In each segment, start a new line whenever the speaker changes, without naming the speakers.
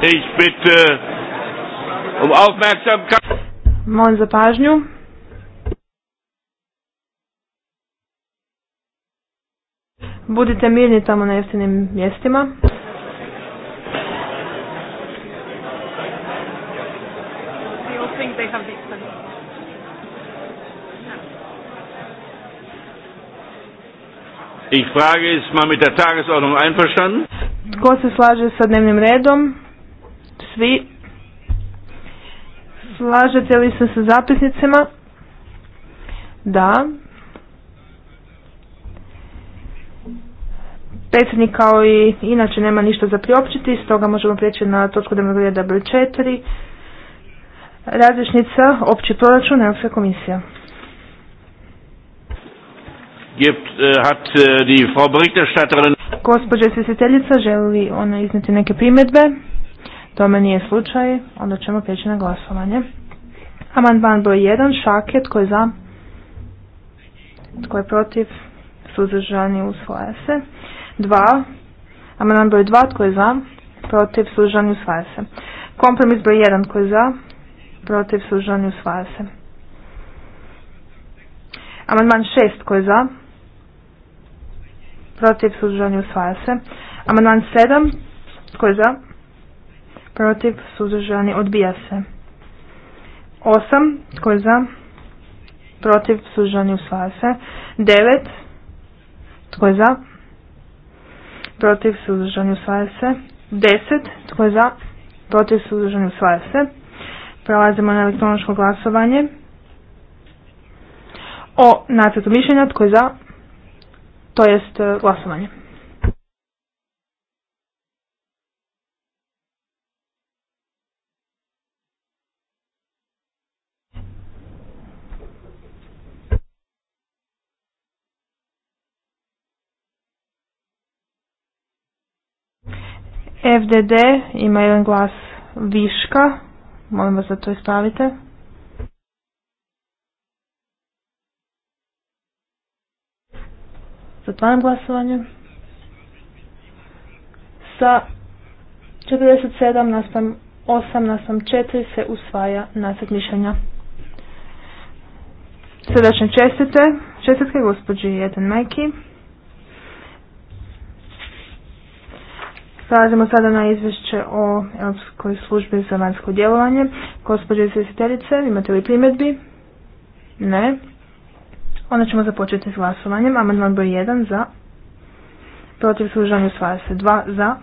Ich bitte um Aufmerksamkeit.
Molim za pažnju. Budite mirni tamo na jeftinim mjestima.
Ich frage, ist man mit der Tagesordnung einverstanden?
Tko se slaže sa dnevnim redom? svi. Slažete li se sa zapisnicima? Da. Predsjednik kao i inače nema ništa za priopćiti, stoga možemo prijeći na točku dnevnog reda broj četiri Različnica, opći proračun, Europska komisija.
Äh, äh,
Gospođa izvjestiteljica, želi li ona izniti neke primjedbe? tome nije slučaj, onda ćemo prijeći na glasovanje. Amandman broj 1, šaket tko je za, koji je protiv, suzdržani usvaja se. 2, amandman broj 2, koji je za, protiv, suzdržani usvaja se. Kompromis broj 1, koji je za, protiv, suzdržani usvaja se. Amandman 6, koji je za, protiv, suzdržani usvaja se. Amandman 7, koji je za, protiv, suzdržani, odbija se. Osam. tko je za, protiv, suzdržani, usvaja se. 9, tko je za, protiv, suzdržani, usvaja se. 10, tko je za, protiv, suzdržani, usvaja se. Prelazimo na elektroničko glasovanje. O nacrtu mišljenja, tko je za, to jest e, glasovanje. FDD ima jedan glas viška. Molim vas da to ispravite. Zatvaram glasovanje. Sa 47 naspam 8 naspam 4 se usvaja nacrt mišljenja. Srdačne čestite. Čestitke gospođi Jeden Majki. Prelazimo sada na izvješće o Europskoj službi za vanjsko djelovanje. i izvjestiteljice, imate li primjedbi? Ne. Onda ćemo započeti s glasovanjem. Amandman broj 1 za. Protiv u usvaja se 2 za.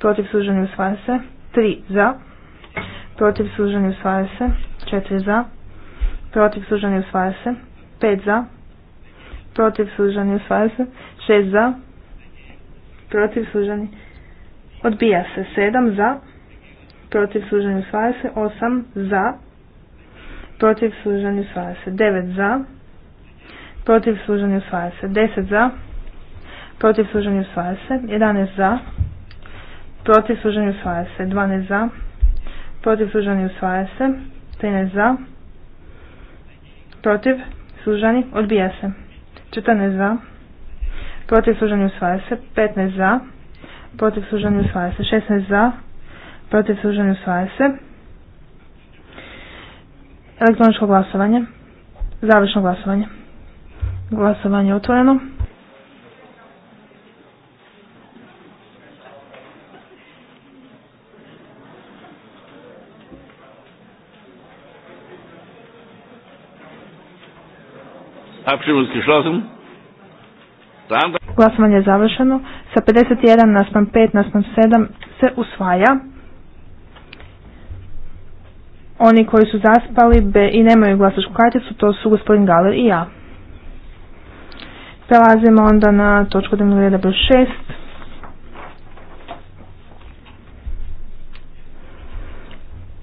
Protiv u usvaja se 3 za. Protiv u usvaja se 4 za. Protiv u usvaja se 5 za. Protiv u usvaja se 6 za protiv suženi odbija se 7 za protiv suženi usvaja se 8 za protiv suženi usvaja se 9 za protiv suženi usvaja se 10 za protiv suženi usvaja se 11 za protiv suženi usvaja se 12 za protiv suženi usvaja se 13 za protiv suženi odbija se 14 za protiv sužanju usvaja se, 15 za, protiv sužanju usvaja se, 16 za, protiv sužanju usvaja se, elektroničko glasovanje, završno glasovanje, glasovanje je otvoreno.
Abstimmung geschlossen.
Glasovanje je završeno. Sa 51 naspram 5 naspram 7 se usvaja. Oni koji su zaspali be, i nemaju glasačku karticu, to su gospodin Galer i ja. Prelazimo onda na točku dnevnog reda broj 6.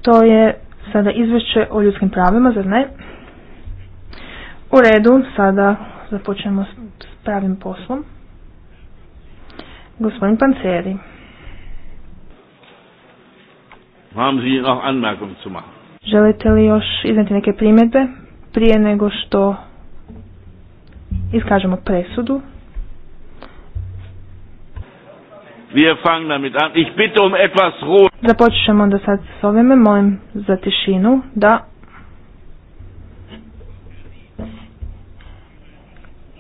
To je sada izvješće o ljudskim pravima, zar ne? U redu, sada započnemo s pravim poslom. Gospodin Panceri.
noch
Želite li još izneti neke primjedbe prije nego što iskažemo presudu?
Wir fangen damit an. Ich bitte um etwas
Ruhe. onda sad s ovime. Molim za tišinu da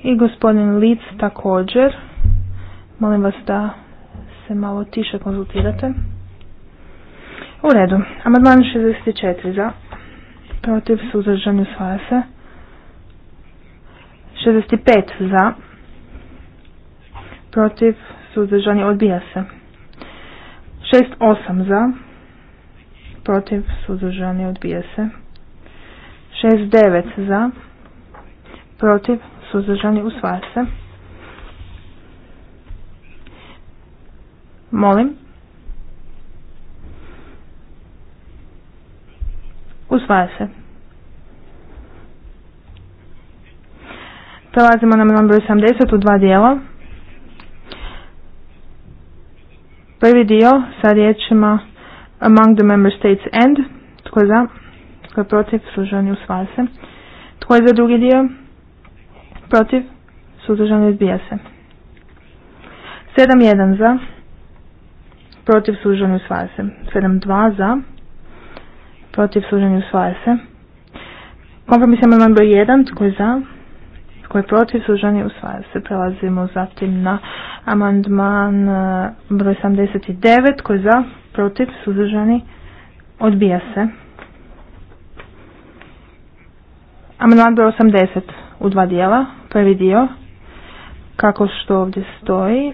I gospodin Lic također. Molim vas da se malo tiše konzultirate. U redu. Amadman 64 za. Protiv suzdržanju se. 65 za. Protiv suzdržanju odbija se. 68 za. Protiv suzdržanju odbija se. 69 za. Protiv suzdržani, u se. Molim. Usvaja se. Prelazimo na number broj 70 u dva dijela. Prvi dio sa riječima Among the member states and. Tko je za? Tko je protiv? Suženi usvaja se. Tko je za drugi dio? protiv, suzdržani odbija se. 7.1 za, protiv suzdržani usvaja se. 7.2 za, protiv suzdržani usvaja se. Kompromis je amandman broj 1, tko je za, tko je protiv, suzdržani usvaja se. Prelazimo zatim na amandman e, broj 79, tko je za, protiv, suzdržani odbija se. Amandman broj 80 u dva dijela. Prvi dio, kako što ovdje stoji,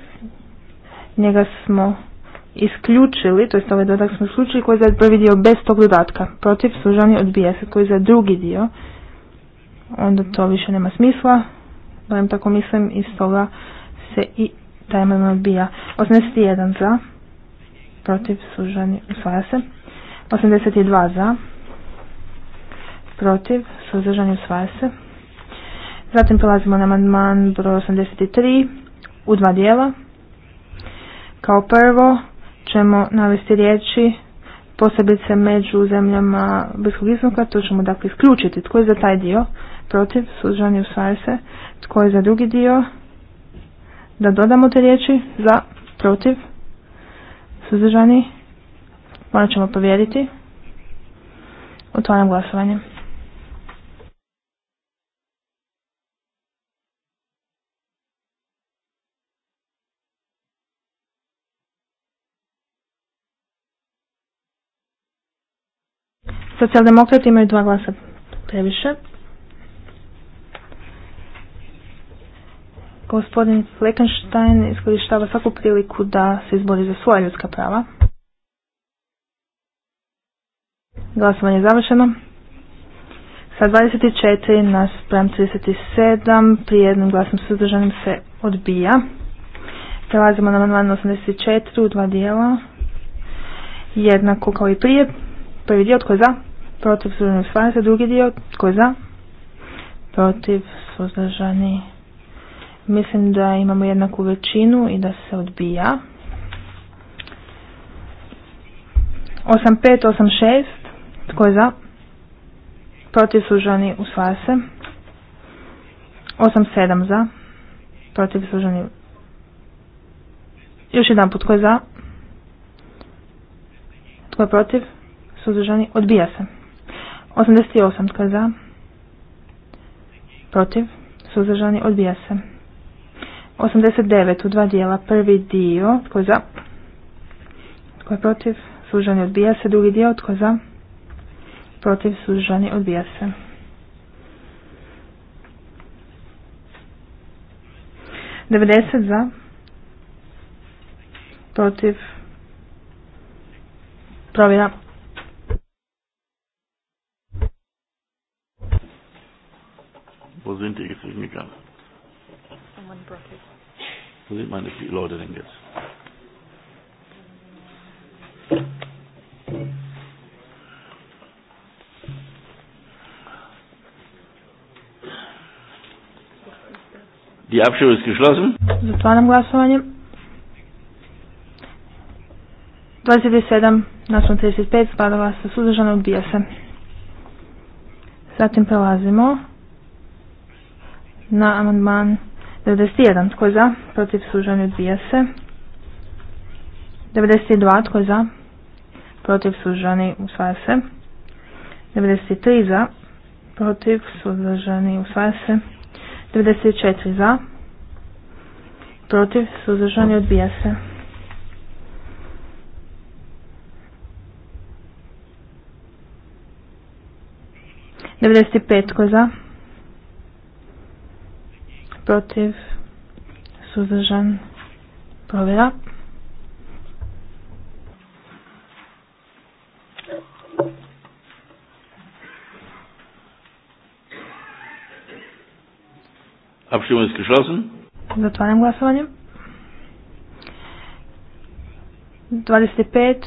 njega smo isključili, to ovaj dodatak smo isključili koji je za prvi dio bez tog dodatka. Protiv sužani odbija se koji je za drugi dio. Onda to više nema smisla, barem tako mislim i stoga se i taj amandman odbija. 81 za, protiv sužani usvaja se. 82 za, protiv suzdržani usvaja se. Zatim prelazimo na amandman broj 83 u dva dijela. Kao prvo ćemo navesti riječi posebice među zemljama Bliskog iznoka, to ćemo dakle isključiti. Tko je za taj dio? Protiv, suzdržani, usvaja se. Tko je za drugi dio? Da dodamo te riječi. Za, protiv, suzdržani. Morat ćemo povjeriti. Otvaram glasovanje. Socijaldemokrati imaju dva glasa previše. Gospodin Fleckenstein iskorištava svaku priliku da se izbori za svoje ljudska prava. Glasovanje je završeno. Sa 24 na sprem 37 prije jednom glasom suzdržanim se odbija. Prelazimo na amandman 84 u dva dijela. Jednako kao i prije. Prvi dio tko je za? protiv suzdržani usvaja se. Drugi dio tko je za? Protiv suzdržani. Mislim da imamo jednaku većinu i da se odbija. 85, 86. Tko je za? Protiv suzdržani usvaja se. 87 za. Protiv suzdržani. Još jedan put tko je za? Tko je protiv? Suzdržani odbija se. 88 tko je za? Protiv? Suzdržani? Odbija se. 89 u dva dijela. Prvi dio tko je za? Tko je protiv? Suzdržani? Odbija se. Drugi dio tko za? Protiv? Suzdržani? Odbija se. Devedeset za, protiv, provjera
Wo sind die jetzt hingegangen? Wo sind meine Leute denn jetzt? Die ist geschlossen.
Zatim prelazimo na amandman 91. Tko za? Protiv suženju odbija se. 92. Tko za? Protiv suženju usvaja se. 93. Za. Protiv suženju usvaja se. 94. Za. Protiv suženju odbija se. Devedeset pet za, protiv, suzdržan, provjera.
Abstimmung ist geschlossen.
Zatvaram glasovanje. 25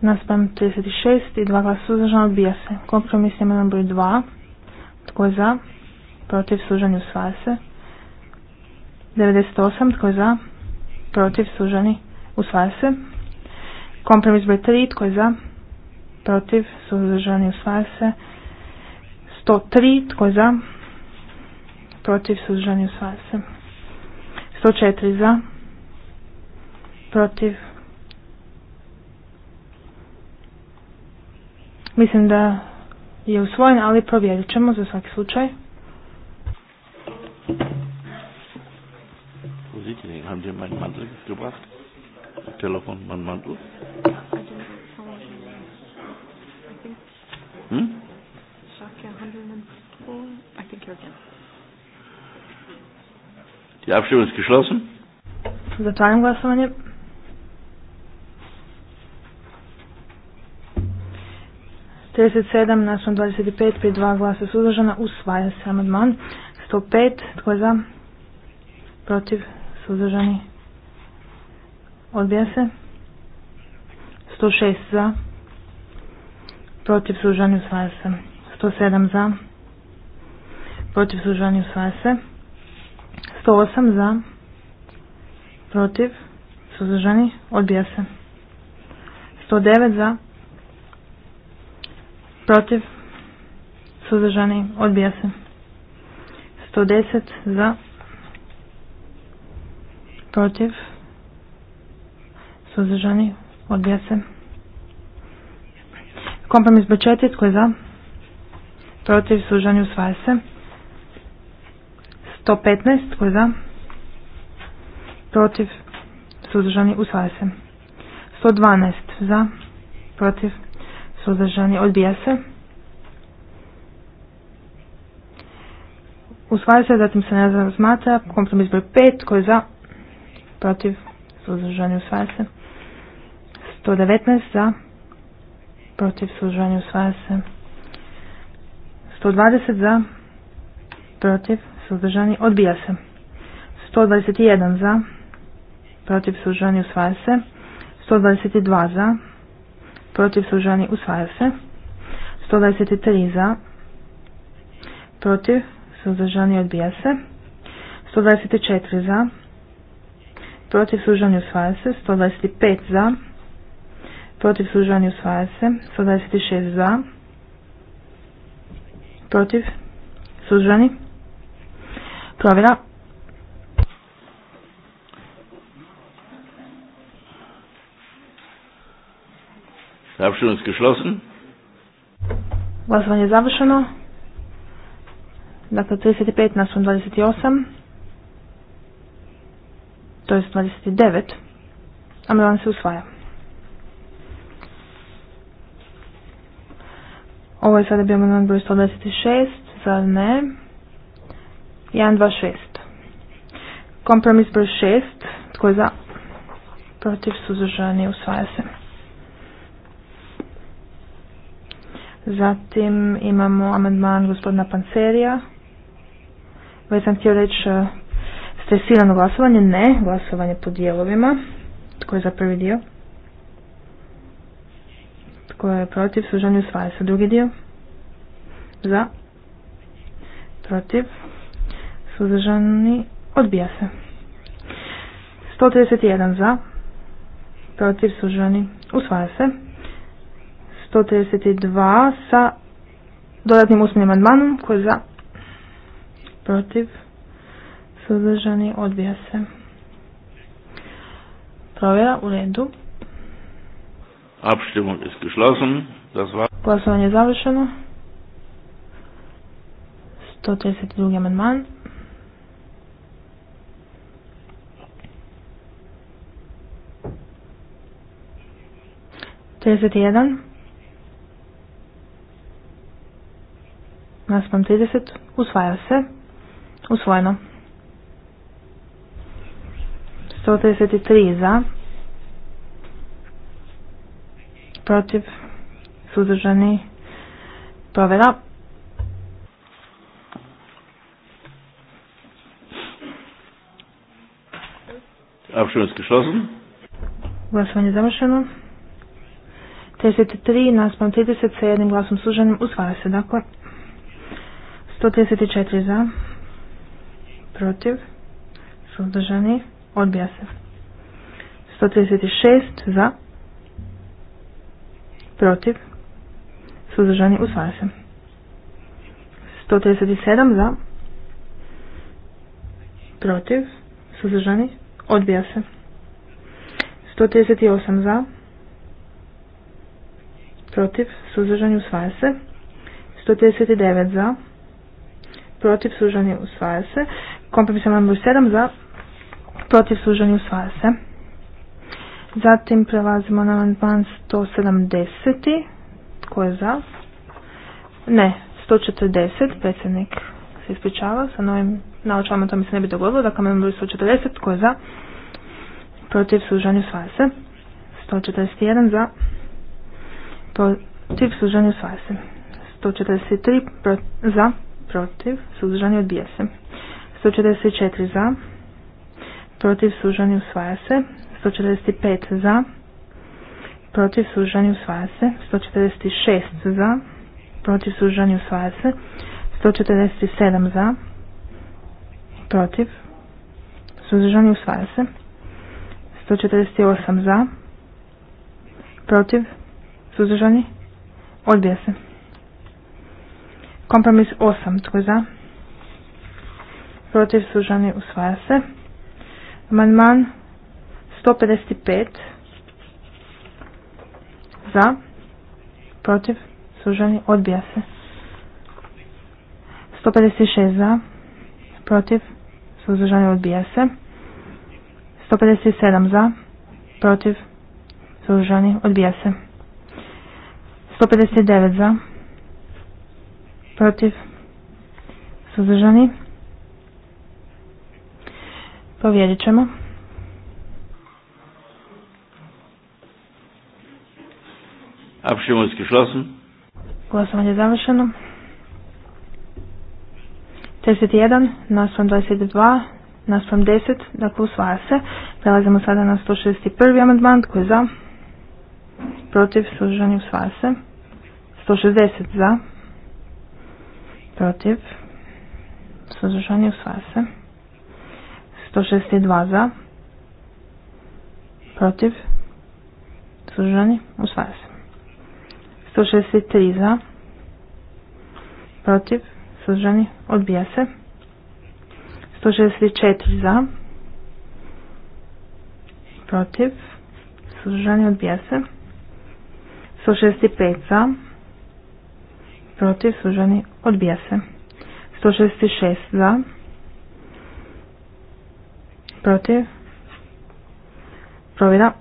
naspram 36 i 2 glasa suzdržana odbija se. Kompromis je broj 2. Tko je za? protiv sužanju svase 98 tko je za, protiv sužani u se. Kompromis broj 3 tko je za, protiv sužani u se. 103 tko je za, protiv sužani u se. 104 za, protiv Mislim da je usvojen, ali provjerit ćemo za svaki slučaj. Wo
sind die denn? Haben Sie meinen Mantel gebracht? Telefon, mein Mantel? Hm? Die Abstimmung ist geschlossen. Zatvaram glasovanje.
Trideset sedam naspram dvadeset pet prije dva glasa suzdržana usvaja se amandman. 105. Tko je za? Protiv? Suzdržani? Odbija se. 106 za. Protiv suzdržani usvaja se. 107 za. Protiv suzdržani usvaja se. 108 za. Protiv suzdržani odbija se. 109 za. Protiv suzdržani odbija se. 110 za, protiv, suzdržani, odbija se. Kompromis broj 4, tko je za, protiv, suzdržani, usvaja se. 115, tko je za, protiv, suzdržani, usvaja se. 112 za, protiv, suzdržani, odbija se. Usvaja se, zatim se ne razmatra. Kompromis broj 5 koji je za, protiv, suzdržani usvaja se. 119 za, protiv, suzdržani usvaja se. 120 za, protiv, suzdržani odbija se. 121 za, protiv, suzdržani usvaja se. 122 za, protiv, suzdržani usvaja se. 123 za, protiv, suzdržani odbija se. 124 za, protiv suzdržani usvaja se. 125 za, protiv suzdržani usvaja se. 126 za, protiv suzdržani. Provjera.
Abstimmung ist geschlossen.
Glasovanje je završeno. Dakle, 35 naspram 28, to je 29, amelan se usvaja. Ovo je sada bio amandman broj 126, zar ne? 1, 2, 6. Kompromis broj 6, tko je za? Protiv suzdržani usvaja se. Zatim imamo amendman gospodina Pancerija. Već dakle, sam htio reći e, stresirano glasovanje, ne, glasovanje po dijelovima. Tko je za prvi dio? Tko je protiv? Sužanje usvaja se. Drugi dio? Za? Protiv? Suzdržani? Odbija se. 131 za? Protiv? suženi Usvaja se. 132 sa dodatnim usmenim amandmanom tko je za? protiv, suzdržani, odbija se. Provjera u redu.
Abstimmung ist geschlossen. Das war
Glasovanje je završeno. 132. amandman. Trideset jedan. Naspam trideset. Usvaja se. Usvojeno. 133 za. Protiv. Suzdržani. Provjera.
Abstimmung geschlossen.
Glasovanje završeno. 33 naspram 30 sa jednim glasom suženim usvaja se dakle. 134 za protiv, suzdržani, odbija se. 136 za, protiv, suzdržani, usvaja se. 137 za, protiv, suzdržani, odbija se. 138 za, protiv, suzdržani, usvaja se. 139 za, protiv, suzdržani, usvaja se nam amandman 7 za, protiv sužanje usvaja se. Zatim prelazimo na amandman 170. Tko je za? Ne, 140. Predsjednik se ispričava. Sa novim naučavamo to mi se ne bi dogodilo. Dakle, amandman broj 140. Tko je za? Protiv sužanja usvaja se. 141 za. Protiv suženi usvaja se. 143 za. Protiv suzdržanje odbija se. 144 za, protiv sužanju usvaja se, 145 za, protiv sužanju usvaja se, 146 za, protiv sužanju usvaja se, 147 za, protiv, sužanju usvaja se, 148 za, protiv, suzdržani, odbija se. Kompromis 8, tko je za, protiv sužani usvaja se. Amandman 155 za, protiv sužani odbija se. 156 za, protiv suzdržani odbija se. 157 za, protiv sužani, odbija se. 159 za, protiv suzdržani odbija se. Provjerit ćemo. šlasen. Glasovanje je završeno. 31, naspram 22, naspram 10, dakle usvaja se. Prelazimo sada na 161. amandman, tko je za? Protiv, sužanju usvaja se. 160 za. Protiv, suzdržani, usvaja se. 162 za. Protiv. Suzdržani. Usvaja se. 163 za. Protiv. Suzdržani. Odbija se. 164 za. Protiv. Suzdržani. Odbija se. 165 za. Protiv. Suzdržani. Odbija se. 166 za protiv, provjera.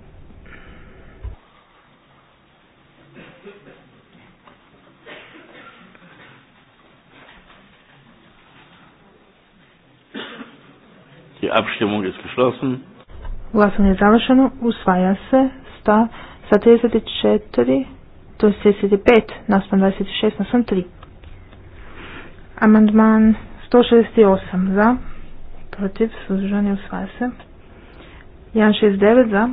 Die Abstimmung ist geschlossen.
Glasanje je završeno. Usvaja se sta sa 34, to je 35, naspram 26, naspram 3. Amandman 168 za protiv, suzdržani, usvaja se. 169 za,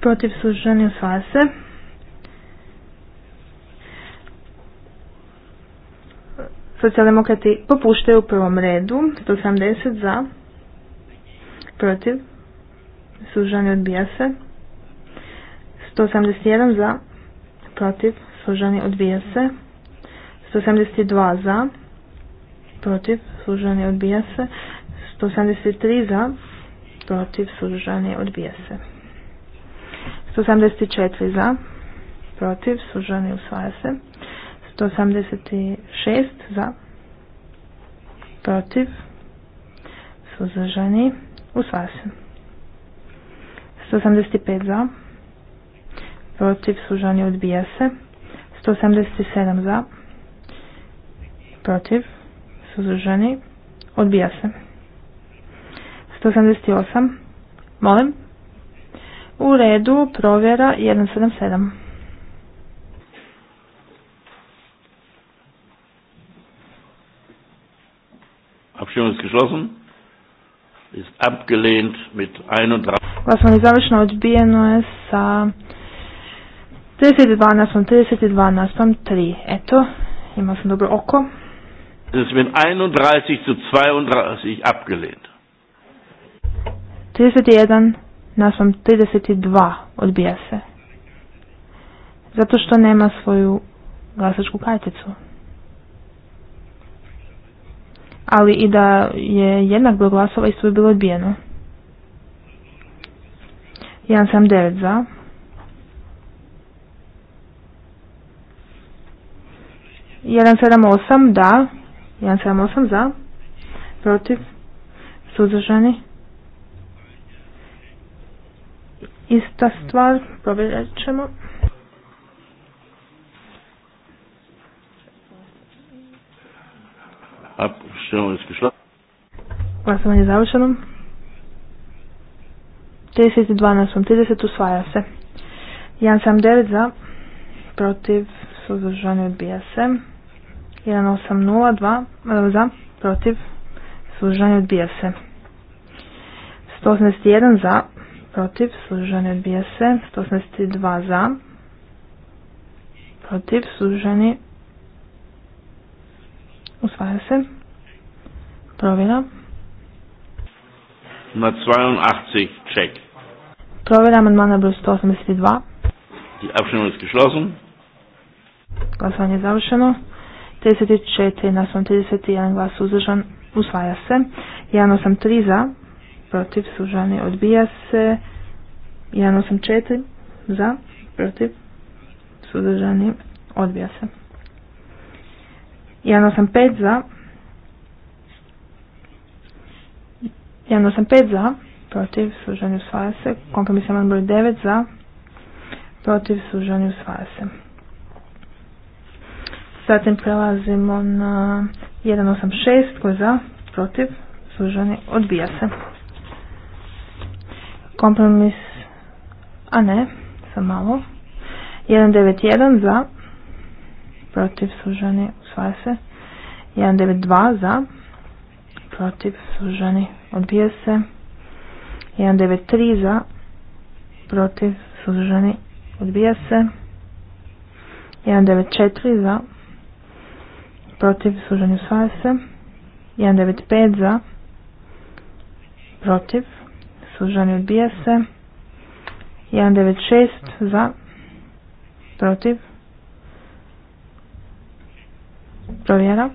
protiv, suzdržani, usvaja se. Socijaldemokrati popuštaju u prvom redu, 170 za, protiv, suzdržani, odbija se. 181 za, protiv, suzdržani, odbija se. 172 za, protiv, suzdržani, odbija se. 173 za, protiv, suzdržani, odbija se. 174 za, protiv, suzdržani, usvaja se. 186 za, protiv, suzdržani, usvaja se. 185 za, protiv, suzdržani, odbija se. 177 za, protiv, suzdržani, odbija se. 178. Molim. U redu, provjera 177.
Abstimmung ist geschlossen. Ist abgelehnt mit 31.
Glasovanje završno odbijeno je sa 32 naspom 32 naspom 3. Eto, imao sam dobro oko.
Es ist mit 31 zu 32 abgelehnt.
31 naspram 32 odbija se. Zato što nema svoju glasačku karticu. Ali i da je jednak broj glasova isto bi bilo odbijeno. 179 za. Jedan sedam osam da, jedan sedam osam za, protiv, suzdržani, ista stvar, provjerit ćemo. Glasovanje je završeno. 32 na 30 usvaja se. 179 za, protiv, suzdržani odbija se. 1802 e, za, protiv, suzdržani odbija se. 181 za, protiv, suzdržani odbija se, 182 za, protiv, suzdržani, usvaja se, provjera.
Na 82 check.
Provjera amandmana broj 182.
Die Abstimmung ist geschlossen.
Glasovanje je završeno. 34 na 31 glas uzdržan, usvaja se. 183 za, protiv, sužani, odbija se. 184 za, protiv, suzdržani, odbija se. 185 za, 185 za, protiv, sužani, usvaja se. Kompromis amandman broj 9 za, protiv, sužani, usvaja se. Zatim prelazimo na 186 koji je za, protiv, sužani, odbija se. Kompromis, a ne, sam malo. 191 za, protiv suženi usvaja se. 192 za, protiv suženi odbija se. 193 za, protiv suženi odbija se. 194 za, protiv suženi usvaja se. 195 za, protiv suzdržani odbija se. 196 za, protiv, provjera.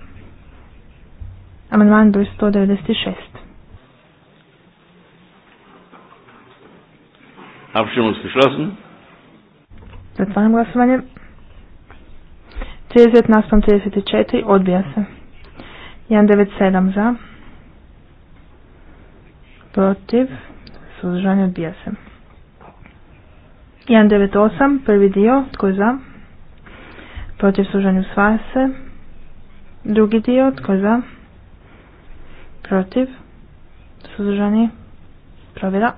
Amandman broj 196.
Abstimmung se geschlossen.
Zatvaram glasovanje. 30 naspram 34 odbija se. 197 za. Protiv suzdržani odbija se. 198, prvi dio, tko je za? Protiv suzdržani usvaja se. Drugi dio, tko je za? Protiv suzdržani provjera.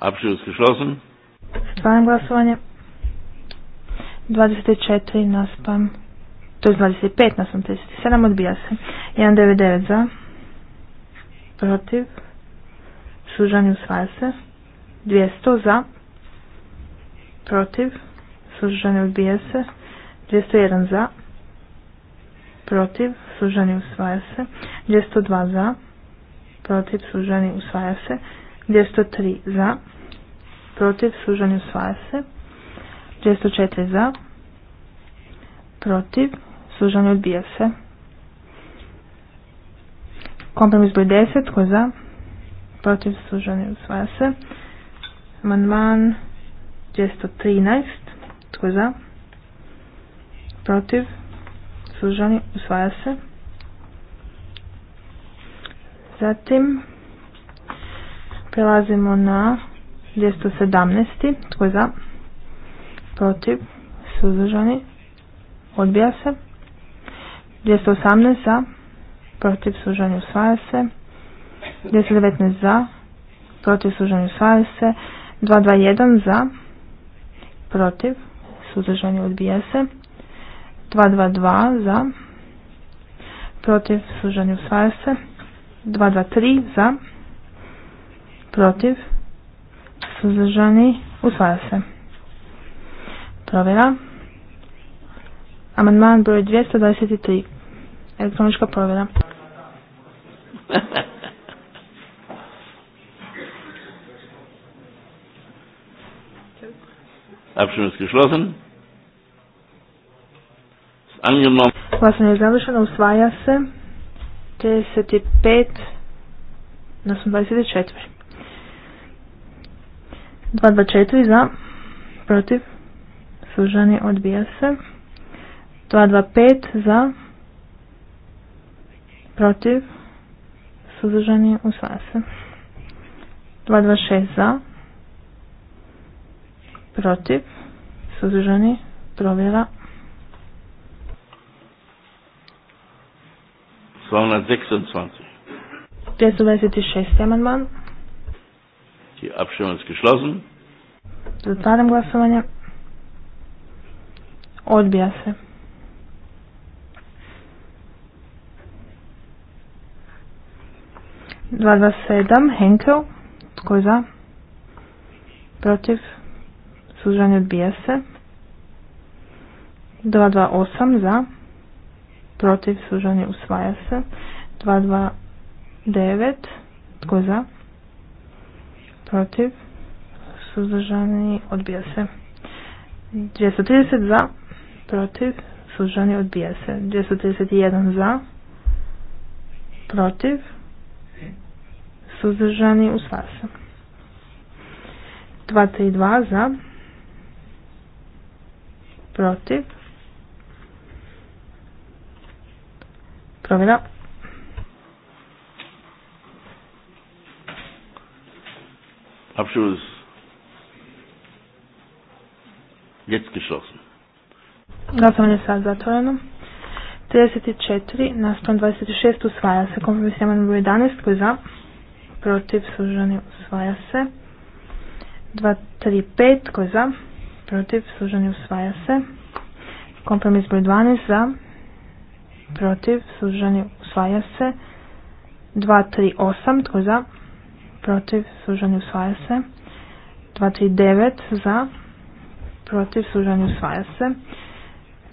Abschluss geschlossen.
Stvarno glasovanje. 24 naspam, to je 25 naspam 37, odbija se. 199 za, protiv, suzdržani usvaja se. 200 za, protiv, suzdržani odbija se. 201 za, protiv, suzdržani usvaja se. 202 za, protiv, suzdržani usvaja se. 203 za, protiv, suzdržani usvaja se. 204 za, protiv, suzdržani odbija se. Kompromis broj 10, tko je za? Protiv služanje usvaja se. Amandman 213, tko je za? Protiv služanje usvaja se. Zatim prelazimo na 217. Tko je za? Protiv? Suzdržani? Odbija se. 218 za? protiv sužanje usvaja se. 10-19 za, protiv sužanje usvaja se. 221 za, protiv, suzdržanje odbija se. 222 za, protiv, suzdržanje usvaja se. 223 za, protiv, suzdržani usvaja se. Provjera. Amandman broj 223. Elektronička provjera.
Abstimmung ist geschlossen.
Ist je usvaja se. 35 na Dvadeset četiri za, protiv, sužani odbija se. 225 za, protiv, suzdržani, usvaja se. 226 za, protiv, suzdržani, provjera.
226.
226. amandman.
Ti je ist
Zatvaram glasovanje. Odbija se. 227 Henkel. Tko je za? Protiv? Suzdržani odbija se. 228 za. Protiv? Suzdržani usvaja se. 229. Tko je za? Protiv? Suzdržani odbija se. 230 za. Protiv? Suzdržani odbija se. 231 za. Protiv? suzdržani, u se. 232 za, protiv,
provjera.
Abšuz Jetzt šlosn
Glasovanje sad zatvoreno. 34 na 26 usvaja se kompromisnjama broj 11 koji je za protiv, suženi, usvaja se. 235, 3, tko je za, protiv, suženi, usvaja se. Kompromis broj 12, za, protiv, suženi, usvaja se. 2, 3, tko je za, protiv, suženi, usvaja se. 2, za, protiv, suženi, usvaja se.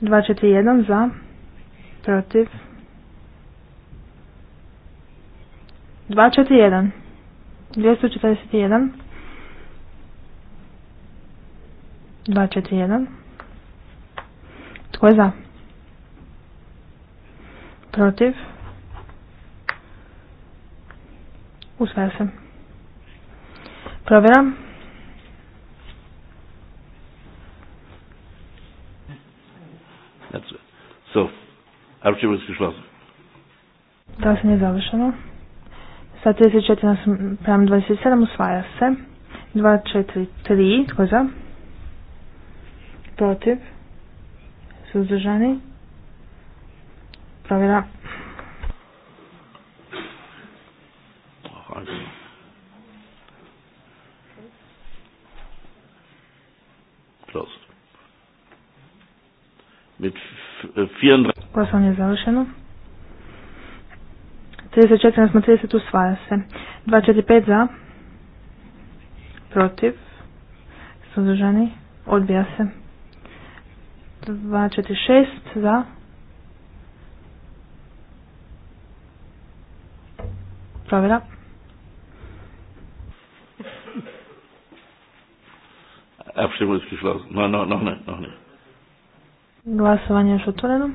2, za, protiv, 241. 241. 241. Tko je za? Protiv? Usvaja Provjeram.
So, Abstimmung ist geschlossen.
Das ist završeno. Sa 34 pram 27 usvaja se. 243, tko za? Protiv. Suzdržani. Provjera. Glasovanje je završeno. 34 na 30 usvaja se. 245 za. Protiv. Suzdržani. Odbija se. 246 za. Provjera.
Apsolutno je No, no, no, no,
Glasovanje je još otvoreno.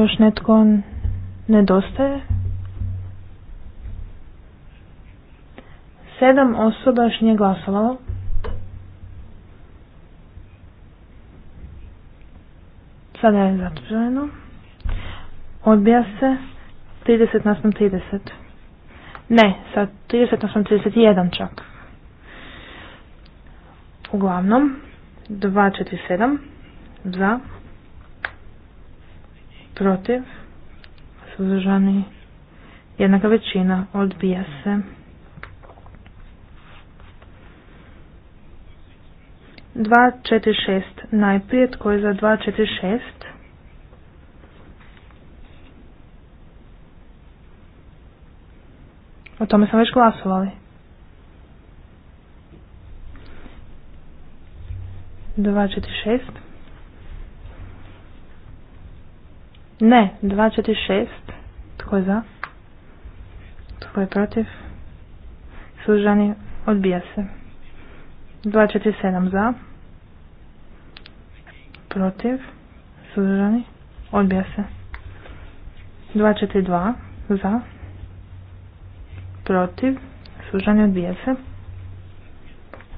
Još netko nedostaje? Sedam osoba još nije glasovalo. Sada je zatvrženo. Odbija se 30 na 30. Ne, sad 30 na 31 čak. Uglavnom, 2, 4, 7. za protiv, suzdržani, jednaka većina, odbija se. šest najprije, tko je za šest O tome smo već glasovali. šest Ne, 246. Tko je za? Tko je protiv? Služani, odbija se. 247 za. Protiv. Služani, odbija se. 242 za. Protiv. Služani, odbija se.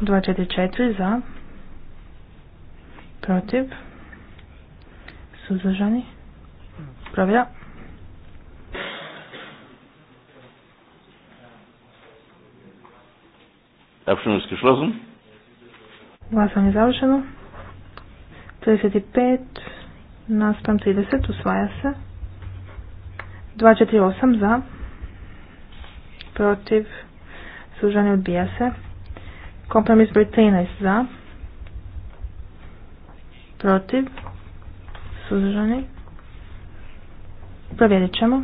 244 za. Protiv. Suzdržani odbija se ispravlja.
Apšunovski šlozum.
Glasanje je završeno. 35 naspram 30 usvaja se. 248 za. Protiv. sužanje odbija se. Kompromis broj 13 za. Protiv. Suzdržani. Provjerit ćemo.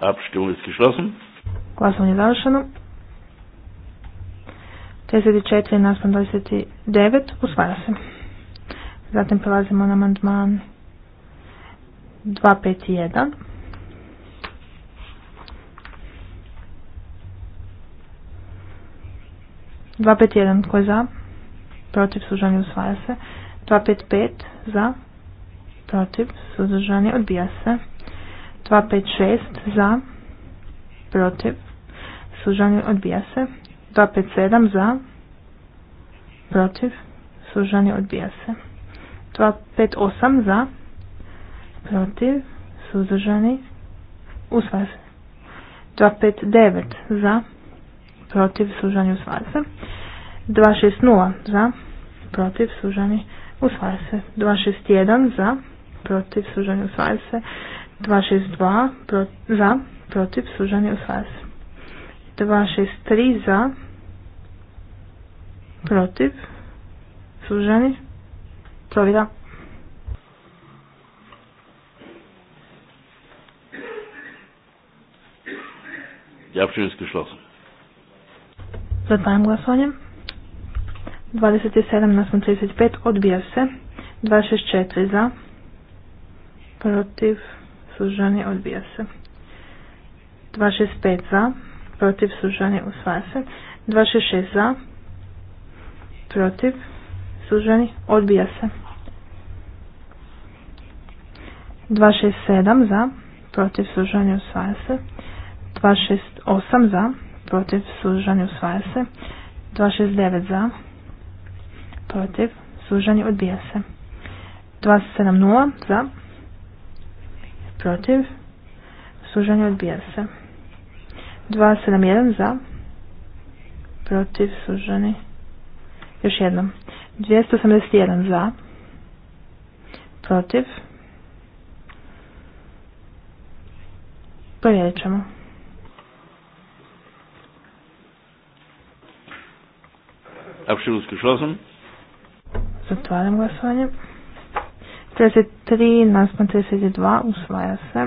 Abstimmung ist geschlossen.
Glasovanje je završeno. 34 naspram 29 usvaja se. Zatim prelazimo na amandman 251. Dva pet je za? protiv, suzdržani, usvaja se. 255 za, protiv, suzdržani, odbija se. 256 za, protiv, suzdržani, odbija se. 257 za, protiv, suzdržani, odbija se. 258 za, protiv, suzdržani, usvaja se. 259 za, protiv, suzdržani, usvaja se. 260 za, protiv, sužani, usvaja se. 261 za, protiv, sužani, usvaja se. 262 pro, za, protiv, sužani, usvaja se. 263 za, protiv, sužani, provida.
Ja geschlossen.
Zatvaram glasovanjem. 27 nasmo 35 odbija se. 264 za. Protiv suzdržani odbija se. 265 za. Protiv suzdržani usvaja se. 266 za. Protiv suženi odbija se. 267 za. Protiv suzdržani usvaja se. 268 za. Protiv suzdržani usvaja se. 269 za protiv, suzdržani, odbija se. 270 za, protiv, suzdržani, odbija se. 271 za, protiv, suzdržani, još jednom. 281 za, protiv, provjerit ćemo.
Apsolutno ist sam.
Zatvaram glasovanje. 33 naspram 32 usvaja se.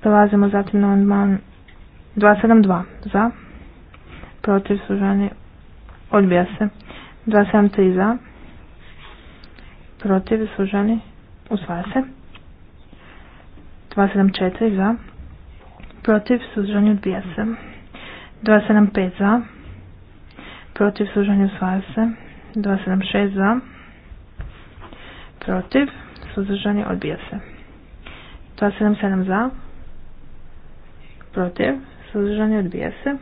Prelazimo zatim na amandman 272 za. Protiv sužanje odbija se. 273 za. Protiv sužanje usvaja se. 274 za. Protiv sužanje odbija se. 275 za. Protiv sužanje usvaja se. 276 za, protiv, suzdržani, odbija se. 277 za, protiv, suzdržani, odbija se.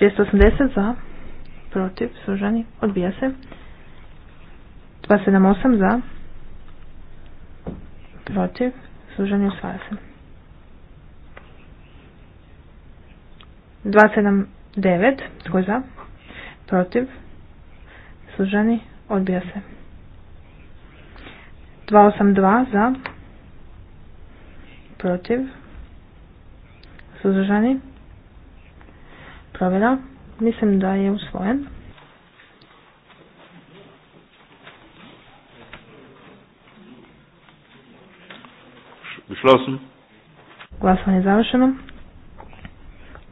280 za, protiv, suzdržani, odbija se. 278 za, protiv, suzdržani, usvaja se. 279, tko je za, protiv, suzdržani, odbija se. 282 za, protiv, suzdržani, provjera. Mislim da je usvojen. Beschlossen. Glasovanje je završeno.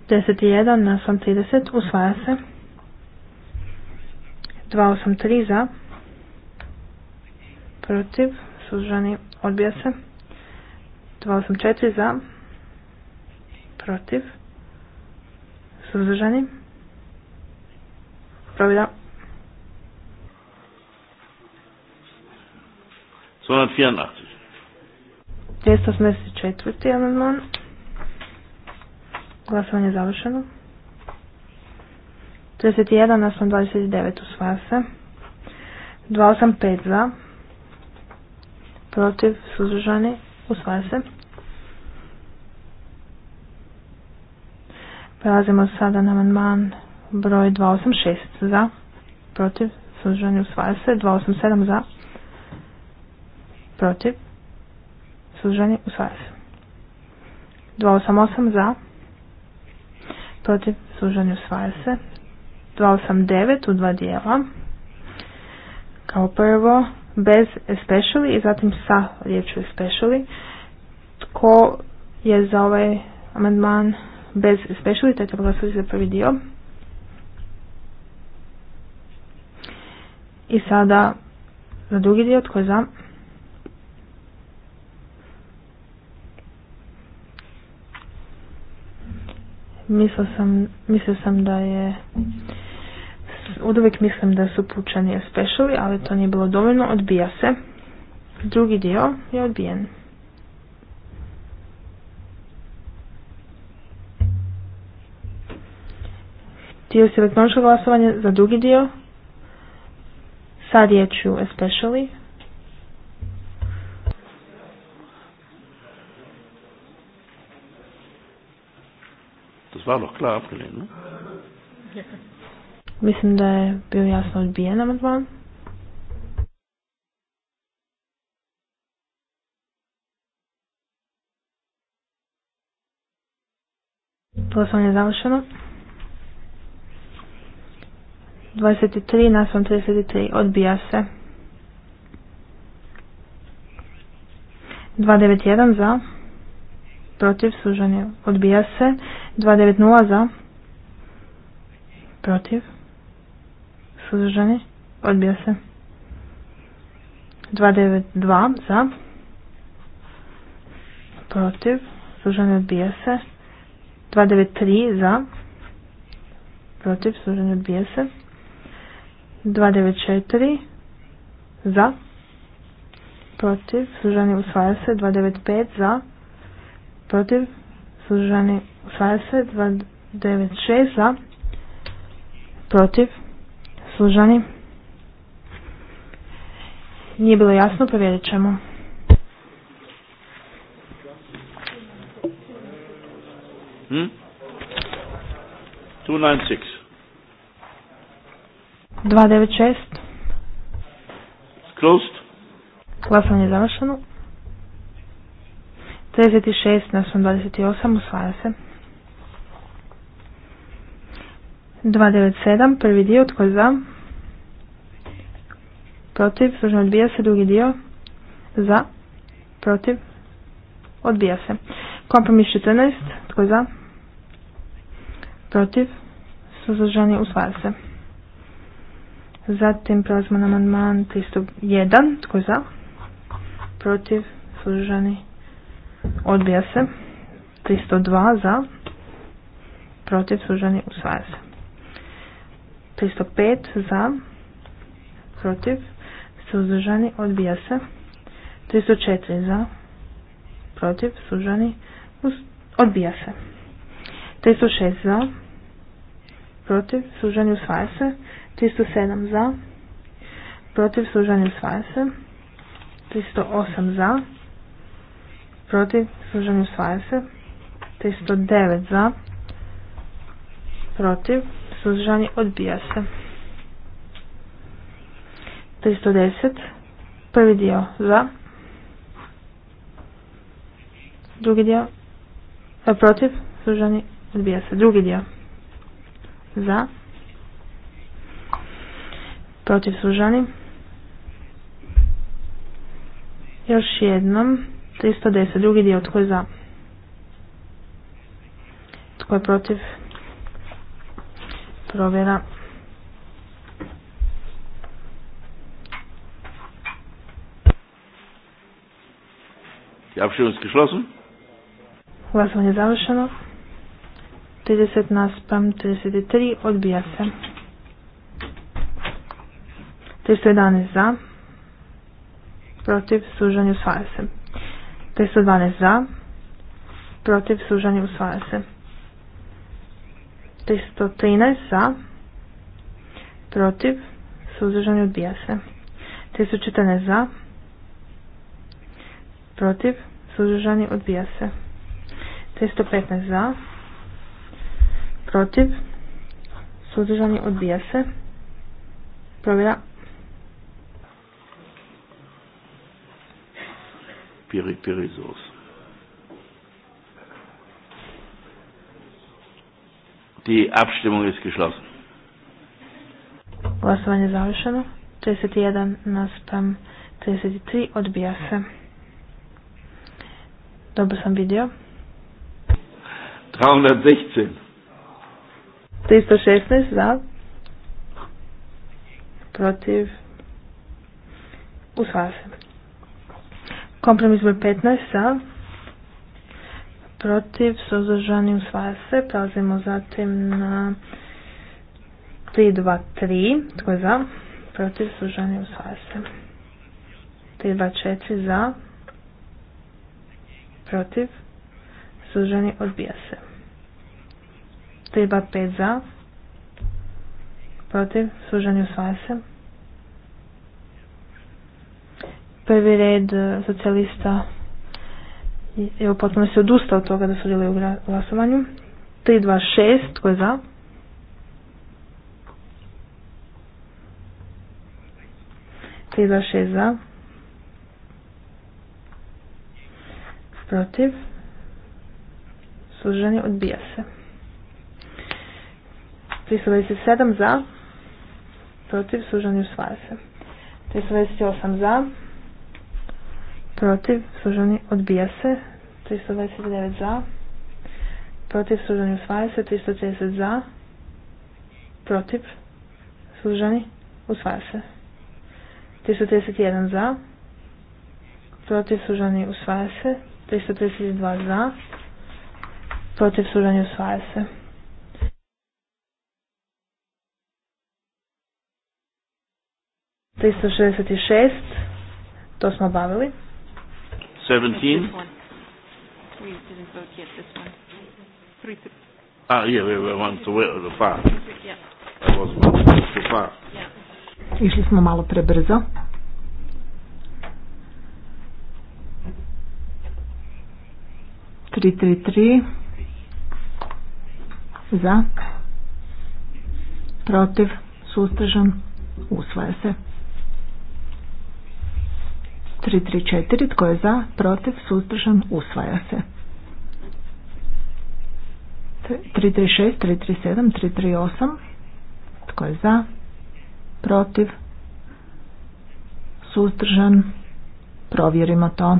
10.1 na 30 usvaja se. 283 za. Protiv. Suzdržani. Odbija se. 284 za. Protiv. Suzdržani. Provjera.
284.
284. amandman. Glasovanje je završeno. 31 na 29 usvaja se. 285 za. Protiv suzdržani usvaja se. Prelazimo sada na amandman broj 286 za. Protiv suzdržani usvaja se. 287 za. Protiv suzdržani usvaja se. 288 za. Protiv suzdržani usvaja se. 289 u dva dijela. Kao prvo, bez especially i zatim sa riječju especially. Tko je za ovaj amandman bez especially, taj treba za prvi dio. I sada za drugi dio, tko je za? Mislio sam, mislio sam da je od uvijek mislim da su pučani especially, ali to nije bilo dovoljno. Odbija se. Drugi dio je odbijen. Dio se elektroničko glasovanje za drugi dio. Sad je ću especially.
Das war
Mislim da je bio jasno odbijen amandman. Glasovanje je završeno. 23 naspram 33 odbija se. 291 za. Protiv služanje, odbija se. 290 za. Protiv suzdržani, odbija se. 292 za, protiv, suzdržani, odbija se. 293 za, protiv, suzdržani, odbija se. 294 za, protiv, suzdržani, usvaja se. 295 za, protiv, suzdržani, usvaja se. 296 za, protiv, služani. Nije bilo jasno, provjerit ćemo.
Hm? 296.
296. Closed. Glasanje je završeno. 36 na 28 usvaja se. 297, prvi dio, tko je za? Protiv, služno odbija se, drugi dio, za, protiv, odbija se. Kompromis 14, tko je za? Protiv, suzdržani, usvaja se. Zatim prelazimo na amandman 301, tko je za? Protiv, suzdržani, odbija se. 302 za, protiv, suzdržani, usvaja se. 305 za, protiv, suzdržani, odbija se. 304 za, protiv, suzdržani, odbija se. 306 za, protiv, suzdržani, usvaja se. 307 za, protiv, suzdržani, usvaja se. 308 za, protiv, suzdržani, usvaja se. 309 za, protiv, suzdržani, odbija se. 310, prvi dio za, drugi dio, e, protiv, suzdržani, odbija se. Drugi dio za, protiv, suzdržani. Još jednom, 310, drugi dio, tko je za, tko je protiv, provjera. Glasovanje je završeno. 30 naspram 33 odbija se. 311 za. Protiv sužanje usvaja se. 312 za. Protiv sužanje usvaja se. 313 za, protiv, suzdržani odbija se. 314 za, protiv, suzdržani odbija se. 315 za, protiv, suzdržani odbija se. Provjera.
Piri, piri, Die Abstimmung ist geschlossen.
Glasovanje završeno. 31 naspram 33 odbija se. Dobro sam vidio.
316.
316 za. Protiv. Usvaja se. Kompromis broj 15 za protiv, s uzdržanim usvaja se. Prelazimo zatim na 3-2-3, tko je za, protiv, s uzdržanim usvaja se. 3-2-4 za, protiv, suzdržani odbija se. 3-2-5 za, protiv, suzdržani usvaja se. Prvi red socijalista Evo, potpuno se odustao od toga da sudjeluje u glasovanju. 326, tko je za? Tri, za šest za. Protiv. Suženi, odbija se. 327 za. Protiv. služenje, usvaja se. 328 za protiv, suženi, odbija se, 329 za, protiv, suženi, usvaja se, 330 za, protiv, suženi, usvaja se, 331 za, protiv, suženi, usvaja se, 332 za, protiv, suženi, usvaja se. 366, to smo obavili.
17? We didn't vote yet, this one. Three Ah, yeah, we were one to the far. That was one to far.
Išli smo malo prebrzo. Tri, tri, tri. Za. Protiv. Sustežan. Usvaja se. 334. Tko je za? Protiv? Suzdržan? Usvaja se. 336, 337, 338. Tko je za? Protiv? Suzdržan? Provjerimo to.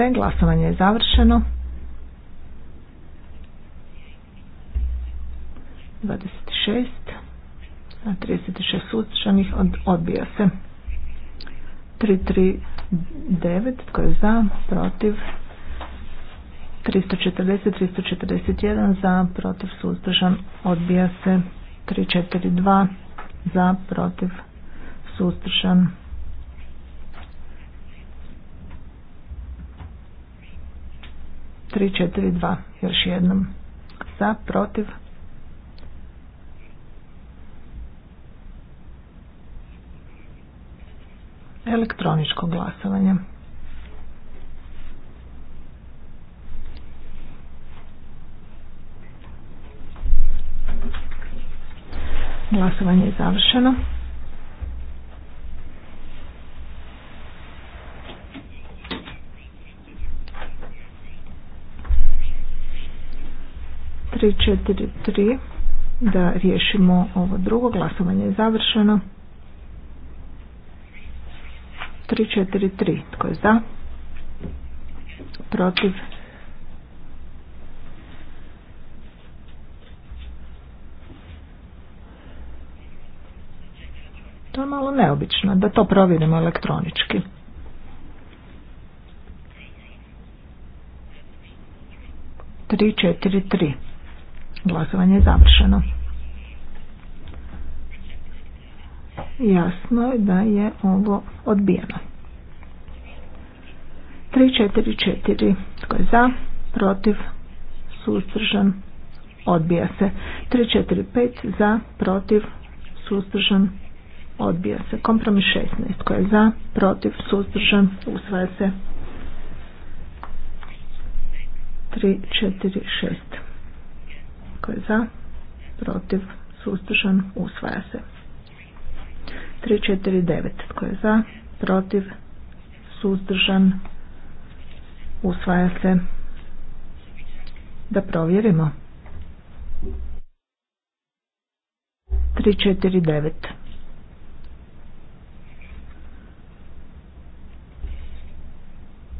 minute. Glasovanje je završeno. 26 na 36 suzdržanih odbija se. 339 tko je za, protiv 340, 341 za, protiv suzdržan odbija se. 342 za, protiv suzdržan 3-4-2 još jednom sa protiv elektroničko glasovanje glasovanje je završeno 3-4-3 da riješimo ovo drugo glasovanje je završeno 3-4-3 tko je za protiv to je malo neobično da to provjerimo elektronički Three, two, three, three glasovanje je završeno. Jasno je da je ovo odbijeno. 3-4-4, tko je za, protiv, sustržan, odbija se. 3-4-5, za, protiv, sustržan, odbija se. Kompromis 16, tko je za, protiv, sustržan, usvaja se. 3-4-6 je za? Protiv? Suzdržan? Usvaja se. 349. Tko je za? Protiv? Suzdržan? Usvaja se. Da provjerimo. 349.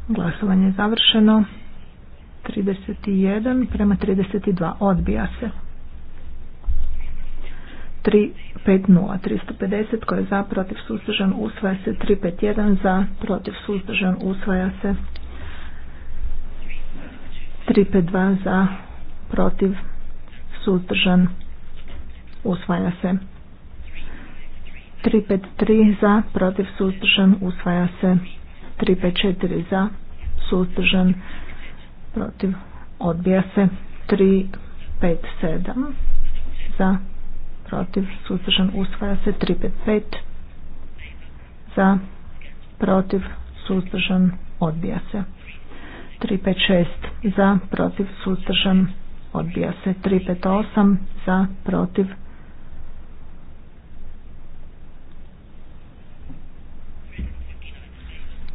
Glasovanje je završeno. 31 prema 32 odbija se. 350 350 koji je za protiv suzdržan usvaja se 351 za protiv suzdržan usvaja se 352 za protiv suzdržan usvaja se 353 za protiv suzdržan usvaja se 354 za suzdržan protiv, odbija se 3, 5, 7 za, protiv, suzdržan, usvaja se 3, 5, 5 za, protiv, suzdržan, odbija se 3, 5, 6 za, protiv, suzdržan, odbija se 3, 5, 8 za, protiv,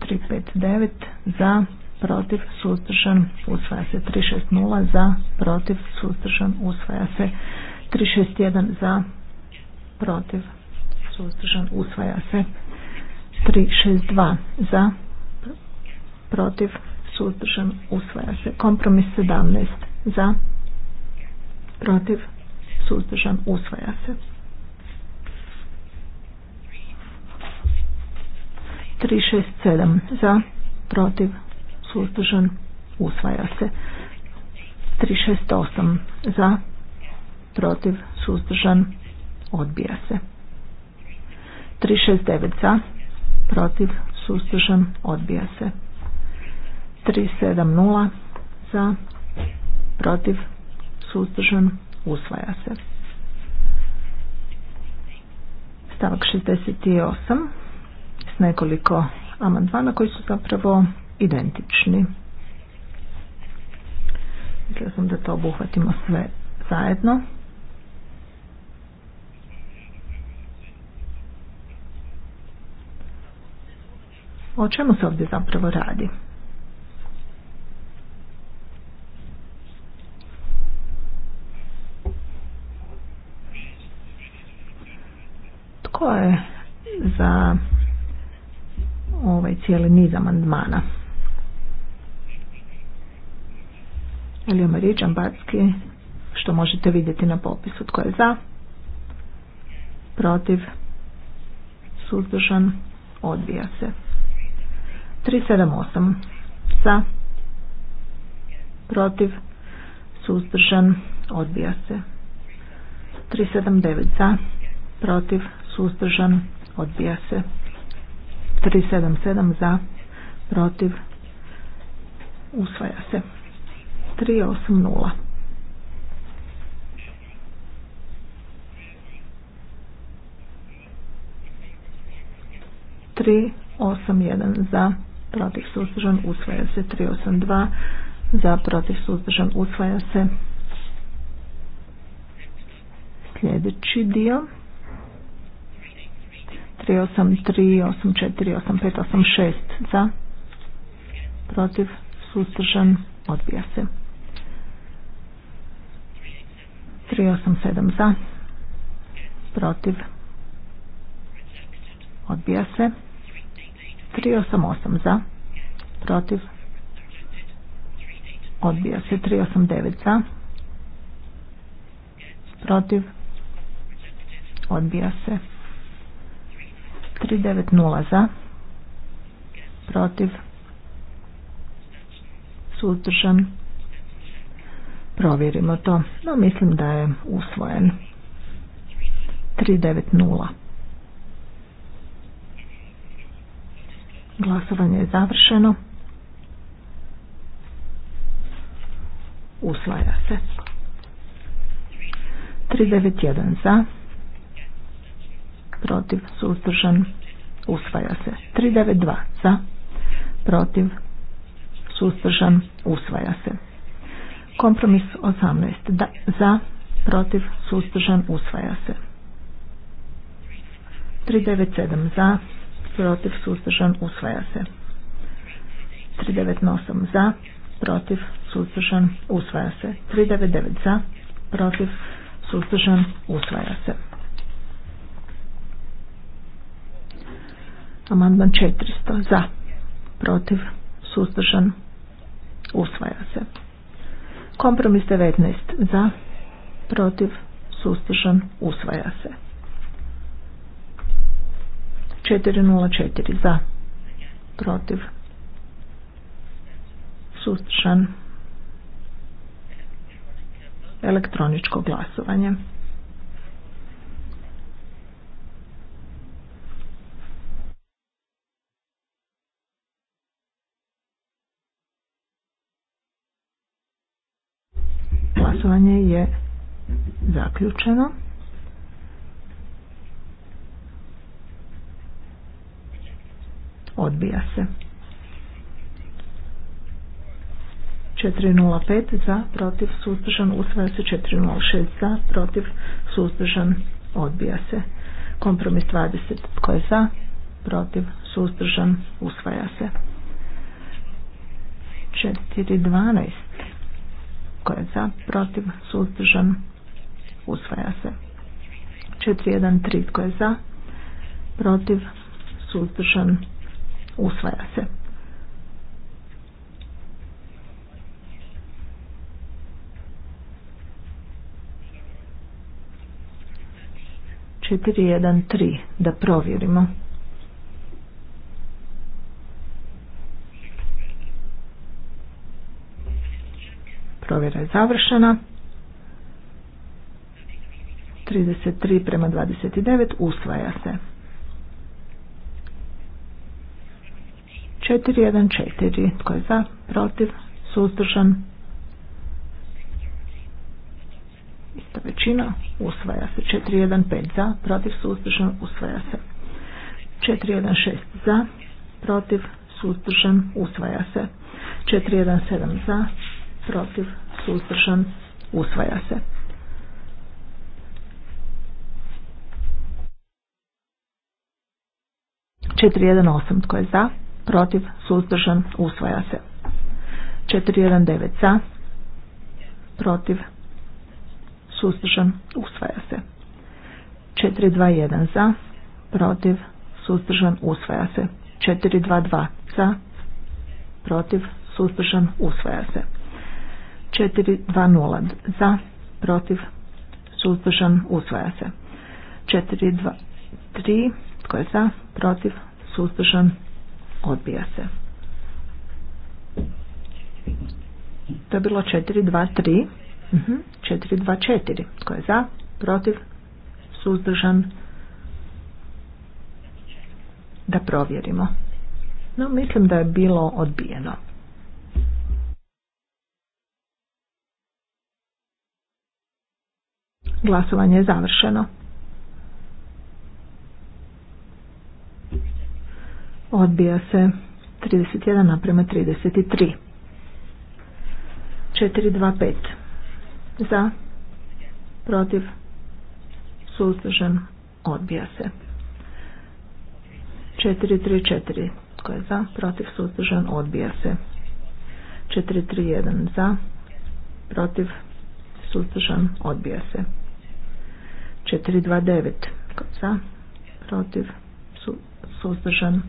tri pet devet za protiv, suzdržan, usvaja se 360 za, protiv, suzdržan, usvaja se 361 za, protiv, suzdržan, usvaja se 362 za, protiv, sustržan usvaja se kompromis 17 za, protiv, suzdržan, usvaja se 367 za, protiv, suzdržan, usvaja se. 368 za, protiv, suzdržan, odbija se. 369 za, protiv, suzdržan, odbija se. 370 za, protiv, suzdržan, usvaja se. Stavak 68 s nekoliko amandmana koji su zapravo identični. Mislila da to obuhvatimo sve zajedno. O čemu se ovdje zapravo radi? Tko je za ovaj cijeli niz amandmana? Eliomari Đambatski, što možete vidjeti na popisu. Tko je za? Protiv? Suzdržan? Odbija se. 378. Za? Protiv? Suzdržan? Odbija se. 379. Za? Protiv? Suzdržan? Odbija se. 377. Za? Protiv? Usvaja se. 380. Tri, jedan za, protiv suzdržan, usvaja se. Tri, dva za, protiv suzdržan, usvaja se. Sljedeći dio. 383, pet šest za, protiv, suzdržan, odbija se. 387 za. Protiv. Odbija se. 388 za. Protiv. Odbija se. 389 za. Protiv. Odbija se. 390 za. Protiv. Suzdržan. Provjerimo to, no mislim da je usvojen. 390. Glasovanje je završeno. Usvaja se. 391 za. Protiv suzdržan. Usvaja se. 392 za. Protiv suzdržan. Usvaja se. Kompromis 18. Da, za, protiv, sustržan, usvaja se. 397 za, protiv, sustržan, usvaja se. 398 za, protiv, sustržan, usvaja se. 399 za, protiv, sustržan, usvaja se. Amandman 400 za, protiv, sustržan, usvaja se. Kompromis 19 za, protiv, sustišan, usvaja se. 404 za, protiv, sustišan, elektroničko glasovanje. Uključeno. Odbija se. 405 za, protiv, suzdržan, usvaja se 406 za, protiv, suzdržan, odbija se. Kompromis 20, tko je za, protiv, suzdržan, usvaja se. 412, tko je za, protiv, suzdržan, usvaja se. 413 tko je za, protiv, suzdržan, usvaja se. Četiri, jedan, tri, da provjerimo. Provjera je završena. 33 prema 29 usvaja se. 414. Tko je za? Protiv? Suzdržan? Ista većina. Usvaja se. 415 za. Protiv? Suzdržan? Usvaja se. 416 za. Protiv? Suzdržan? Usvaja se. 417 za. Protiv? Suzdržan? Usvaja se. 418 tko je za, protiv, suzdržan, usvaja se. 419 za, protiv, suzdržan, usvaja se. 421 za, protiv, suzdržan, usvaja se. 422 za, protiv, suzdržan, usvaja se. 420 za, protiv, suzdržan, usvaja se. 423 tko je za? Protiv? Suzdržan? Odbija se. To je bilo 4-2-3. 4-2-4. Mhm. Tko je za? Protiv? Suzdržan? Da provjerimo. No, mislim da je bilo odbijeno. Glasovanje je završeno. Odbija se 31 naprema 33. 425. Za. Protiv. Suzdržan. Odbija se. 434. Tko je za? Protiv. Suzdržan. Odbija se. 431. Za. Protiv. Suzdržan. Odbija se. 429. Za. Protiv. Suzdržan.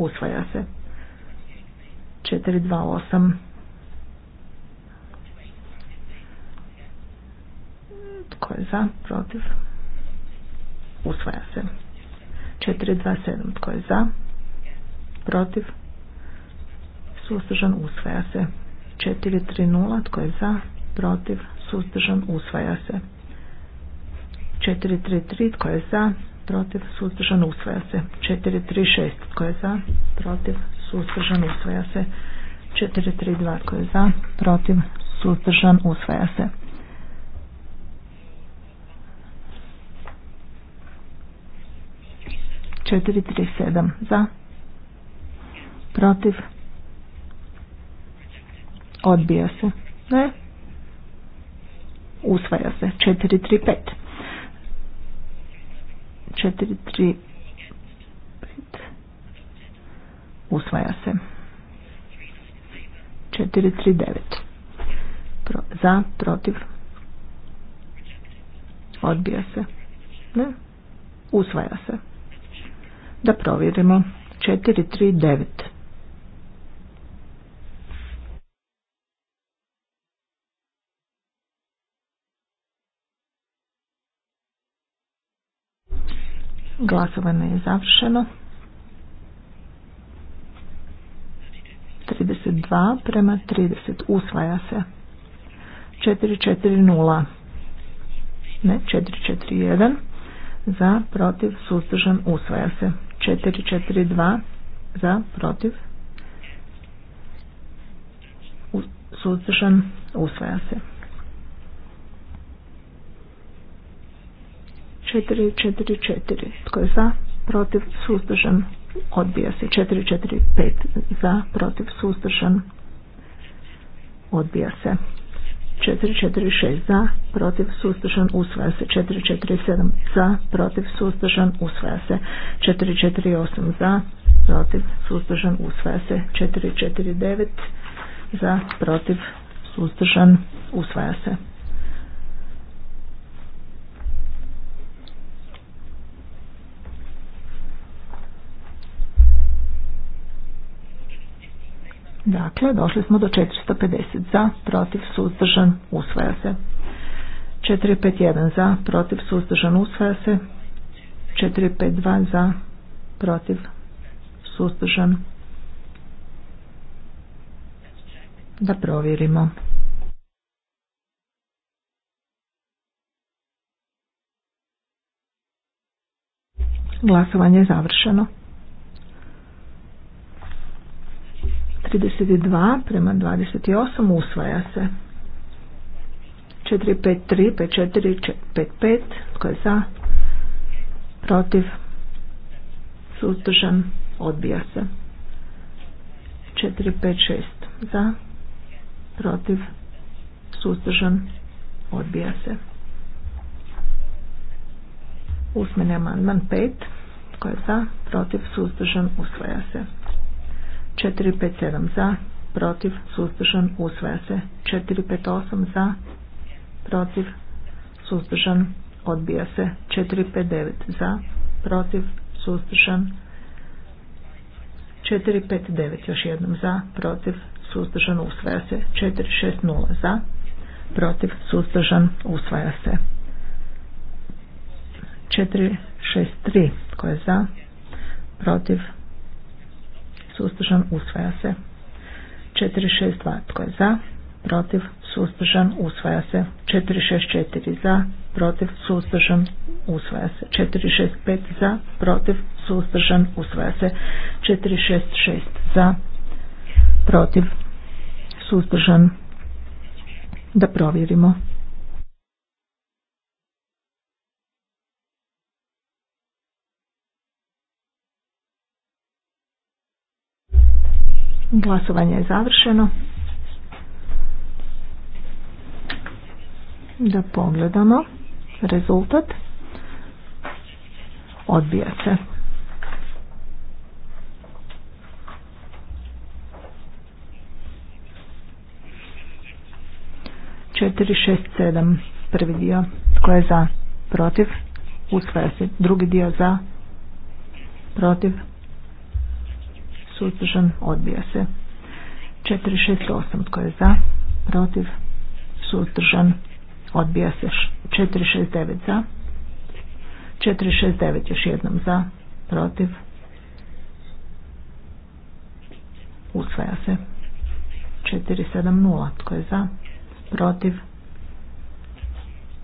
Usvaja se. 428. Tko je za? Protiv? Usvaja se. 427. Tko je za? Protiv? Suzdržan? Usvaja se. 430. Tko je za? Protiv? Suzdržan? Usvaja se. 433. Tko je za? protiv, suzdržan, usvaja se. 436 tko je za, protiv, suzdržan, usvaja se. 432 tko je za, protiv, suzdržan, usvaja se. Četiri, tri, sedam. Za. Protiv. Odbija se. Ne. Usvaja se. Četiri, tri, pet. 4, 3, 5. Usvaja se. 4, 3, 9. za, protiv. Odbija se. Ne? Usvaja se. Da provjerimo. 4, 3, 9. Glasovanje je završeno. 32 prema 30. Usvaja se. 440. Ne, 441. Za, protiv, suzdržan, usvaja se. 442. Za, protiv, suzdržan, usvaja se. 444. Tko je za? Protiv? Suzdržan? Odbija se. 445. Za? Protiv? Suzdržan? Odbija se. 446 za, protiv suzdržan usvaja se 447 za, protiv suzdržan usvaja se 448 za, protiv suzdržan usvaja se 449 za, protiv suzdržan usvaja se Dakle, došli smo do 450 za, protiv, suzdržan, usvaja se. 451 za, protiv, suzdržan, usvaja se. 452 za, protiv, suzdržan. Da provjerimo. Glasovanje je završeno. 32 prema 28 usvaja se. 453, 54, 55, tko je za, protiv, sustržan odbija se. 456 za, protiv, sustržan odbija se. Usmeni amandman 5, tko je za, protiv, sustržan usvaja se. 457 za, protiv, suzdržan, usvaja se. 458 za, protiv, suzdržan, odbija se. 459 za, protiv, suzdržan, 459 još jednom za, protiv, suzdržan, usvaja se. 460 za, protiv, suzdržan, usvaja se. 463 koje za, protiv, suzdržan, usvaja se. 462 tko je za, protiv, suzdržan, usvaja se. 464 za, protiv, suzdržan, usvaja se. 465 za, protiv, suzdržan, usvaja se. 466 za, protiv, suzdržan, da provjerimo. Glasovanje je završeno. Da pogledamo rezultat. Odbija se. Četiri, šest, sedam. Prvi dio. Tko je za? Protiv? Usvaja se. Drugi dio za? Protiv? suzdržan, odbija se. 468 tko je za, protiv, suzdržan, odbija se. 469 za, 469 još jednom za, protiv, usvaja se. 470 tko je za, protiv,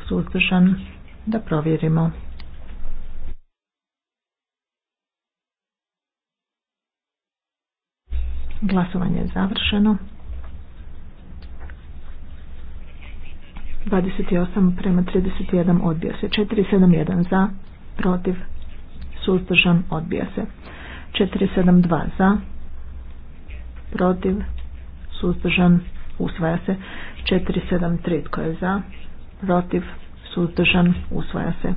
suzdržan, da provjerimo. Glasovanje je završeno. 28 prema 31 odbija se. 471 za, protiv, suzdržan, odbija se. 472 za, protiv, suzdržan, usvaja se. 473 tko je za, protiv, suzdržan, usvaja se.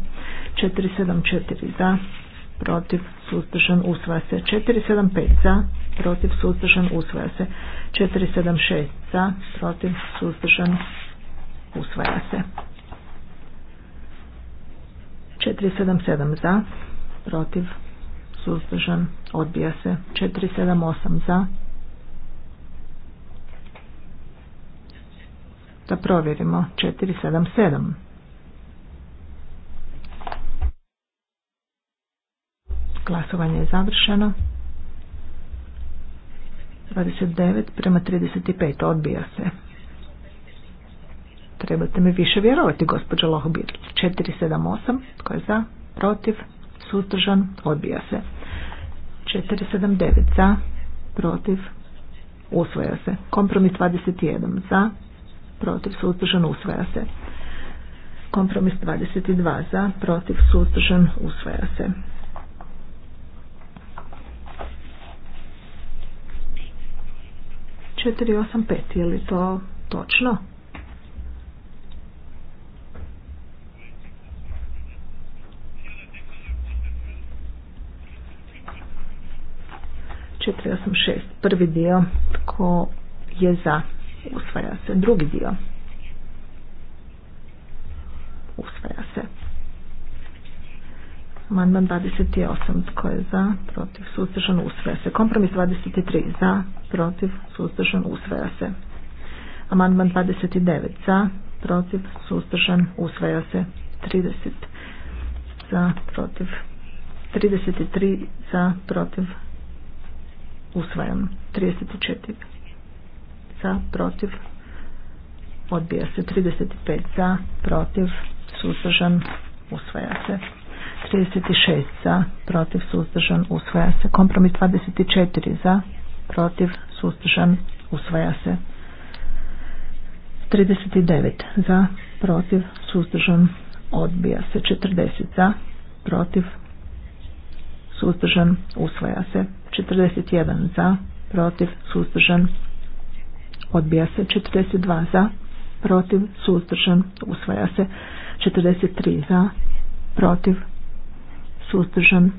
474 za, protiv, suzdržan, usvaja se. 475 za, protiv, suzdržan, usvaja se. 476 za, protiv, suzdržan, usvaja se. 477 za, protiv, suzdržan, odbija se. 478 za. Da provjerimo. 477. Glasovanje je završeno. 29 prema 35 odbija se. Trebate mi više vjerovati, gospođa Lohbir. 478, tko je za, protiv, suzdržan, odbija se. 479 za, protiv, usvaja se. Kompromis 21 za, protiv, suzdržan, usvaja se. Kompromis 22 za, protiv, suzdržan, usvaja se. 485, je li to točno? Četiri, osam, šest. Prvi dio tko je za usvaja se. Drugi dio usvaja se. Amandman 28. Tko je za? Protiv? sustržan, Usvaja se. Kompromis 23. Za? Protiv? sustržan, Usvaja se. Amandman 29. Za? Protiv? sustržan, Usvaja se. 30. Za? Protiv? 33. Za? Protiv? Usvajan. 34. Za? Protiv? Odbija se. 35. Za? Protiv? Suzdržan? Usvaja se. 36 za, protiv suzdržan, usvaja se. Kompromis 24 za, protiv suzdržan, usvaja se. 39 za, protiv suzdržan, odbija se. 40 za, protiv suzdržan, usvaja se. 41 za, protiv suzdržan, odbija se. 42 za, protiv suzdržan, usvaja se. 43 za, protiv suzdržan.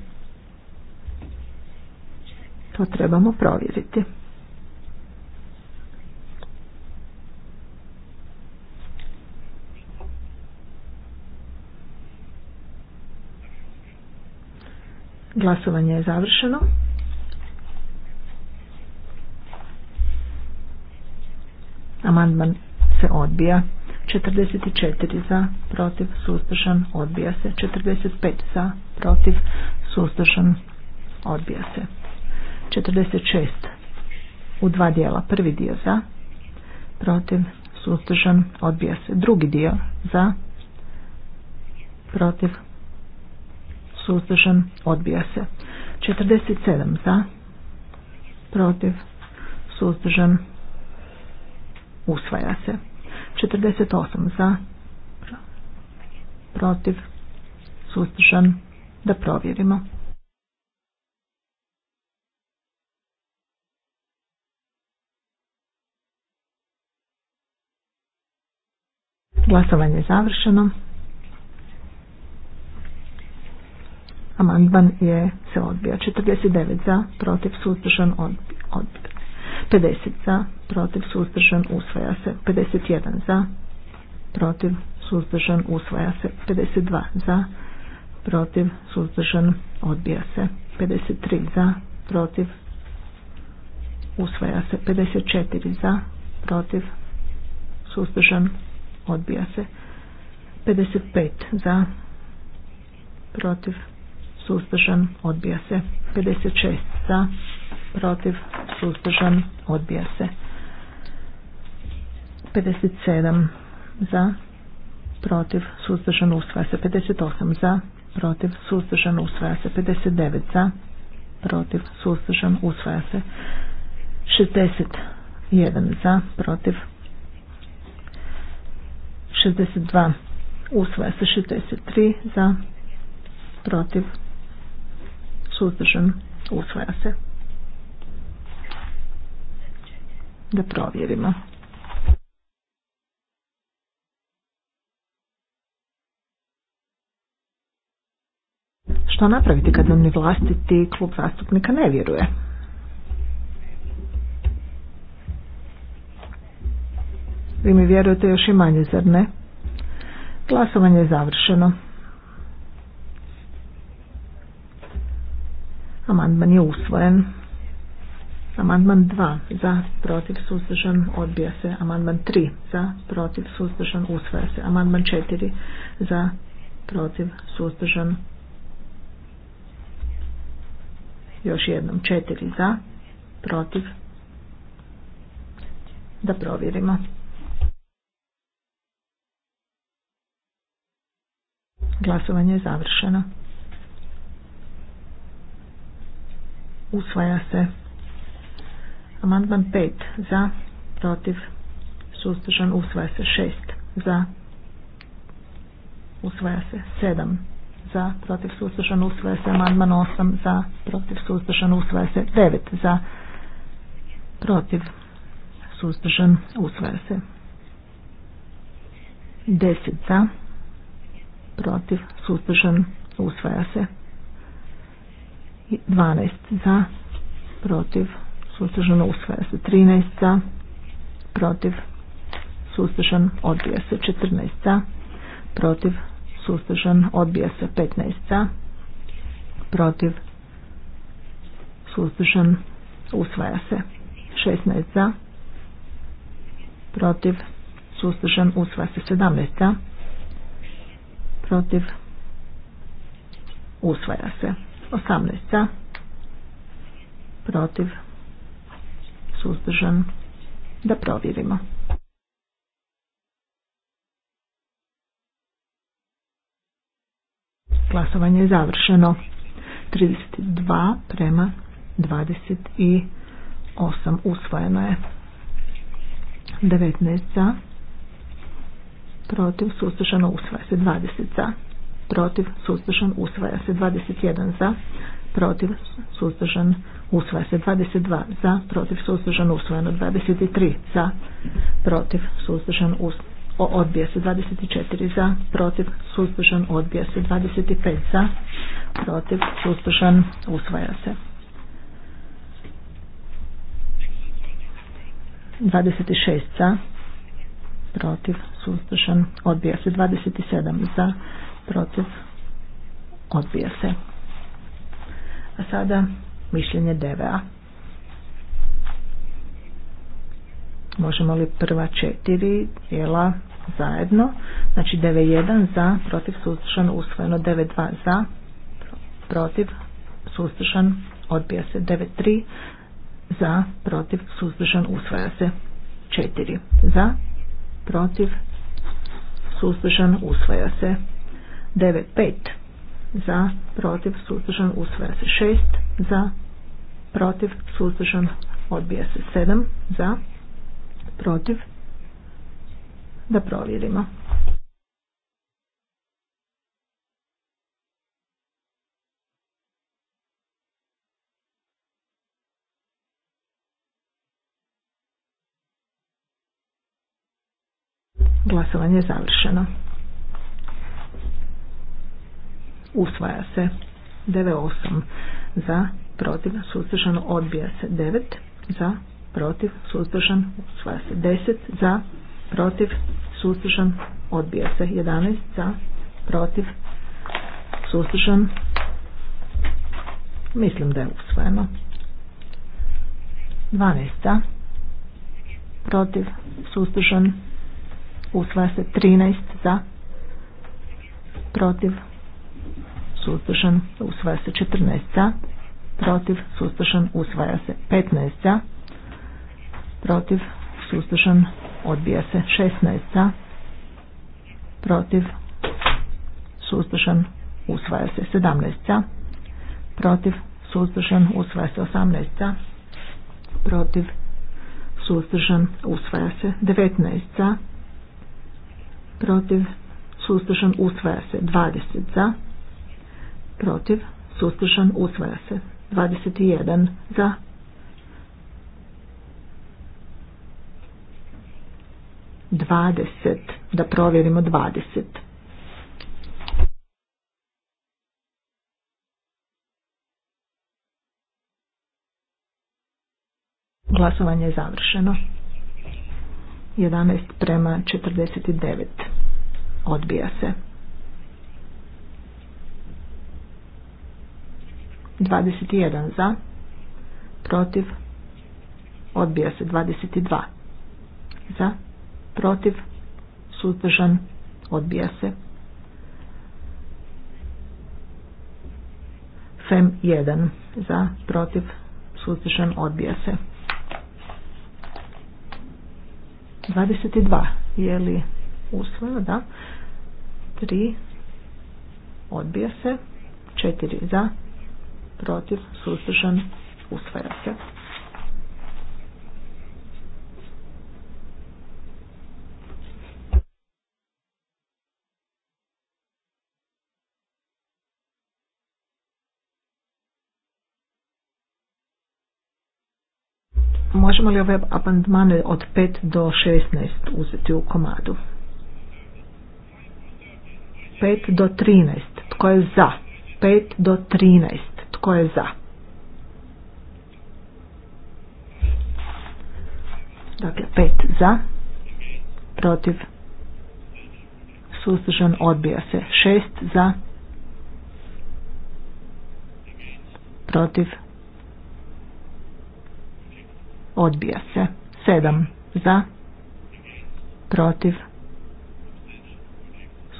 To trebamo provjeriti. Glasovanje je završeno. Amandman se odbija. 44 za, protiv, sustršan, odbija se. 45 za, protiv, sustršan, odbija se. 46 u dva dijela. Prvi dio za, protiv, sustršan, odbija se. Drugi dio za, protiv, sustršan, odbija se. 47 za, protiv, suzdržan, usvaja se. 48 za, protiv, suzdržan, da provjerimo. Glasovanje je završeno. Amandman je se odbija. 49 za, protiv, suzdržan, odbija. 50 za, protiv, suzdržan, usvaja se. 51 za, protiv, suzdržan, usvaja se. 52 za, protiv, suzdržan, odbija se. 53 za, protiv, usvaja se. 54 za, protiv, suzdržan, odbija se. 55 za, protiv, suzdržan, odbija se. 56 za, protiv, suzdržan, odbija se. 57 za, protiv, suzdržan, usvaja se. 58 za, protiv, suzdržan, usvaja se. 59 za, protiv, suzdržan, usvaja se. 61 za, protiv, 62 usvaja se. 63 za, protiv, suzdržan, usvaja se. da provjerimo. Što napraviti kad vam ni vlastiti klub zastupnika ne vjeruje? Vi mi vjerujete još i manje, zar ne? Glasovanje je završeno. Amandman je usvojen. Amandman 2 za, protiv, suzdržan, odbija se. Amandman 3 za, protiv, suzdržan, usvaja se. Amandman 4 za, protiv, suzdržan, još jednom 4 za, protiv, da provjerimo. Glasovanje je završeno. Usvaja se. Amandman 5 za, protiv, Sustržan. usvaja se 6 za, usvaja se 7 za, protiv, Sustržan. usvaja se amandman 8 za, protiv, Sustržan. usvaja se 9 za, protiv, Sustržan. usvaja se 10 za, protiv, Sustržan. usvaja se 12 za, protiv, suzdržan usvaja se 13 protiv suzdržan odbija se 14 protiv suzdržan odbija se 15 protiv suzdržan usvaja se 16 protiv suzdržan usvaja se 17 protiv usvaja se 18 za, protiv suzdržan? Da provjerimo. Glasovanje je završeno. 32 prema 28 usvojeno je. 19 za, protiv, suzdržano, usvaja se 20 za, protiv, suzdržan, usvaja se 21 za, protiv, suzdržan, usvaja se 22 za, protiv suzdržan usvojeno 23 za, protiv suzdržan odbija se 24 za, protiv suzdržan odbija se 25 za, protiv suzdržan usvaja se 26 za, protiv suzdržan odbija se 27 za, protiv odbija se. A sada mišljenje DVA. Možemo li prva četiri dijela zajedno? Znači DV1 za, protiv suzdržan, usvojeno DV2 za, protiv suzdržan, odbija se DV3 za, protiv suzdržan, usvaja se 4 za, protiv suzdržan, usvaja se DV5 za, protiv, suzdržan, usvaja se. šest. za, protiv, suzdržan, odbija se. 7 za, protiv, da provjerimo. Glasovanje je završeno usvaja se 98 za protiv suzdržan odbija se 9 za protiv suzdržan usvaja se 10 za protiv suzdržan odbija se 11 za protiv suzdržan mislim da je usvojeno 12 za protiv suzdržan usvaja se 13 za protiv suzdržan, usvaja se 14 protiv, suzdržan, usvaja se 15 protiv, suzdržan, odbija se 16 protiv, suzdržan, usvaja se 17 protiv, suzdržan, usvaja se 18 protiv, suzdržan, usvaja se 19 protiv, suzdržan, usvaja se 20 za, protiv, suzdržan, usvaja se. 21 za, dvadeset, da provjerimo dvadeset. Glasovanje je završeno. 11 prema 49. Odbija se. 21 za, protiv, odbija se 22 za, protiv, suzdržan, odbija se. FEM 1 za, protiv, suzdržan, odbija se. 22 je li usvojeno, da. 3 odbija se. 4 za, protiv, suzdržan, usvaja se. Možemo li ove abandmane od 5 do 16 uzeti u komadu? 5 do 13. Tko je za? 5 do 13. Tko je za? Dakle, pet za, protiv, suzdržan, odbija se. Šest za, protiv, odbija se. Sedam za, protiv,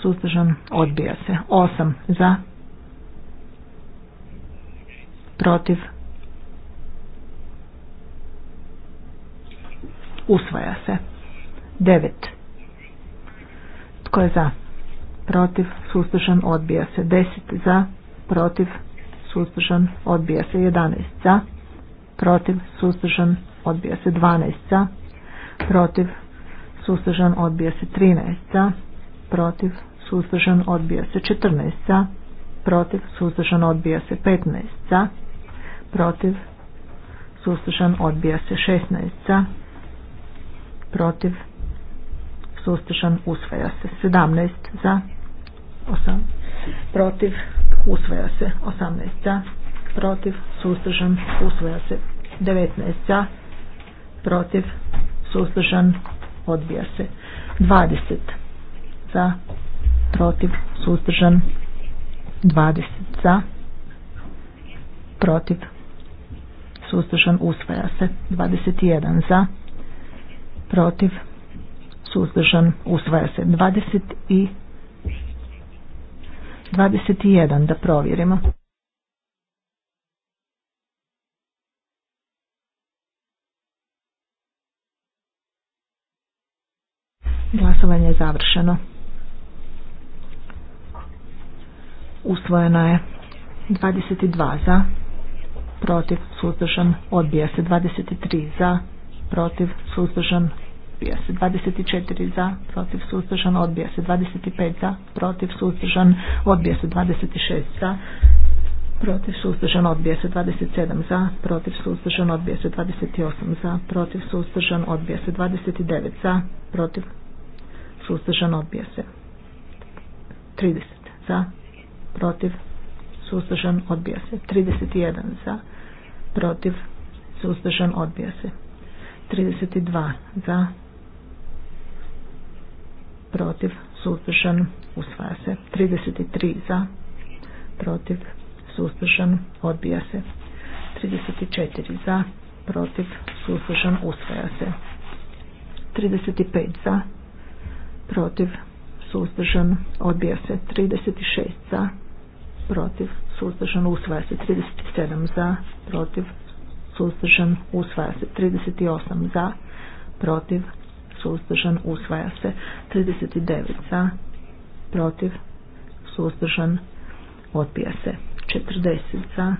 suzdržan, odbija se. Osam za, protiv protiv, usvaja se. 9. Tko je za? Protiv, suzdržan, odbija se. 10 za, protiv, suzdržan, odbija se. 11 za, protiv, suzdržan, odbija se. 12 za, protiv, suzdržan, odbija se. 13 za, protiv, suzdržan, odbija se. 14 za, protiv, suzdržan, odbija se. 15 za, protiv, sustušan odbija se 16 za, protiv, sustušan usvaja se 17 za, 8, protiv, usvaja se 18 za, protiv, sustušan usvaja se 19 za, protiv, sustušan odbija se 20 za, protiv, suzdržan, 20 za, protiv, suzdržan, usvaja se. 21 za, protiv, suzdržan, usvaja se. 20 i 21 da provjerimo. Glasovanje je završeno. Usvojena je 22 za, protiv, suzdržan, odbija se. 23 za, protiv, suzdržan, odbija se. 24 za, protiv, suzdržan, odbija se. 25 za, protiv, suzdržan, odbija se. 26 za, protiv suzdržan odbija se 27 za, protiv suzdržan odbija se 28 za, protiv suzdržan odbija se 29 za, protiv suzdržan odbija se 30 za, protiv suzdržan, odbija se. 31 za, protiv, suzdržan, odbija se. 32 za, protiv, suzdržan, usvaja se. 33 za, protiv, suzdržan, odbija se. 34 za, protiv, suzdržan, usvaja se. 35 za, protiv, suzdržan, odbija se. 36 za, protiv, suzdržan, usvaja se 37 za, protiv, suzdržan, usvaja se 38 za, protiv, suzdržan, usvaja se 39 za, protiv, suzdržan, odbija se 40 za,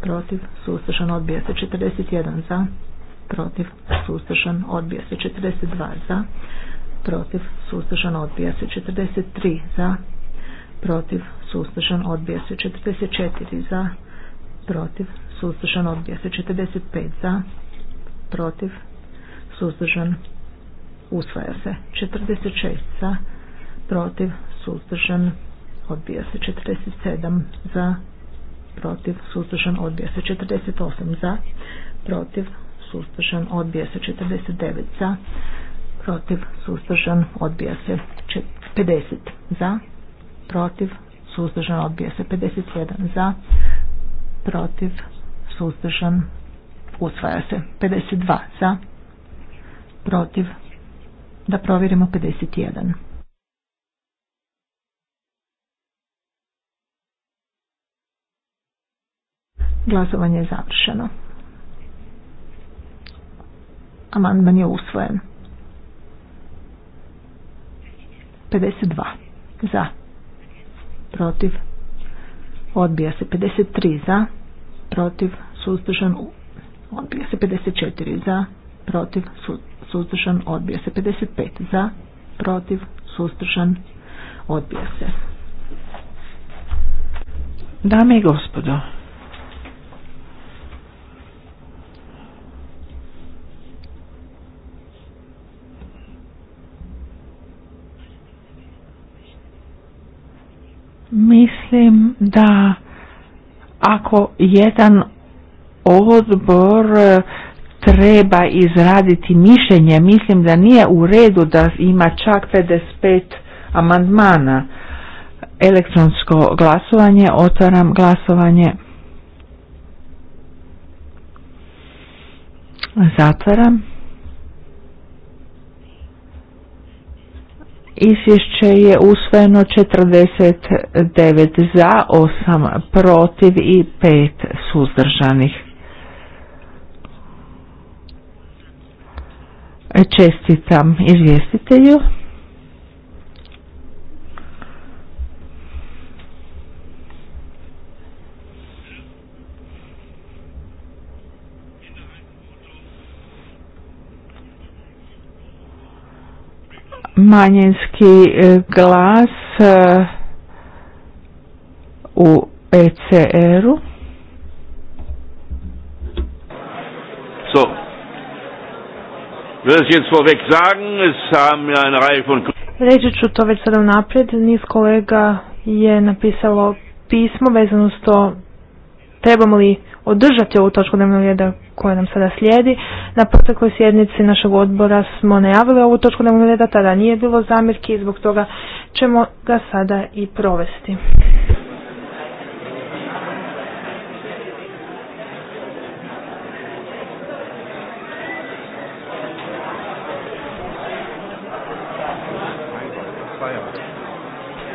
protiv, suzdržan, odbija se 41 za, protiv, suzdržan, odbija se 42 za, protiv, suzdržan, odbija se 43 za, protiv, suzdržan, odbija se 44 za, protiv, sustošan odbija se 45 za, protiv, sustošan, usvaja se 46 za, protiv, suzdržan, odbija se 47 za, protiv, sustošan, odbija se 48 za, protiv, suzdržan, odbija se 49 za, protiv, suzdržan, odbija se 50 za, protiv, suzdržan, odbija se 51 za, protiv, suzdržan, usvaja se 52 za, protiv, da provjerimo 51. Glasovanje je završeno. Amandman je usvojen. 52 za protiv, odbija se 53 za, protiv, suzdržan, odbija se 54 za, protiv, suzdržan, odbija se 55 za, protiv, suzdržan, odbija se.
Dame i gospodo, Mislim da ako jedan odbor e, treba izraditi mišljenje, mislim da nije u redu da ima čak 55 amandmana. Elektronsko glasovanje, otvaram glasovanje. Zatvaram. Izvješće je usvojeno 49 za, 8 protiv i 5 suzdržanih. Čestitam izvjestitelju. manjinski e, glas e, u ECR-u.
So. Reći
ću to već sada naprijed. Niz kolega je napisalo pismo vezano s to trebamo li održati ovu točku dnevnog reda koja nam sada slijedi. Na protekloj sjednici našeg odbora smo najavili ovu točku dnevnog reda, tada nije bilo zamirki i zbog toga ćemo ga sada i provesti.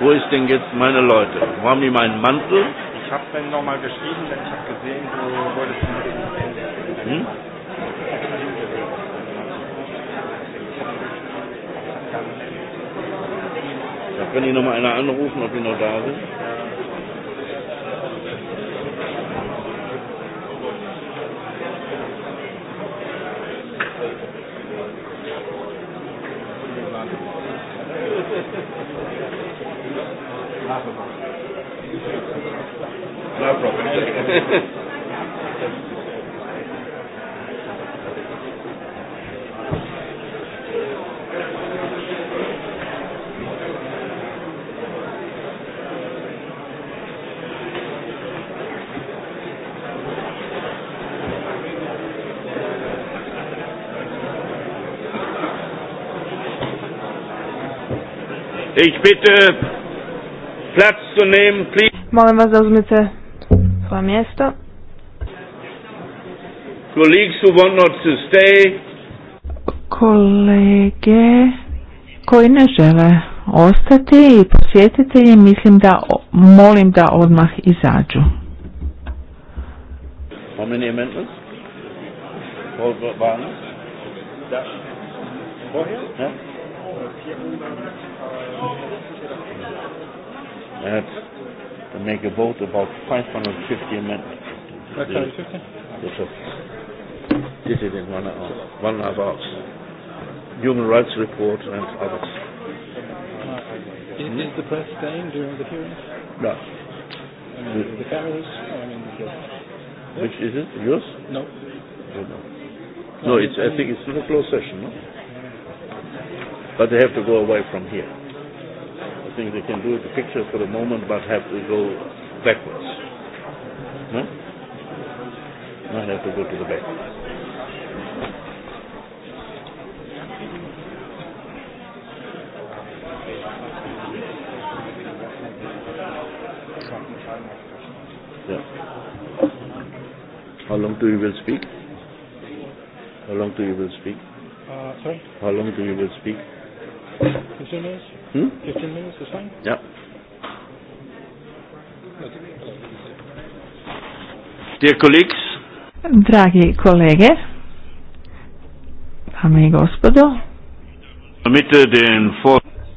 Wo ist
denn jetzt meine Leute? Wo haben die meinen Mantel?
Ich habe den nochmal geschrieben, denn ich habe gesehen,
du wolltest Hm? Da kann ich noch mal einer anrufen, ob die noch da sind.
No
Ich bitte Platz zu nehmen, please.
Molim vas da uzmete svoje mjesto.
Colleagues who want not to stay.
Kolege koji ne žele ostati i posjetitelji mislim da molim da odmah izađu.
How many amendments? All but one? Vorher? uh, to make a vote about 550 amendments.
550?
Yes, This is in one hour. One hour. Human rights report and others.
Is, the press staying during the hearings?
No. the, the cameras?
I mean, the...
Which is it? Yours?
No. no.
No, no it's, I think it's in a closed session, no? But they have to go away from here things they can do with the pictures for the moment, but have to go backwards. No? I have to go to the back.
Yeah.
How long do you will speak? How long do you will speak?
Uh, sorry?
How long do you will speak?
As minutes.
Hmm? Dear colleagues.
Dragi kolege, dame i gospodo,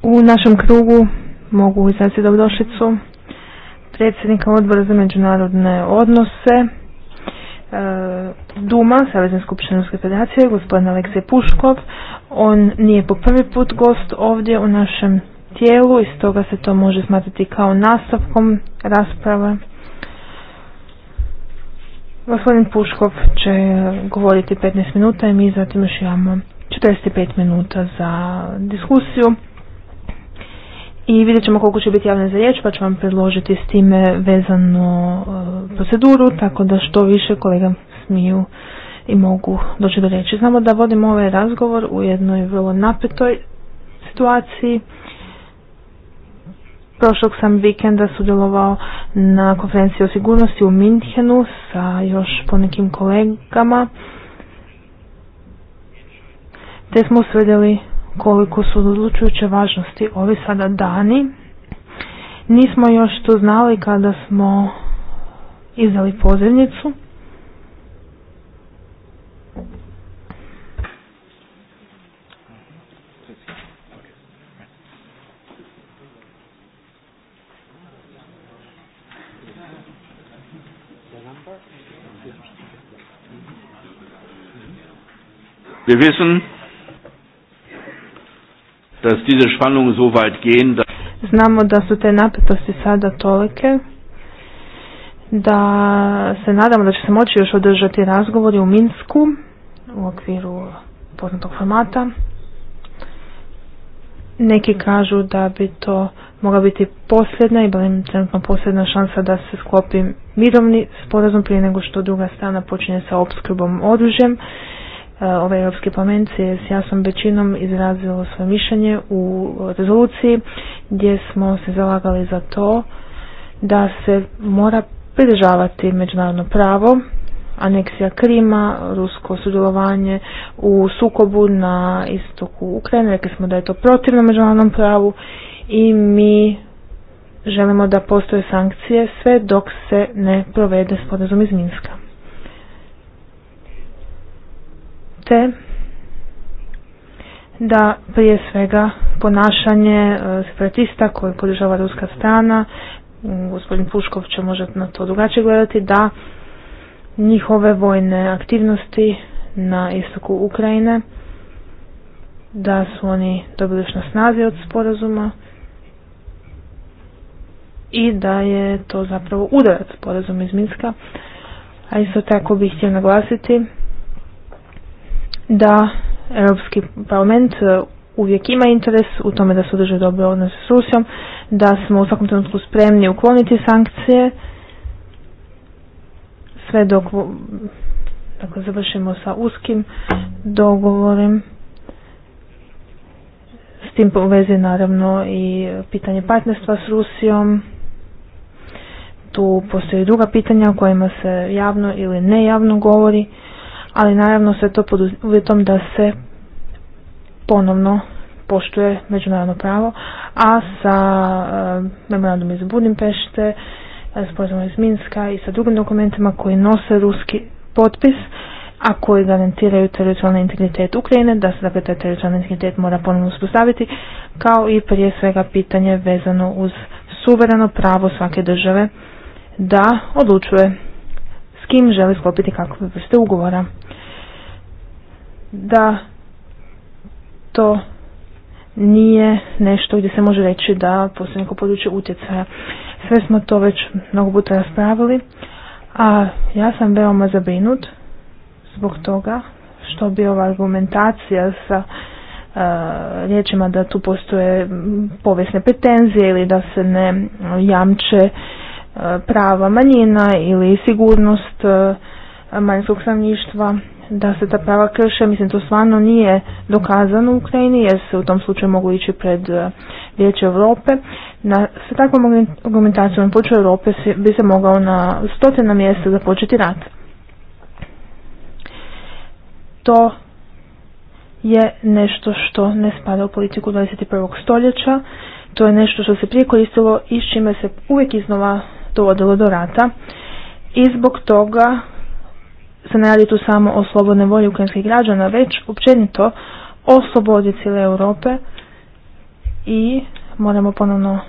u našem krugu mogu izraziti
dobrodošlicu predsjednika odbora za međunarodne odnose, Duma, Savezne skupštine Ruske federacije, gospodin Aleksej Puškov. On nije po prvi put gost ovdje u našem tijelu i stoga se to može smatrati kao nastavkom rasprave Gospodin Puškov će govoriti 15 minuta i mi zatim još imamo 45 minuta za diskusiju i vidjet ćemo koliko će biti javne za riječ, pa ću vam predložiti s time vezano e, proceduru, tako da što više kolega smiju i mogu doći do riječi. Znamo da vodimo ovaj razgovor u jednoj vrlo napetoj situaciji. Prošlog sam vikenda sudjelovao na konferenciji o sigurnosti u Minhenu sa još ponekim kolegama. Te smo usvedili koliko su odlučujuće važnosti ovi sada dani. Nismo još to znali kada smo izdali pozivnicu. Wir wissen, Znamo da su te napetosti sada tolike da se nadamo da će se moći još održati razgovori u Minsku u okviru poznatog formata. Neki kažu da bi to mogla biti posljedna i barem trenutno posljedna šansa da se sklopi mirovni sporazum prije nego što druga strana počinje sa opskrbom oružjem E, Ove ovaj europske konvencije je s jasnom većinom izrazila svoje mišljenje u rezoluciji gdje smo se zalagali za to da se mora pridržavati međunarodno pravo, aneksija Krima, rusko sudjelovanje u sukobu na istoku Ukrajine. Rekli smo da je to protivno međunarodnom pravu i mi želimo da postoje sankcije sve dok se ne provede sporazum iz Minska. da prije svega ponašanje e, separatista koje podržava ruska strana, gospodin Puškov će možda na to drugačije gledati, da njihove vojne aktivnosti na istoku Ukrajine, da su oni dobili još na snazi od sporazuma i da je to zapravo udarac sporazum iz Minska. A isto tako bih htio naglasiti da Europski parlament e, uvijek ima interes u tome da se održe dobro odnose s Rusijom, da smo u svakom trenutku spremni ukloniti sankcije sve dok završimo sa uskim dogovorim, S tim poveze naravno i pitanje partnerstva s Rusijom. Tu postoje druga pitanja o kojima se javno ili nejavno govori ali naravno sve to pod uvjetom da se ponovno poštuje međunarodno pravo, a sa e, memorandum iz Budimpešte, e, sporazumom iz Minska i sa drugim dokumentima koji nose ruski potpis, a koji garantiraju teritorijalni integritet Ukrajine, da se dakle taj teritorijalni integritet mora ponovno uspostaviti, kao i prije svega pitanje vezano uz suvereno pravo svake države da odlučuje s kim želi sklopiti kakve vrste ugovora da to nije nešto gdje se može reći da postoji neko područje utjecaja. Sve smo to već mnogo puta raspravili, a ja sam veoma zabrinut zbog toga što bi ova argumentacija sa uh, riječima da tu postoje povijesne pretenzije ili da se ne jamče e, prava manjina ili sigurnost manjskog e, manjinskog da se ta prava krše, mislim to stvarno nije dokazano u Ukrajini jer se u tom slučaju mogu ići pred eh, Vijeće Europe. Na, sa takvom argumentacijom na području Europe bi se mogao na stotina mjesta započeti rat. To je nešto što ne spada u politiku 21. stoljeća, to je nešto što se prije koristilo i s čime se uvijek iznova dovodilo do rata i zbog toga se ne radi tu samo o slobodnoj volji ukrajinskih građana, već općenito o slobodi cijele Europe i moramo ponovno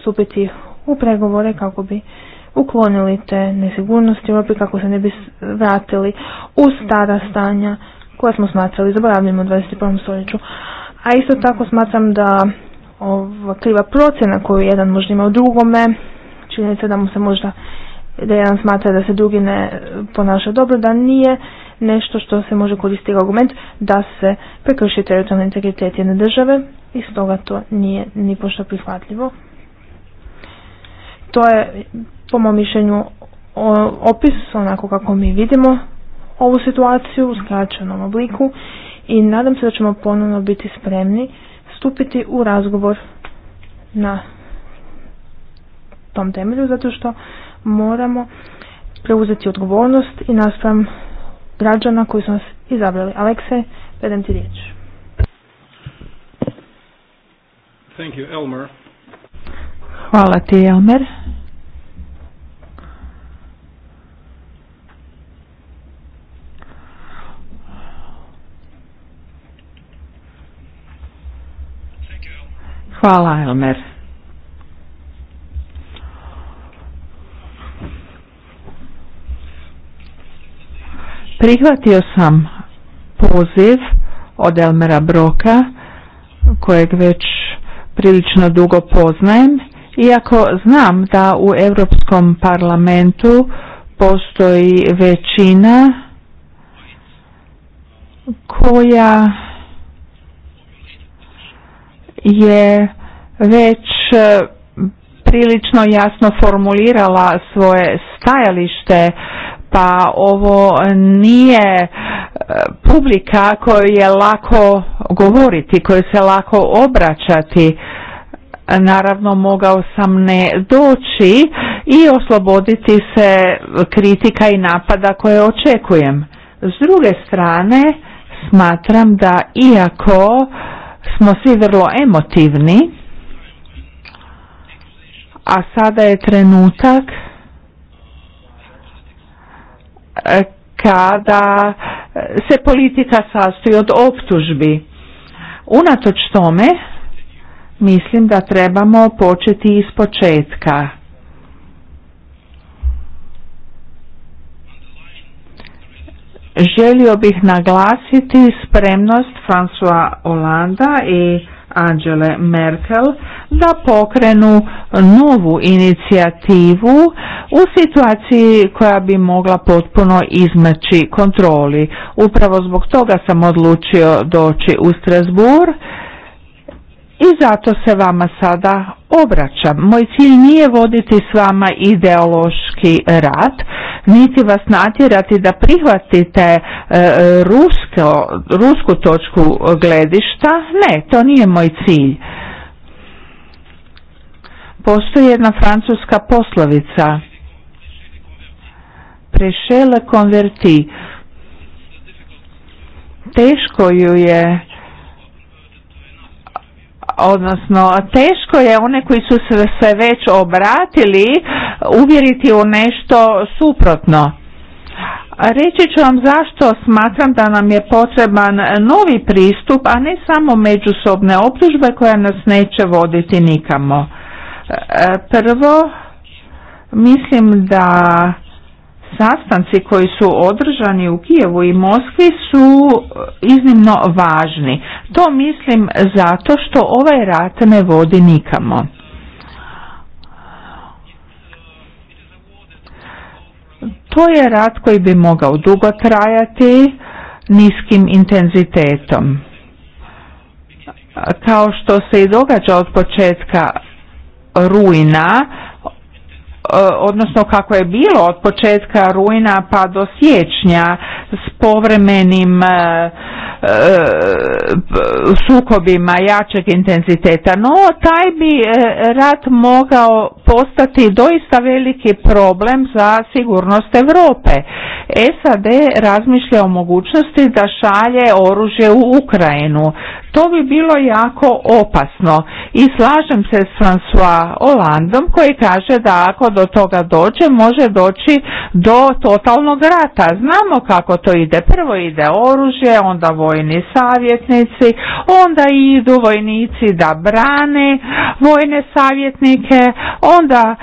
stupiti u pregovore kako bi uklonili te nesigurnosti Europi kako se ne bi vratili u stara stanja koja smo smatrali zaboravljamo u 21. stoljeću. A isto tako smatram da ova kriva procjena koju jedan možda ima u drugome, činjenica da mu se možda da jedan smatra da se drugi ne ponaša dobro, da nije nešto što se može koristiti argument da se prekrši teritorijalni integritet jedne države i stoga to nije ni pošto prihvatljivo. To je po mom mišljenju opis onako kako mi vidimo ovu situaciju u skraćenom obliku i nadam se da ćemo ponovno biti spremni stupiti u razgovor na tom temelju zato što moramo preuzeti odgovornost i naspram građana koji su nas izabrali. Alekse, vedem ti riječ.
Thank you, Elmer.
Hvala ti, Elmer.
Hvala, Elmer. Prihvatio sam poziv od Elmera Broka kojeg već prilično dugo poznajem iako znam da u Europskom parlamentu postoji većina koja je već e, prilično jasno formulirala svoje stajalište pa ovo nije e, publika koju je lako govoriti, koju se lako obraćati. Naravno mogao sam ne doći i osloboditi se kritika i napada koje očekujem. S druge strane smatram da iako smo svi vrlo emotivni, a sada je trenutak E, kada e, se politika sastoji od optužbi. Unatoč tome mislim da trebamo početi iz početka. Želio bih naglasiti spremnost François Hollanda i Angele Merkel da pokrenu novu inicijativu u situaciji koja bi mogla potpuno izmaći kontroli. Upravo zbog toga sam odlučio doći u Strasbourg i zato se vama sada obraćam. Moj cilj nije voditi s vama ideološki rat, niti vas natjerati da prihvatite e, rusku točku gledišta. Ne, to nije moj cilj. Postoji jedna francuska poslovica. Prešele konverti. Teško ju je odnosno teško je one koji su se već obratili uvjeriti u nešto suprotno. Reći ću vam zašto smatram da nam je potreban novi pristup, a ne samo međusobne optužbe koja nas neće voditi nikamo. E, prvo, mislim da sastanci koji su održani u Kijevu i Moskvi su e, iznimno važni. To mislim zato što ovaj rat ne vodi nikamo. To je rat koji bi mogao dugo trajati niskim intenzitetom. Kao što se i događa od početka rujna, E, odnosno kako je bilo od početka rujna pa do siječnja s povremenim e, e, sukobima jačeg intenziteta. No, taj bi rat mogao postati doista veliki problem za sigurnost Europe. SAD razmišlja o mogućnosti da šalje oružje u Ukrajinu. To bi bilo jako opasno i slažem se s François Hollandom koji kaže da ako do toga dođe može doći do totalnog rata. Znamo kako to ide. Prvo ide oružje, onda vojni savjetnici, onda idu vojnici da brane vojne savjetnike, onda e,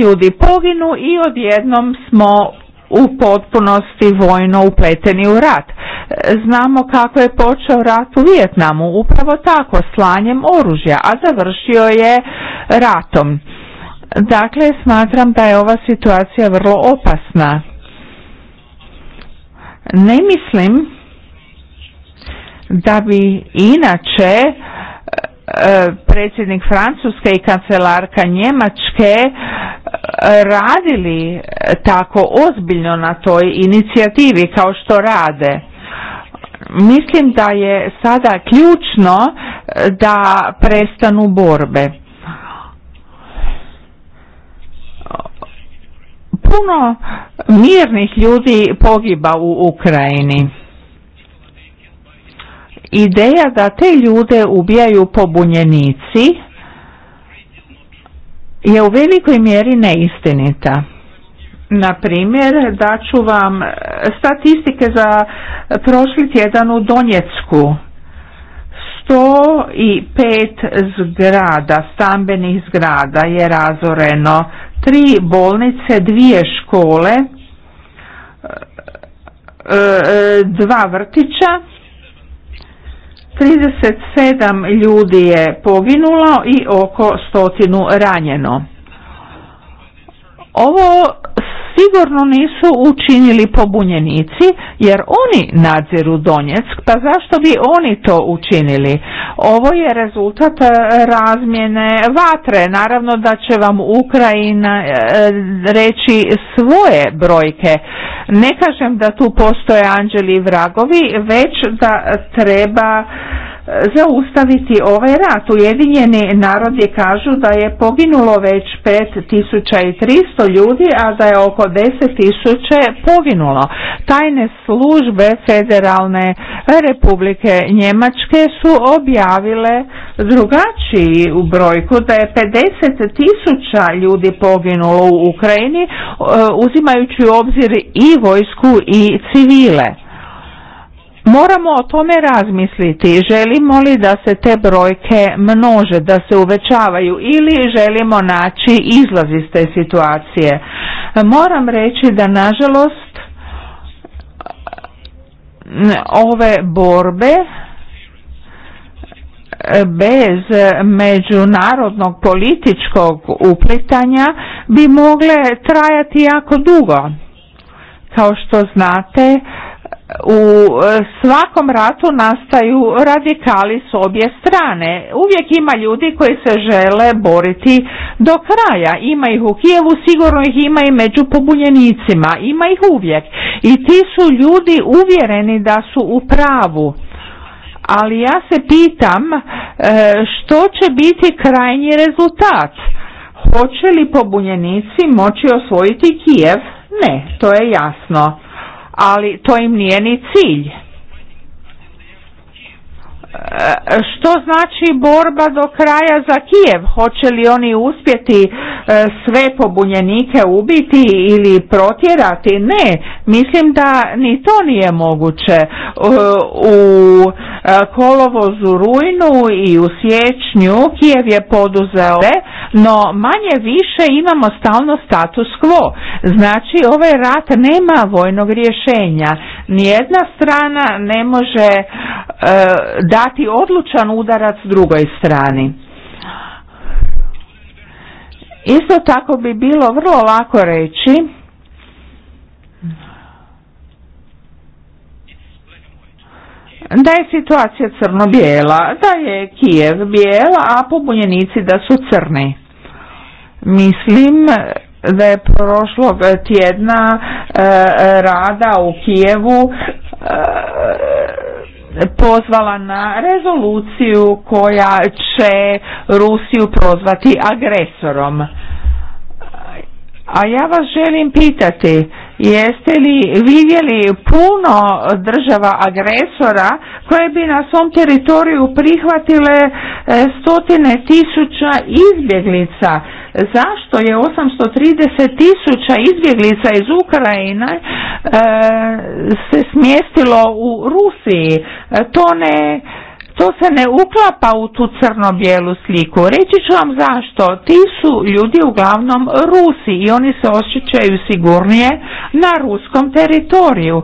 ljudi poginu i odjednom smo u potpunosti vojno upleteni u rat. Znamo kako je počeo rat u Vijetnamu, upravo tako, slanjem oružja, a završio je ratom. Dakle, smatram da je ova situacija vrlo opasna. Ne mislim da bi inače e, predsjednik Francuske i kancelarka Njemačke e, radili tako ozbiljno na toj inicijativi kao što rade. Mislim da je sada ključno e, da prestanu borbe. Puno mirnih ljudi pogiba u Ukrajini. Ideja da te ljude ubijaju pobunjenici je u velikoj mjeri neistinita. Na primjer, daću vam e, statistike za prošli tjedan u Donjecku. 105 zgrada, stambenih zgrada je razoreno, tri bolnice, dvije škole, e, e, dva vrtića, 37 ljudi je poginulo i oko stotinu ranjeno. Ovo sigurno nisu učinili pobunjenici jer oni nadziru Donjeck, pa zašto bi oni to učinili? Ovo je rezultat e, razmjene vatre. Naravno da će vam Ukrajina e, reći svoje brojke. Ne kažem da tu postoje anđeli i vragovi, već da treba zaustaviti ovaj rat. Ujedinjeni narodi kažu da je poginulo već 5300 ljudi, a da je oko 10.000 poginulo. Tajne službe Federalne republike Njemačke su objavile drugačiji u brojku da je 50.000 ljudi poginulo u Ukrajini e, uzimajući u obzir i vojsku i civile. Moramo o tome razmisliti, želimo li da se te brojke množe, da se uvećavaju ili želimo naći izlaz iz te situacije. Moram reći da nažalost ove borbe bez međunarodnog političkog uplitanja bi mogle trajati jako dugo. Kao što znate, u e, svakom ratu nastaju radikali s obje strane. Uvijek ima ljudi koji se žele boriti do kraja. Ima ih u Kijevu, sigurno ih ima i među pobunjenicima. Ima ih uvijek. I ti su ljudi uvjereni da su u pravu. Ali ja se pitam e, što će biti krajnji rezultat. Hoće li pobunjenici moći osvojiti Kijev? Ne, to je jasno ali to im nije ni cilj. E, što znači borba do kraja za Kijev? Hoće li oni uspjeti e, sve pobunjenike ubiti ili protjerati? Ne, mislim da ni to nije moguće. E, u kolovozu rujnu i u siječnju Kijev je poduzeo no manje više imamo stalno status quo. Znači ovaj rat nema vojnog rješenja. Nijedna strana ne može da dati odlučan udarac drugoj strani. Isto tako bi bilo vrlo lako reći da je situacija crno-bijela, da je Kijev bijela a pobunjenici da su crni. Mislim da je prošlog tjedna e, e, rada u Kijevu e, pozvala na rezoluciju koja će Rusiju prozvati agresorom. A ja vas želim pitati, Jeste li vidjeli puno država agresora koje bi na svom teritoriju prihvatile e, stotine tisuća izbjeglica? Zašto je 830 tisuća izbjeglica iz Ukrajine e, se smjestilo u Rusiji? To ne to se ne uklapa u tu crno-bijelu sliku. Reći ću vam zašto. Ti su ljudi uglavnom Rusi i oni se osjećaju sigurnije na ruskom teritoriju.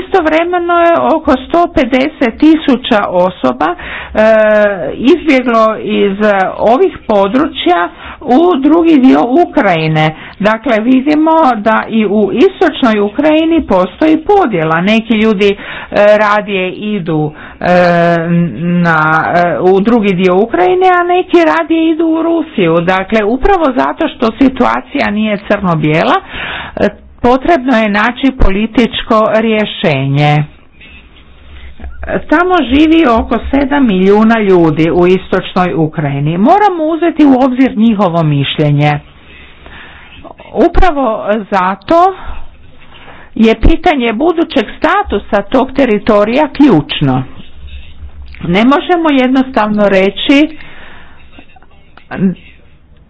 Istovremeno je oko 150 tisuća osoba e, izbjeglo iz ovih područja u drugi dio Ukrajine. Dakle, vidimo da i u istočnoj Ukrajini postoji podjela. Neki ljudi e, radije idu e, na, e, u drugi dio Ukrajine, a neki radije idu u Rusiju. Dakle, upravo zato što situacija nije crno-bijela, e, potrebno je naći političko rješenje. Tamo živi oko 7 milijuna ljudi u istočnoj Ukrajini. Moramo uzeti u obzir njihovo mišljenje. Upravo zato je pitanje budućeg statusa tog teritorija ključno. Ne možemo jednostavno reći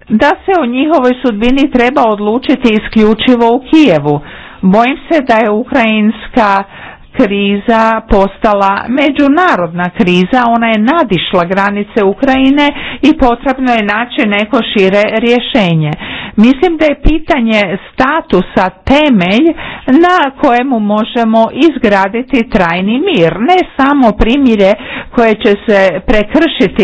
da se o njihovoj sudbini treba odlučiti isključivo u Kijevu. Bojim se da je ukrajinska kriza postala međunarodna kriza, ona je nadišla granice Ukrajine i potrebno je naći neko šire rješenje. Mislim da je pitanje statusa temelj na kojemu možemo izgraditi trajni mir, ne samo primjere koje će se prekršiti,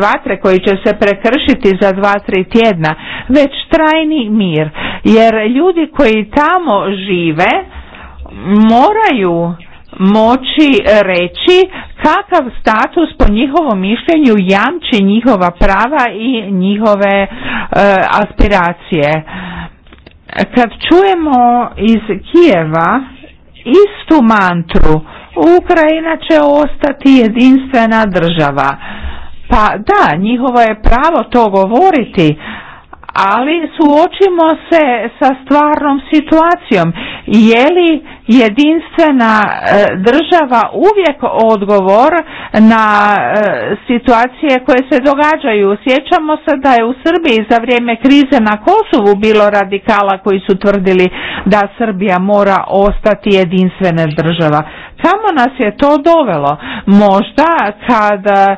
dva tre, koji će se prekršiti za dva, tri tjedna, već trajni mir, jer ljudi koji tamo žive moraju moći reći kakav status po njihovom mišljenju jamči njihova prava i njihove e, aspiracije. Kad čujemo iz Kijeva istu mantru, Ukrajina će ostati jedinstvena država. Pa da, njihovo je pravo to govoriti, ali suočimo se sa stvarnom situacijom. Je li jedinstvena e, država uvijek odgovor na e, situacije koje se događaju? Sjećamo se da je u Srbiji za vrijeme krize na Kosovu bilo radikala koji su tvrdili da Srbija mora ostati jedinstvena država. Kamo nas je to dovelo? Možda kada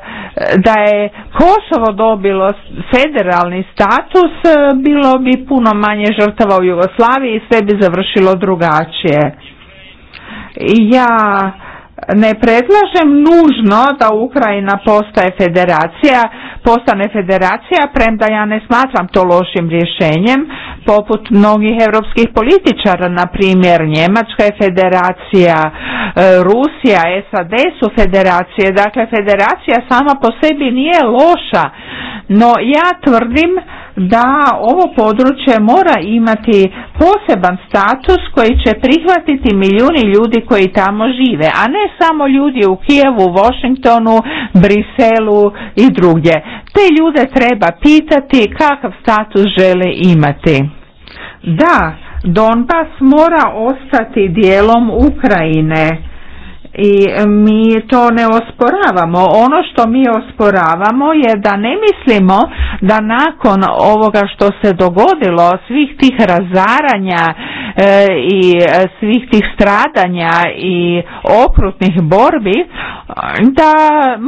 da je Kosovo dobilo federalni status, e, bilo bi puno manje žrtava u Jugoslaviji i sve bi završilo drugačije. Ja ne predlažem nužno da Ukrajina postaje federacija, postane federacija, premda ja ne smatram to lošim rješenjem, poput mnogih europskih političara, na primjer Njemačka je federacija, e, Rusija, SAD su federacije, dakle federacija sama po sebi nije loša, no ja tvrdim da ovo područje mora imati poseban status koji će prihvatiti milijuni ljudi koji tamo žive, a ne samo ljudi u Kijevu, Washingtonu, Briselu i drugdje. Te ljude treba pitati kakav status žele imati. Da, Donbas mora ostati dijelom Ukrajine i e, mi to ne osporavamo. Ono što mi osporavamo je da ne mislimo da nakon ovoga što se dogodilo, svih tih razaranja e, i e, svih tih stradanja i okrutnih borbi, da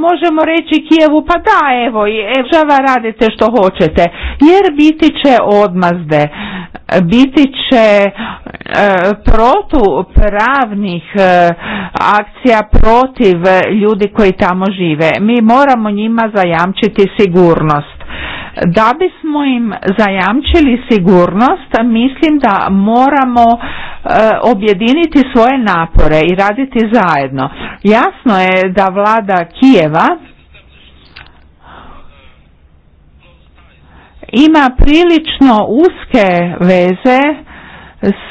možemo reći Kijevu pa da evo i država radite što hoćete jer biti će odmazde biti će e, protupravnih e, akcija protiv ljudi koji tamo žive. Mi moramo njima zajamčiti sigurnost. Da bismo im zajamčili sigurnost, mislim da moramo e, objediniti svoje napore i raditi zajedno. Jasno je da vlada Kijeva ima prilično uske veze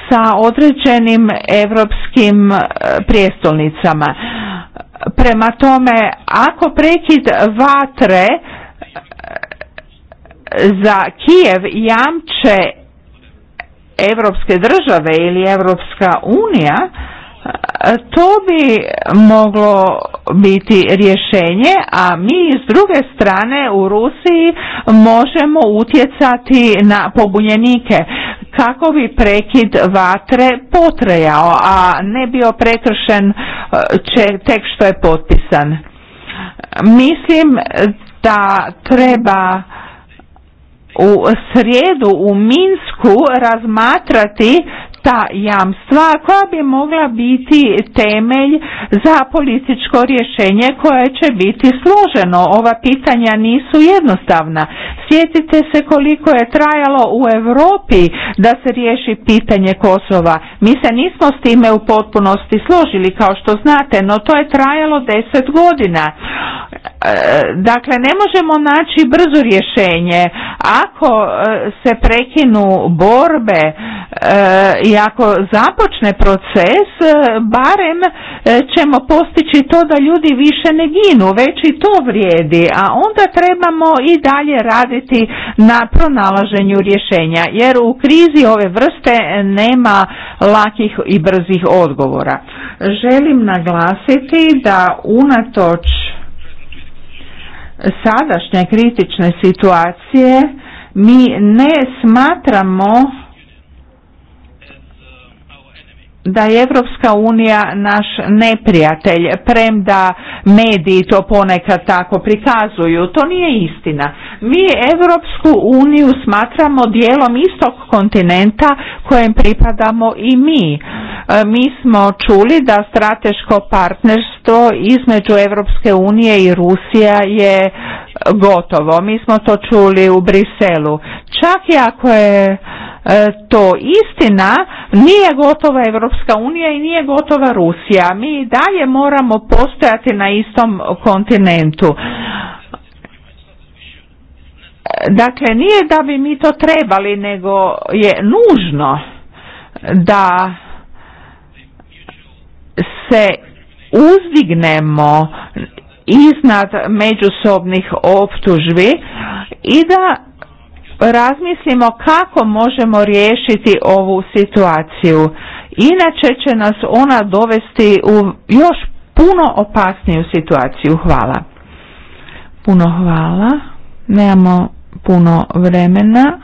sa određenim europskim e, prijestolnicama. Prema tome, ako prekid vatre e, za Kijev jamče evropske države ili Evropska unija, E, to bi moglo biti rješenje, a mi s druge strane u Rusiji možemo utjecati na pobunjenike kako bi prekid vatre potrejao, a ne bio prekršen e, tek što je potpisan. Mislim da treba u srijedu u Minsku razmatrati ta jamstva koja bi mogla biti temelj za političko rješenje koje će biti složeno. Ova pitanja nisu jednostavna. Sjetite se koliko je trajalo u Europi da se riješi pitanje Kosova. Mi se nismo s time u potpunosti složili kao što znate, no to je trajalo deset godina. Dakle, ne možemo naći brzo rješenje. Ako e, se prekinu borbe e, i ako započne proces, e, barem ćemo postići to da ljudi više ne ginu, već i to vrijedi, a onda trebamo i dalje raditi na pronalaženju rješenja, jer u krizi ove vrste nema lakih i brzih odgovora. Želim naglasiti da unatoč sadašnje kritične situacije mi ne smatramo da je Evropska unija naš neprijatelj, premda mediji to ponekad tako prikazuju. To nije istina. Mi Evropsku uniju smatramo dijelom istog kontinenta kojem pripadamo i mi. E, mi smo čuli da strateško partnerstvo između Evropske unije i Rusija je gotovo. Mi smo to čuli u Briselu. Čak i ako je E, to istina nije gotova Evropska unija i nije gotova Rusija. Mi i dalje moramo postojati na istom kontinentu. Dakle, nije da bi mi to trebali, nego je nužno da se uzdignemo iznad međusobnih optužbi i da razmislimo kako možemo riješiti ovu situaciju. Inače će nas ona dovesti u još puno opasniju situaciju. Hvala. Puno hvala. Nemamo puno vremena.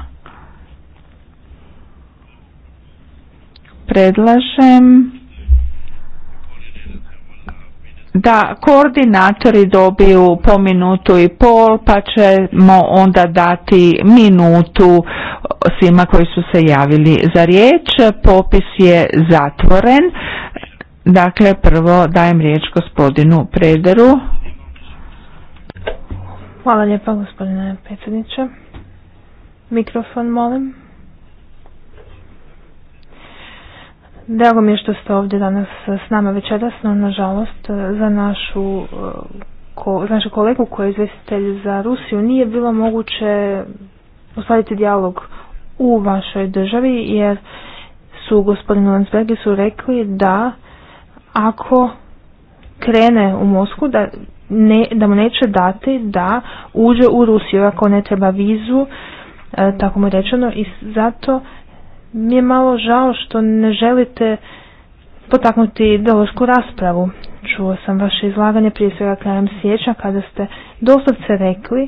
Predlažem da koordinatori dobiju po minutu i pol pa ćemo onda dati minutu svima koji su se javili za riječ. Popis je zatvoren. Dakle, prvo dajem riječ gospodinu Prederu.
Hvala lijepa gospodine predsjedniče. Mikrofon molim. Drago mi je što ste ovdje danas s nama večeras, no nažalost e, za našu e, ko, kolegu koji je izvjestitelj za Rusiju nije bilo moguće ostvariti dijalog u vašoj državi jer su gospodinu Landsbergi su rekli da ako krene u Mosku da, ne, da mu neće dati da uđe u Rusiju ako ne treba vizu e, tako mu je rečeno i zato mi je e malo žao što ne želite potaknuti ideološku raspravu. Čuo sam vaše izlaganje prije svega krajem sjeća kada ste doslovce rekli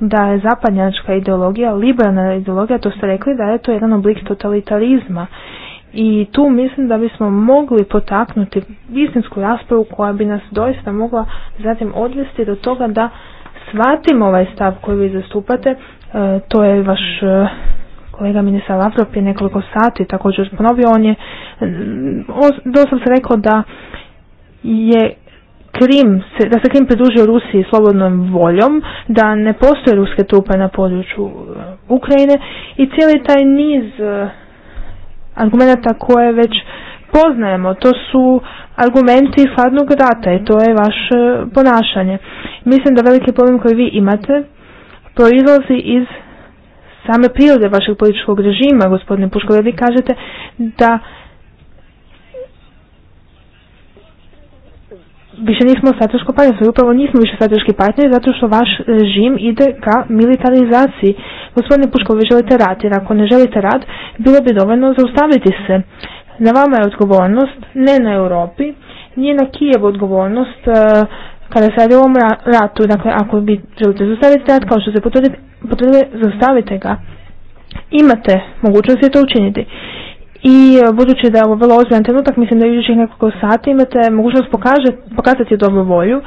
da je zapadnjačka ideologija, liberalna ideologija, to ste rekli da je to jedan oblik totalitarizma. I tu mislim da bismo mogli potaknuti istinsku raspravu koja bi nas doista mogla zatim odvesti do toga da shvatimo ovaj stav koji vi zastupate, e, to je vaš e, kolega ministar Lavrov prije nekoliko sati također ponovio, on je mm, se rekao da je Krim, da se Krim pridružio Rusiji slobodnom voljom, da ne postoje ruske trupe na području uh, Ukrajine i cijeli taj niz uh, argumenta koje već poznajemo, to su argumenti hladnog rata i to je vaše uh, ponašanje. Mislim da veliki problem koji vi imate proizlazi iz same prirode vašeg političkog režima, gospodine Puškove, vi kažete da više nismo strateško partnerstvo. Upravo nismo više strateški partneri zato što vaš režim ide ka militarizaciji. Gospodine Puško, vi želite rat, jer ako ne želite rat, bilo bi dovoljno zaustaviti se. Na vama je odgovornost, ne na Europi, nije na Kijevu odgovornost eh, kada se radi o ovom ratu. Dakle, ako bi želite zaustaviti rat, kao što se potvrdi potrebe, zaustavite ga. Imate mogućnosti to učiniti. I e, budući da je ovo vrlo ozbiljan trenutak, mislim da idućih nekoliko sati imate mogućnost pokazati dobru volju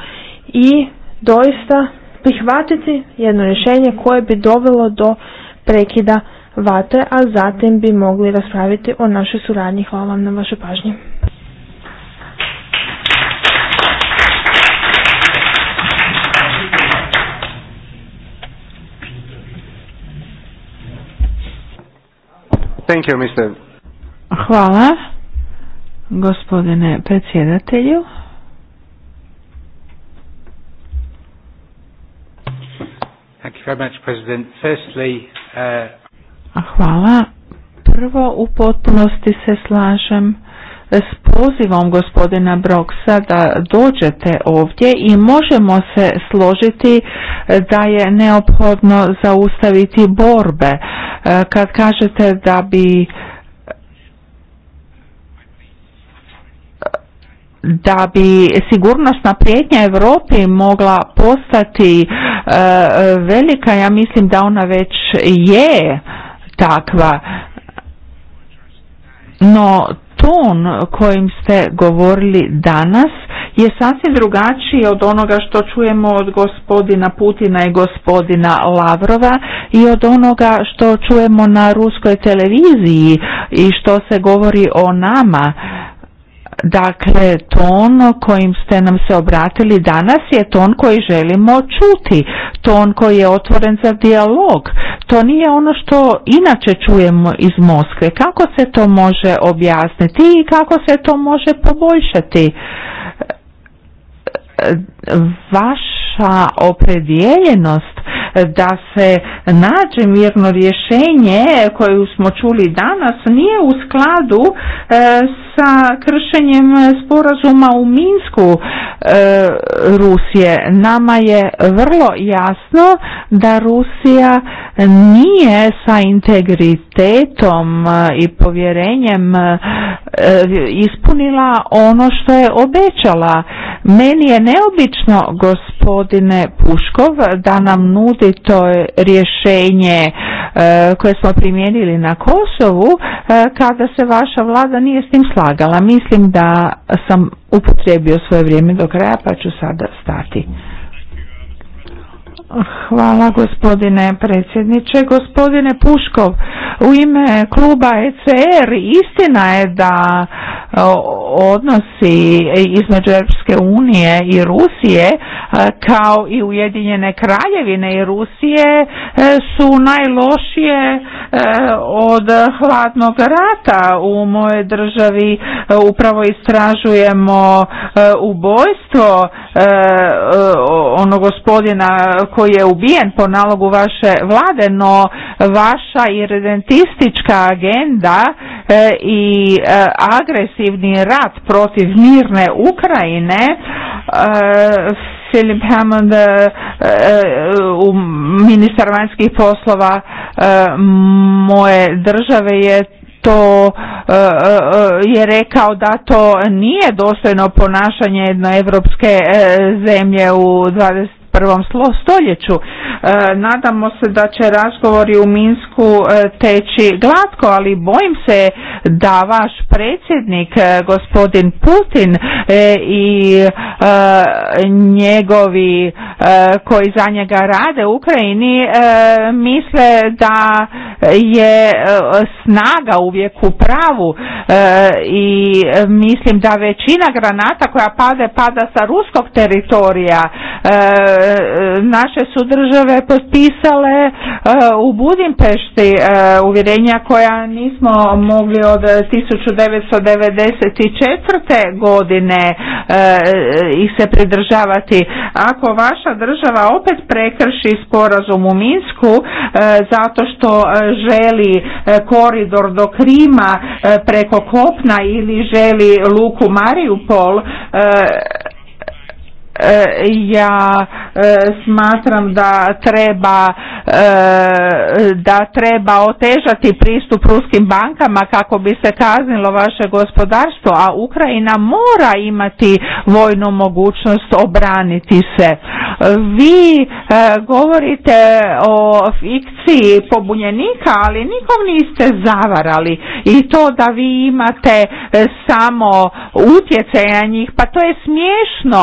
i doista prihvatiti jedno rješenje koje bi dovelo do prekida vate, a zatim bi mogli raspraviti o našoj suradnji. Hvala vam na vašoj pažnji.
Thank you, Mr.
Hvala, gospodine predsjedatelju.
Thank you very much, President. Firstly, uh...
Hvala. Prvo, u potpunosti se slažem s pozivom gospodina Broksa da dođete ovdje i možemo se složiti da je neophodno zaustaviti borbe E, kad kažete da bi da bi sigurnosna prijetnja Europi mogla postati e, velika, ja mislim da ona već je takva. No ton kojim ste govorili danas je sasvim drugačiji od onoga što čujemo od gospodina Putina i gospodina Lavrova i od onoga što čujemo na ruskoj televiziji i što se govori o nama. Dakle, ton kojim ste nam se obratili danas je ton koji želimo čuti, ton koji je otvoren za dijalog. To nije ono što inače čujemo iz Moskve. Kako se to može objasniti i kako se to može poboljšati? vaša opredijeljenost da se nađe mirno rješenje koju smo čuli danas nije u skladu e, sa kršenjem sporazuma u Minsku e, Rusije. Nama je vrlo jasno da Rusija nije sa integritetom e, i povjerenjem ispunila ono što je obećala. Meni je neobično gospodine Puškov da nam nudi to to rješenje e, koje smo primijenili na Kosovu e, kada se vaša vlada nije s tim slagala. Mislim da sam upotrijebio svoje vrijeme do kraja pa ću sada stati. Hvala gospodine predsjedniče. Gospodine Puškov, u ime kluba ECR istina je da odnosi između Europske unije i Rusije e, kao i Ujedinjene kraljevine i Rusije e, su najlošije e, od hladnog rata u moje državi upravo istražujemo ubojstvo onog gospodina koji je ubijen po nalogu vaše vlade no vaša iridentistička agenda E, i e, agresivni rat protiv mirne Ukrajine Filip e, Hammond u ministar vanjskih poslova moje države je to je rekao da to nije dostojno ponašanje jedne evropske zemlje u 21. stoljeću. E, nadamo se da će razgovori u Minsku e, teći glatko, ali bojim se da vaš predsjednik e, gospodin Putin i njegovi koji za njega rade u Ukrajini misle da je snaga uvijek u pravu i mislim da većina granata koja pade pada sa ruskog teritorija naše sudržave države potpisale e, u Budimpešti e, uvjerenja koja nismo mogli od 1994. godine e, ih se pridržavati. Ako vaša država opet prekrši sporazum u Minsku zato što želi koridor do Krima preko Kopna ili želi Luku Marijupol E, ja e, smatram da treba e, da treba otežati pristup ruskim bankama kako bi se kaznilo vaše gospodarstvo, a Ukrajina mora imati vojnu mogućnost obraniti se. Vi govorite o fikciji pobunjenika, ali nikom niste zavarali i to da vi imate samo utjecaja njih, pa to je smiješno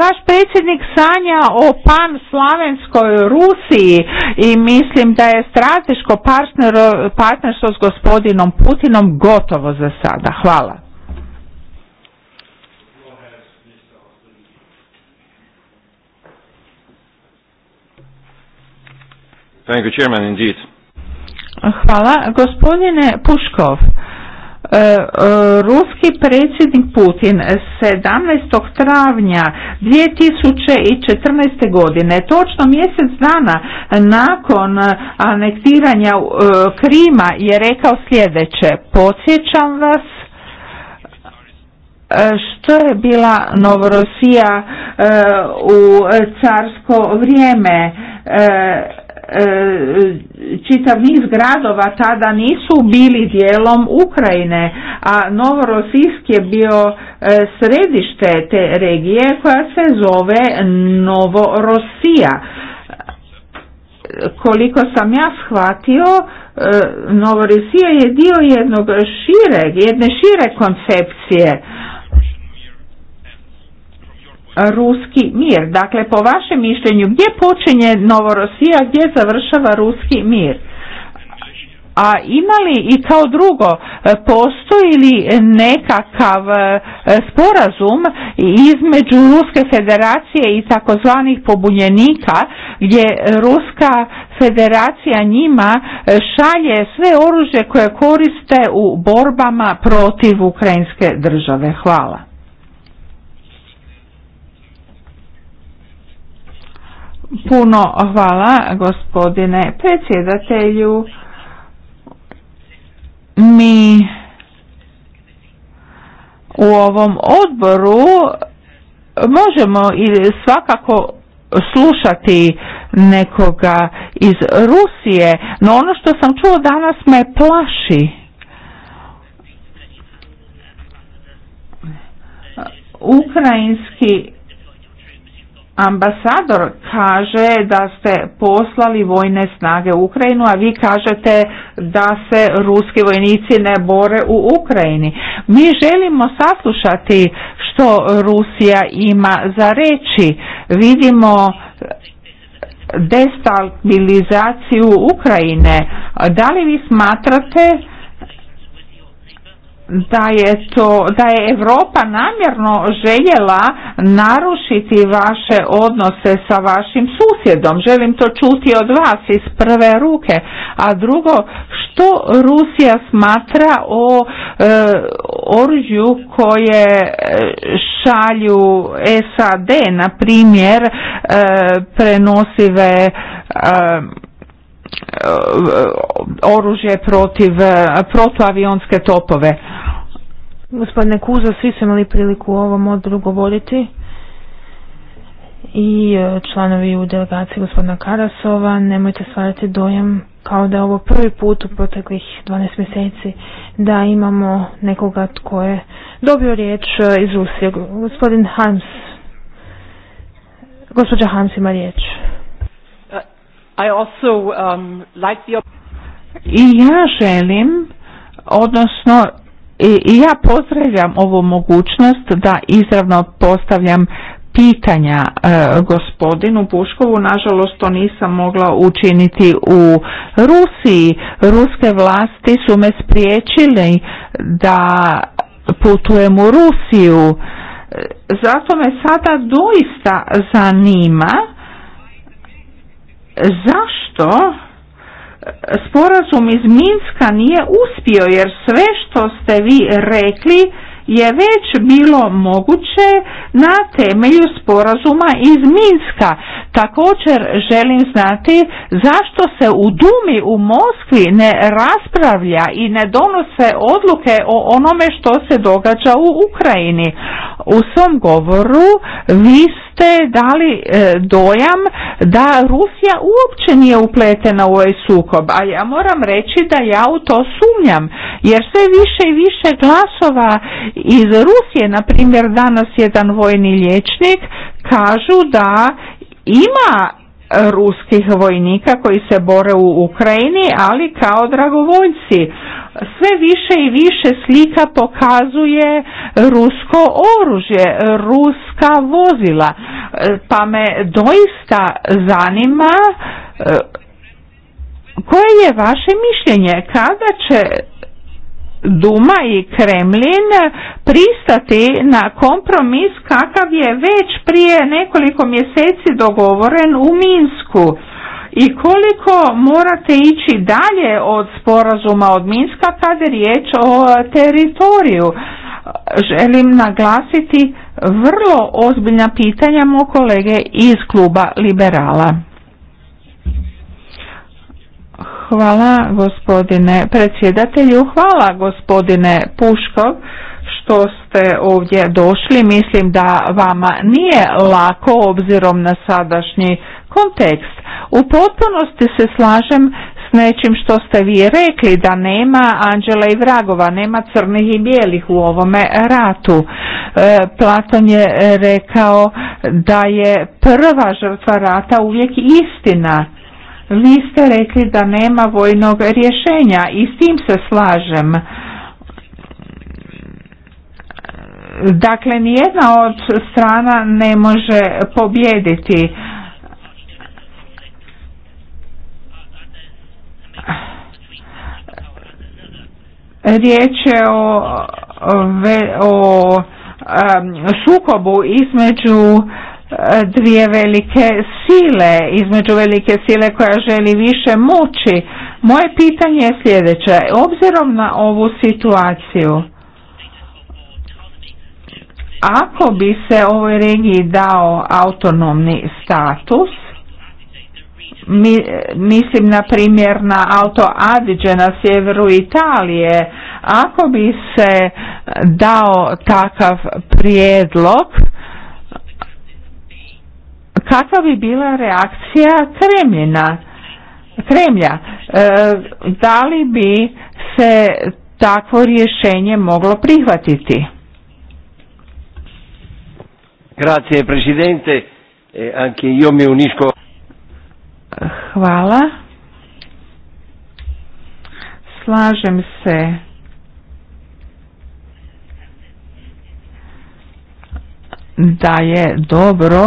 Vaš predsjednik sanja o pan-slavenskoj Rusiji i mislim da je strateško partnerstvo s gospodinom Putinom gotovo za sada. Hvala.
Thank you,
Hvala. Gospodine Puškov, E, e, ruski predsjednik Putin 17. travnja 2014. godine, točno mjesec dana nakon anektiranja e, Krima je rekao sljedeće, podsjećam vas što je bila Novorosija u carsko vrijeme čitav niz gradova tada nisu bili dijelom Ukrajine, a Novorosijsk je bio e, središte te regije koja se zove Novorosija. Koliko sam ja shvatio, e, Novorosija je dio jednog šireg, jedne šire koncepcije ruski mir. Dakle, po vašem mišljenju, gdje počinje Novorosija, gdje završava ruski mir? A ima li i kao drugo, e, postoji li nekakav e, sporazum između Ruske federacije i takozvanih pobunjenika gdje Ruska federacija njima e, šalje sve oružje koje koriste u borbama protiv ukrajinske države? Hvala. Puno hvala gospodine predsjedatelju. Mi u ovom odboru možemo i svakako slušati nekoga iz Rusije, no ono što sam čuo danas me plaši. Ukrajinski ambasador kaže da ste poslali vojne snage u Ukrajinu, a vi kažete da se ruski vojnici ne bore u Ukrajini. Mi želimo saslušati što Rusija ima za reći. Vidimo destabilizaciju Ukrajine. Da li vi smatrate da je to, da je Europa namjerno željela narušiti vaše odnose sa vašim susjedom. Želim to čuti od vas iz prve ruke. A drugo, što Rusija smatra o e, oružju koje e, šalju SAD, na primjer, e, prenosive e, oružje protiv protuavionske topove.
Gospodine Kuzo, svi su imali priliku u ovom odboru govoriti i e, članovi u delegaciji gospodina Karasova, nemojte stvarati dojam kao da je ovo prvi put u proteklih 12 mjeseci da imamo nekoga tko je dobio riječ e, iz Rusije. Gospodin Harms, gospođa Harms ima riječ.
I um, I ja želim, odnosno i, ja pozdravljam ovu mogućnost da izravno postavljam pitanja e, gospodinu Puškovu, nažalost to nisam mogla učiniti u Rusiji. Ruske vlasti su me spriječili da putujem u Rusiju. E, zato me sada doista zanima zašto sporazum iz Minska nije uspio jer sve što ste vi rekli je već bilo moguće na temelju sporazuma iz Minska. Također želim znati zašto se u Dumi u Moskvi ne raspravlja i ne donose odluke o onome što se događa u Ukrajini. U svom govoru vi ste dali e, dojam da Rusija uopće nije upletena u ovaj sukob, a ja moram reći da ja u to sumnjam, jer sve više i više glasova iz Rusije, na primjer, danas jedan vojni liječnik kažu da ima ruskih vojnika koji se bore u Ukrajini, ali kao dragovoljci. Sve više i više slika pokazuje rusko oružje, ruska vozila. Pa me doista zanima e, koje je vaše mišljenje kada će Duma i Kremlin pristati na kompromis kakav je već prije nekoliko mjeseci dogovoren u Minsku i koliko morate ići dalje od sporazuma od Minska kada je riječ o e, teritoriju. Želim naglasiti vrlo ozbiljna pitanja moj kolege iz kluba liberala. Hvala gospodine predsjedatelju, hvala gospodine Puškov što ste ovdje došli. Mislim da vama nije lako obzirom na sadašnji kontekst. U potpunosti se slažem s nečim što ste vi rekli da nema anđela i vragova, nema crnih i bijelih u ovome ratu. E, Platon je rekao da je prva žrtva rata uvijek istina vi ste rekli da nema vojnog rješenja i s tim se slažem. Dakle, nijedna od strana ne može pobjediti. Riječ je o, o, o sukobu između dvije velike sile, između velike sile koja želi više moći. Moje pitanje je sljedeće, obzirom na ovu situaciju, ako bi se ovoj regiji dao autonomni status, mislim na primjer na auto Adige na sjeveru Italije, ako bi se dao takav prijedlog, kakva bi bila reakcija Kremljina, Kremlja? E, da li bi se takvo rješenje moglo prihvatiti?
Grazie Presidente, e anche io mi unisco.
Hvala. Slažem se da je dobro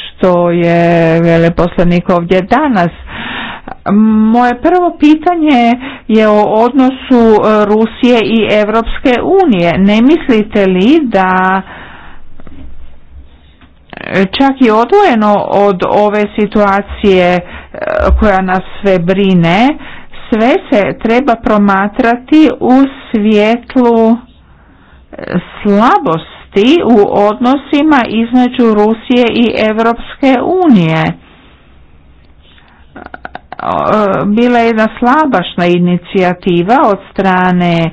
što je veleposlanik ovdje danas. Moje prvo pitanje je o odnosu e, Rusije i Europske unije. Ne mislite li da e, čak i odvojeno od ove situacije e, koja nas sve brine, sve se treba promatrati u svijetlu slabosti i u odnosima između Rusije i Europske unije. E, bila je jedna slabašna inicijativa od strane e,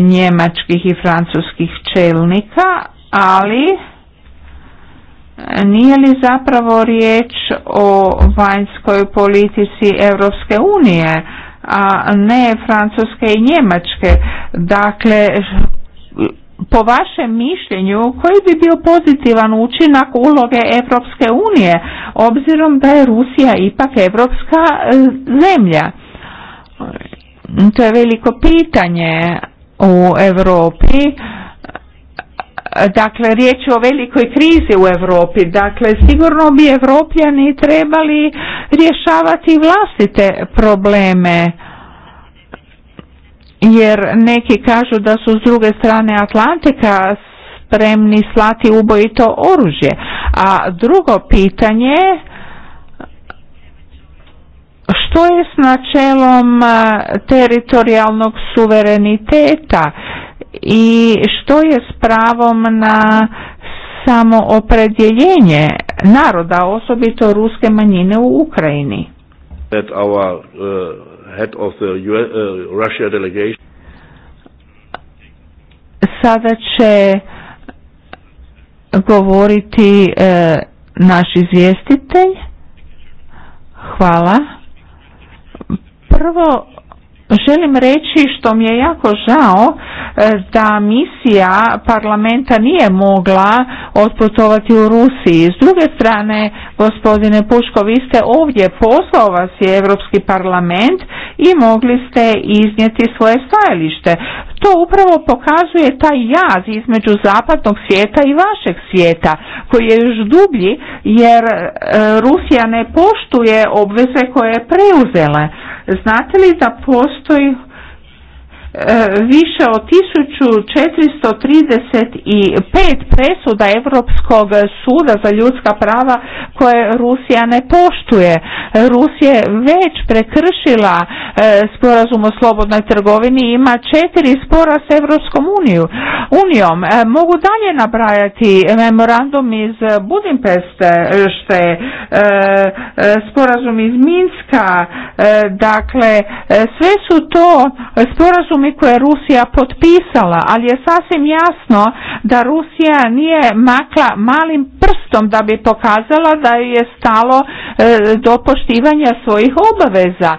njemačkih i francuskih čelnika, ali e, nije li zapravo riječ o vanjskoj politici Europske unije, a ne Francuske i Njemačke? Dakle, po vašem mišljenju koji bi bio pozitivan učinak uloge Europske unije obzirom da je Rusija ipak europska e, zemlja? To je veliko pitanje u Europi. Dakle, riječ je o velikoj krizi u Europi. Dakle, sigurno bi Evropljani trebali rješavati vlastite probleme jer neki kažu da su s druge strane Atlantika spremni slati ubojito oružje. A drugo pitanje, što je s načelom e, teritorijalnog suvereniteta i što je s pravom na opredjeljenje naroda, osobito ruske manjine u Ukrajini?
E, head of the US, uh, Russia delegation.
Sada će uh, govoriti uh, naš izvjestitelj. Hvala. Prvo pa želim reći što mi je jako žao e, da misija parlamenta nije mogla otputovati u Rusiji. S druge strane, gospodine Puško, vi ste ovdje, poslao vas je Europski parlament i mogli ste iznijeti svoje stajalište. To upravo pokazuje taj jaz između zapadnog svijeta i vašeg svijeta, koji je još dublji jer e, Rusija ne poštuje obveze koje je preuzela Znate li da postoji e, više od 1435 presuda Europskog suda za ljudska prava koje Rusija ne poštuje. Rusija je već prekršila e, sporazum o slobodnoj trgovini i ima četiri spora s Evropskom unijom. E, mogu dalje nabrajati memorandum iz Budimpešte, sporazum iz Minska, E, dakle, e, sve su to sporazumi koje Rusija potpisala, ali je sasvim jasno da Rusija nije makla malim prstom da bi pokazala da je stalo e, do poštivanja svojih obaveza.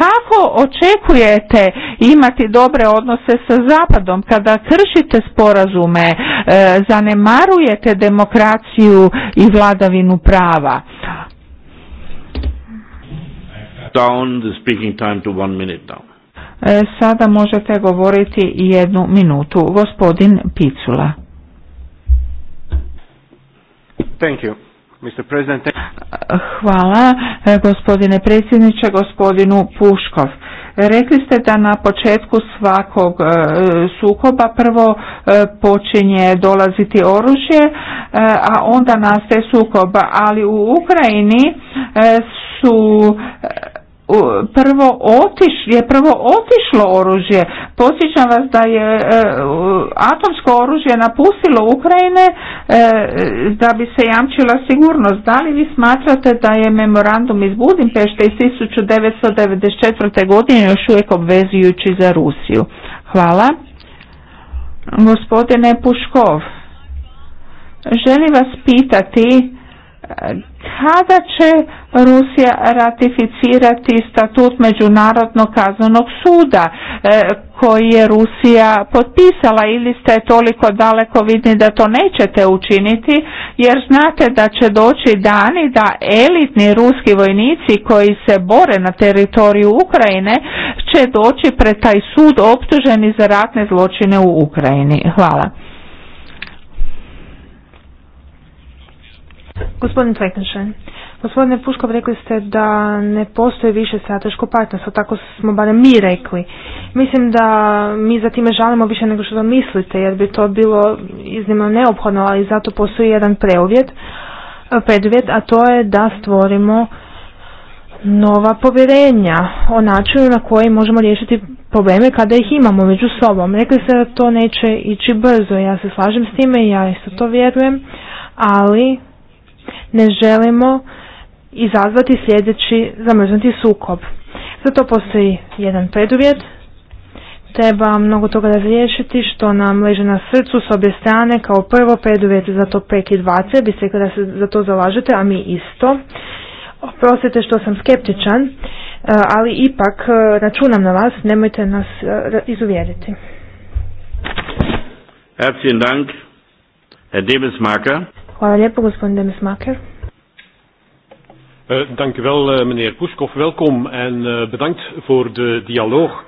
Kako očekujete imati dobre odnose sa Zapadom kada kršite sporazume, zanemarujete demokraciju i vladavinu prava?
down the speaking time to one minute now.
E, sada možete govoriti jednu minutu. Gospodin Picula. Thank you. Hvala e, gospodine predsjedniče, gospodinu Puškov. Rekli ste da na početku svakog e, sukoba prvo počinje dolaziti oružje, a onda nastaje sukob, ali u Ukrajini su prvo otiš, je prvo otišlo oružje. Posjećam vas da je e, atomsko oružje napustilo Ukrajine e, da bi se jamčila sigurnost. Da li vi smatrate da je memorandum iz Budimpešte iz 1994. godine još uvijek obvezujući za Rusiju? Hvala. Gospodine Puškov, želim vas pitati e, kada će Rusija ratificirati statut Međunarodnog kaznenog suda e, koji je Rusija potpisala ili ste toliko daleko vidni da to nećete učiniti jer znate da će doći dani da elitni ruski vojnici koji se bore na teritoriju Ukrajine će doći pred taj sud optuženi za ratne zločine u Ukrajini. Hvala. Gospodin Gospodine Puškov, rekli ste
da ne postoji više strateško partnerstvo, tako smo barem mi rekli. Mislim da mi za time žalimo više nego što mislite, jer bi to bilo iznimno neophodno, ali zato postoji jedan preuvjet, preduvjet, a to je da stvorimo nova povjerenja o načinu na koji možemo riješiti probleme kada ih imamo među sobom. Rekli ste da to neće ići brzo, ja se slažem s time, ja isto to vjerujem, ali ne želimo izazvati sljedeći zamrznuti sukob. Za to postoji jedan preduvjet. Treba mnogo toga razriješiti što nam leže na srcu s obje strane kao prvo preduvjet za to prekid dvace. bi se da se za to zalažete, a mi isto. Oprostite što sam skeptičan, e, ali ipak e, računam na vas, nemojte nas e, izuvjeriti.
Herzlichen Dank, Herr Demesmaker.
Hvala lijepo, gospodin Demesmaker.
Eh, dank u eh,
meneer Welkom en eh, bedankt voor de dialoog.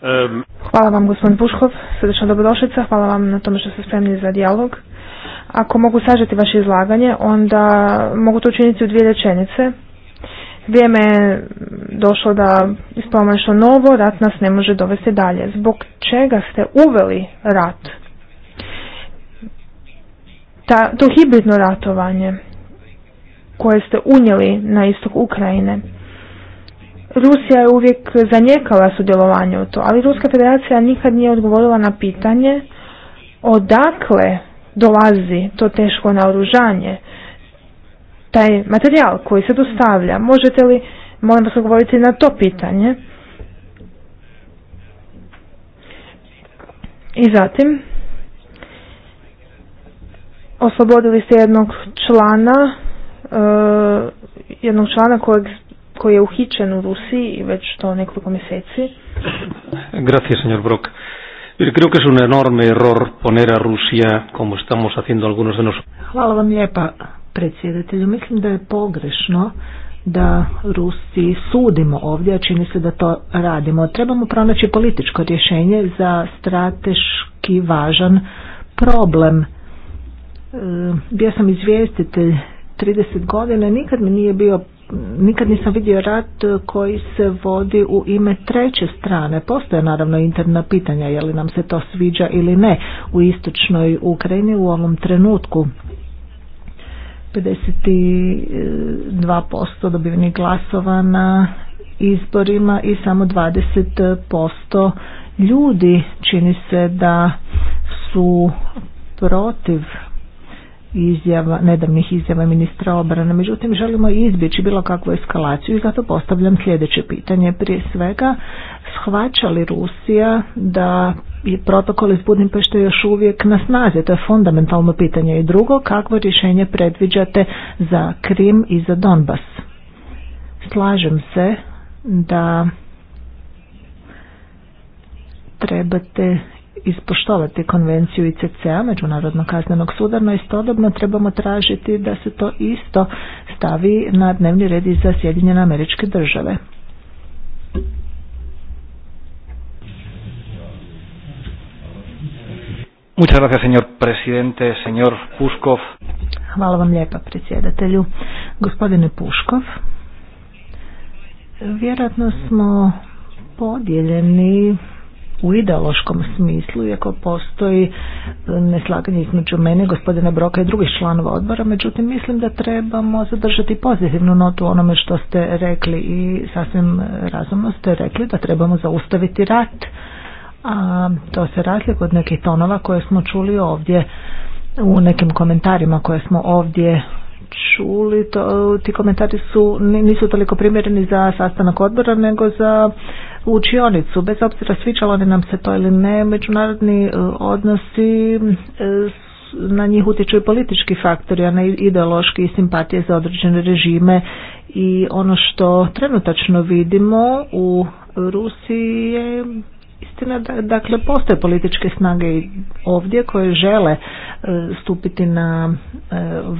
Ehm,
Hvala vam, gospodin Puškov. Srdečna dobrodošlica. Hvala vam na tome što ste spremni za dijalog. Ako mogu sažeti vaše izlaganje, onda mogu to učiniti u dvije rečenice. Vrijeme je došlo da ispravamo nešto novo, rat nas ne može dovesti dalje. Zbog čega ste uveli rat? to hibridno ratovanje koje ste unijeli na istok Ukrajine. Rusija je uvijek zanjekala sudjelovanje u to, ali Ruska federacija nikad nije odgovorila na pitanje odakle dolazi to teško naoružanje, taj materijal koji se dostavlja. Možete li, molim vas, odgovoriti na to pitanje? I zatim, oslobodili ste jednog člana E, jednog člana kojeg, koji je uhićen u Rusiji već to nekoliko mjeseci.
Gracias, señor Creo que es un enorme error poner a Rusia como estamos haciendo algunos de
Hvala vam lijepa, predsjedatelju. Mislim da je pogrešno da Rusiji sudimo ovdje, a čini se da to radimo. Trebamo pronaći političko rješenje za strateški važan problem. E, bio sam izvjestitelj 30 godina nikad mi nije bio nikad nisam vidio rat koji se vodi u ime treće strane. Postoje naravno interna pitanja je li nam se to sviđa ili ne u istočnoj Ukrajini u ovom trenutku. 52% dobivnih glasova na izborima i samo 20% ljudi čini se da su protiv izjava, nedavnih izjava ministra obrane. Međutim, želimo izbjeći bilo kakvu eskalaciju i zato postavljam sljedeće pitanje. Prije svega, shvaća li Rusija da je protokol iz Budimpešte još uvijek na snazi? To je fundamentalno pitanje. I drugo, kakvo rješenje predviđate za Krim i za Donbas? Slažem se da trebate ispoštovati konvenciju ICC-a Međunarodnog kaznenog suda, no istodobno trebamo tražiti da se to isto stavi na dnevni red i za Sjedinjene američke države.
Muchas gracias, señor presidente, señor
Hvala vam lijepa, predsjedatelju. Gospodine Puškov, vjerojatno smo podijeljeni u ideološkom smislu, iako postoji e, neslaganje između mene, gospodina Broka i drugih članova odbora, međutim mislim da trebamo zadržati pozitivnu notu onome što ste rekli i sasvim razumno ste rekli da trebamo zaustaviti rat, a to se razlika od nekih tonova koje smo čuli ovdje u nekim komentarima koje smo ovdje čuli, to, ti komentari su, nisu toliko primjereni za sastanak odbora nego za u učionicu, bez obzira svičalo li nam se to ili ne, međunarodni e, odnosi e, na njih utječu i politički faktori, a ne ideološki i simpatije za određene režime i ono što trenutačno vidimo u Rusiji je istina da dakle postoje političke snage ovdje koje žele e, stupiti na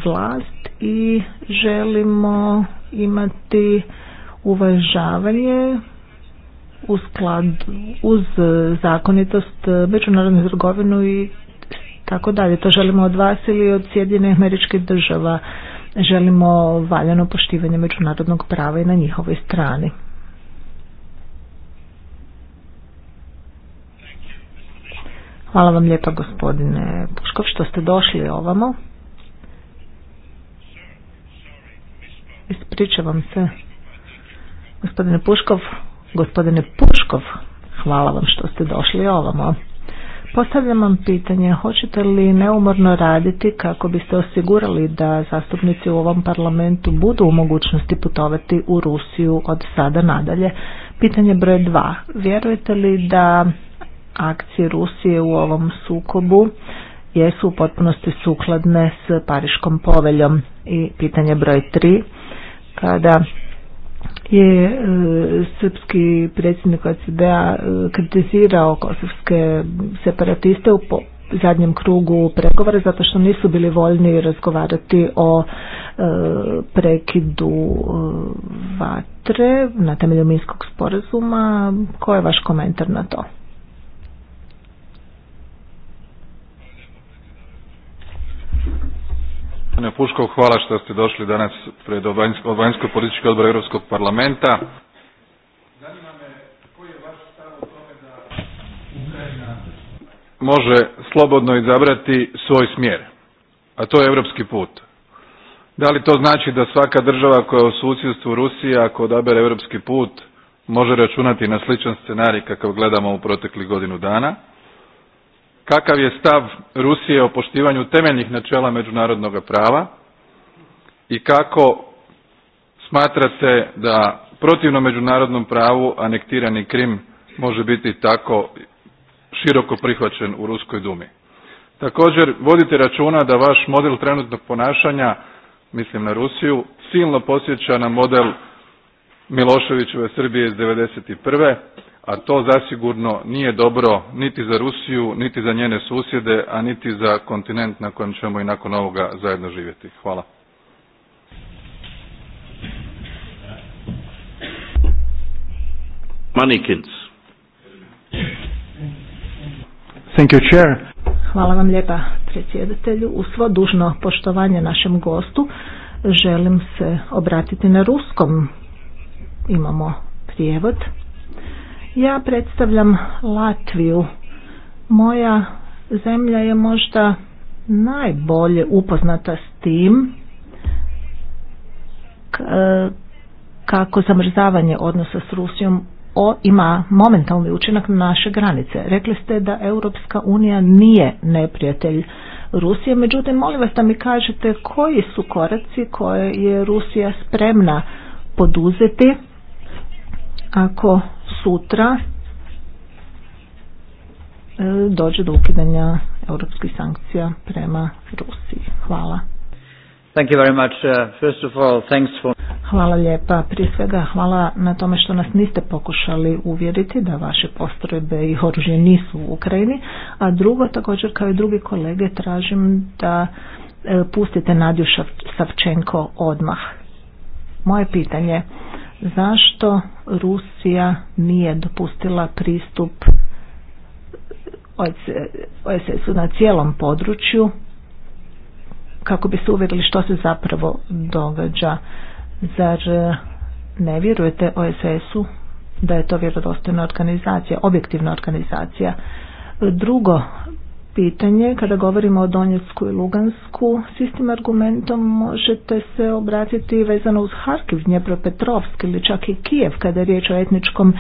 vlast i želimo imati uvažavanje u skladu uz e, zakonitost e, međunarodnu trgovinu i tako dalje. To želimo od vas ili od Sjedinjenih američkih država. Želimo valjano poštivanje međunarodnog prava i na njihovoj strani. Hvala vam lijepa gospodine Puškov što ste došli ovamo. Ispričavam se. Gospodine Puškov, Gospodine Puškov, hvala vam što ste došli ovamo. Postavljam vam pitanje, hoćete li neumorno raditi kako biste osigurali da zastupnici u ovom parlamentu budu u mogućnosti putovati u Rusiju od sada nadalje? Pitanje broj dva, Vjerujete li da akcije Rusije u ovom sukobu jesu u potpunosti sukladne s Pariškom poveljom? I pitanje broj tri, Kada je e, srpski predsjednik OCD-a e, kritizirao kosovske separatiste u zadnjem krugu pregovora zato što nisu bili voljni razgovarati o e, prekidu e, vatre na temelju Minskog sporazuma. Ko je vaš komentar na to?
Gospodine Puškov, hvala što ste došli danas pred vanjsko, vanjsko politički odbor Europskog parlamenta.
Zanima me koji je vaš stav o tome da Ukrajina
može slobodno izabrati svoj smjer, a to je europski put. Da li to znači da svaka država koja je u susjedstvu Rusije, ako odabere europski put, može računati na sličan scenarij kakav gledamo u proteklih godinu dana? kakav je stav Rusije o poštivanju temeljnih načela međunarodnog prava i kako smatrate da protivno međunarodnom pravu anektirani Krim može biti tako široko prihvaćen u Ruskoj dumi. Također vodite računa da vaš model trenutnog ponašanja, mislim na Rusiju, silno posjeća na model Miloševićeve Srbije iz 1991 a to zasigurno nije dobro niti za Rusiju, niti za njene susjede, a niti za kontinent na kojem ćemo i nakon ovoga zajedno živjeti. Hvala.
Hvala vam lijepa predsjedatelju. U svo dužno poštovanje našem gostu želim se obratiti na ruskom. Imamo prijevod. Ja predstavljam Latviju. Moja zemlja je možda najbolje upoznata s tim e, kako zamrzavanje odnosa s Rusijom o, ima momentalni učinak na naše granice. Rekli ste da Europska unija nije neprijatelj Rusije, međutim molim vas da mi kažete koji su koraci koje je Rusija spremna poduzeti ako sutra e, dođe do ukidanja europskih sankcija prema Rusiji. Hvala.
Thank you very much. Uh, first of all, thanks for...
Hvala lijepa. Prije svega hvala na tome što nas niste pokušali uvjeriti da vaše postrojbe i oružje nisu u Ukrajini. A drugo, također kao i drugi kolege, tražim da e, pustite Nadju Savčenko odmah. Moje pitanje zašto Rusija nije dopustila pristup oss e, na cijelom području kako bi se uvjerili što se zapravo događa. Zar e, ne vjerujete OSS-u da je to vjerodostojna organizacija, objektivna organizacija? Drugo pitanje kada govorimo o Donjecku i Lugansku. S istim argumentom možete se obratiti vezano uz Harkiv, Dnjepropetrovsk ili čak i Kijev kada je riječ o etničkom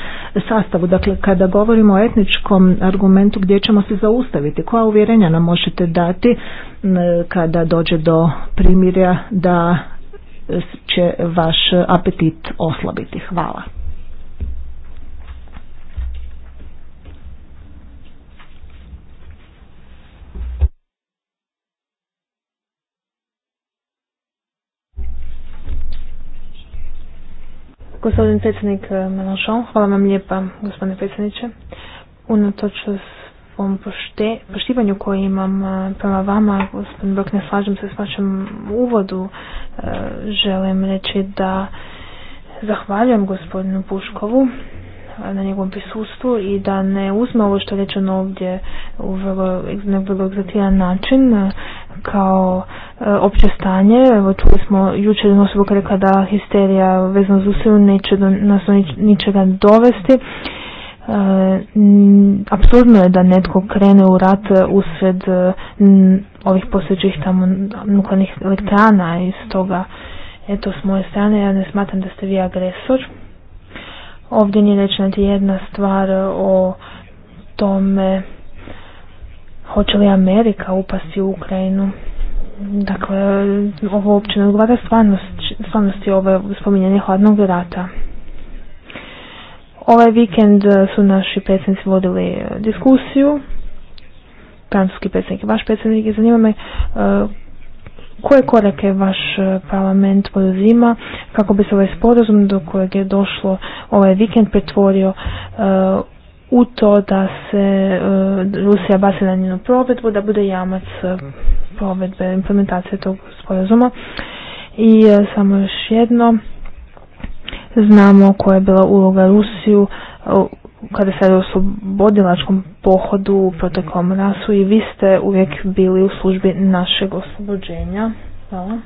sastavu. Dakle, kada govorimo o etničkom argumentu gdje ćemo se zaustaviti, koja uvjerenja nam možete dati kada dođe do primirja da će vaš apetit oslabiti. Hvala.
Gospodin predsjednik eh, Melanchon, hvala vam lijepa, gospodine predsjedniče. Unatoč svom pošte, poštivanju koje imam eh, prema vama, gospodin Brok, ne slažem se s vašem uvodu, eh, želim reći da zahvaljujem gospodinu Puškovu na njegovom prisustvu i da ne uzme ovo što je rečeno ovdje u vrlo, na vrlo način e, kao e, opće stanje. Evo čuli smo jučer jednu osobu rekla da histerija vezano uz usiru neće do, nas ničega dovesti. E, Apsurdno je da netko krene u rat usred e, ovih posljednjih tamo nuklearnih elektrana i stoga eto s moje strane ja ne smatram da ste vi agresor Ovdje nije rečena niti jedna stvar o tome hoće li Amerika upasti u Ukrajinu. Dakle, ovo uopće ne odgovara stvarnosti, ove spominjanje hladnog rata. Ovaj vikend su naši predsjednici vodili eh, diskusiju, francuski predsjednik i vaš predsjednik i zanima me eh, koje korake vaš e, parlament poduzima kako bi se ovaj sporazum do kojeg je došlo ovaj vikend pretvorio e, u to da se e, Rusija basi na njenu provedbu, da bude jamac provedbe implementacije tog sporazuma. I samo još jedno, znamo koja je bila uloga Rusiju kada se u oslobodilačkom pohodu u proteklom rasu i vi ste uvijek bili u službi našeg oslobođenja. Hvala.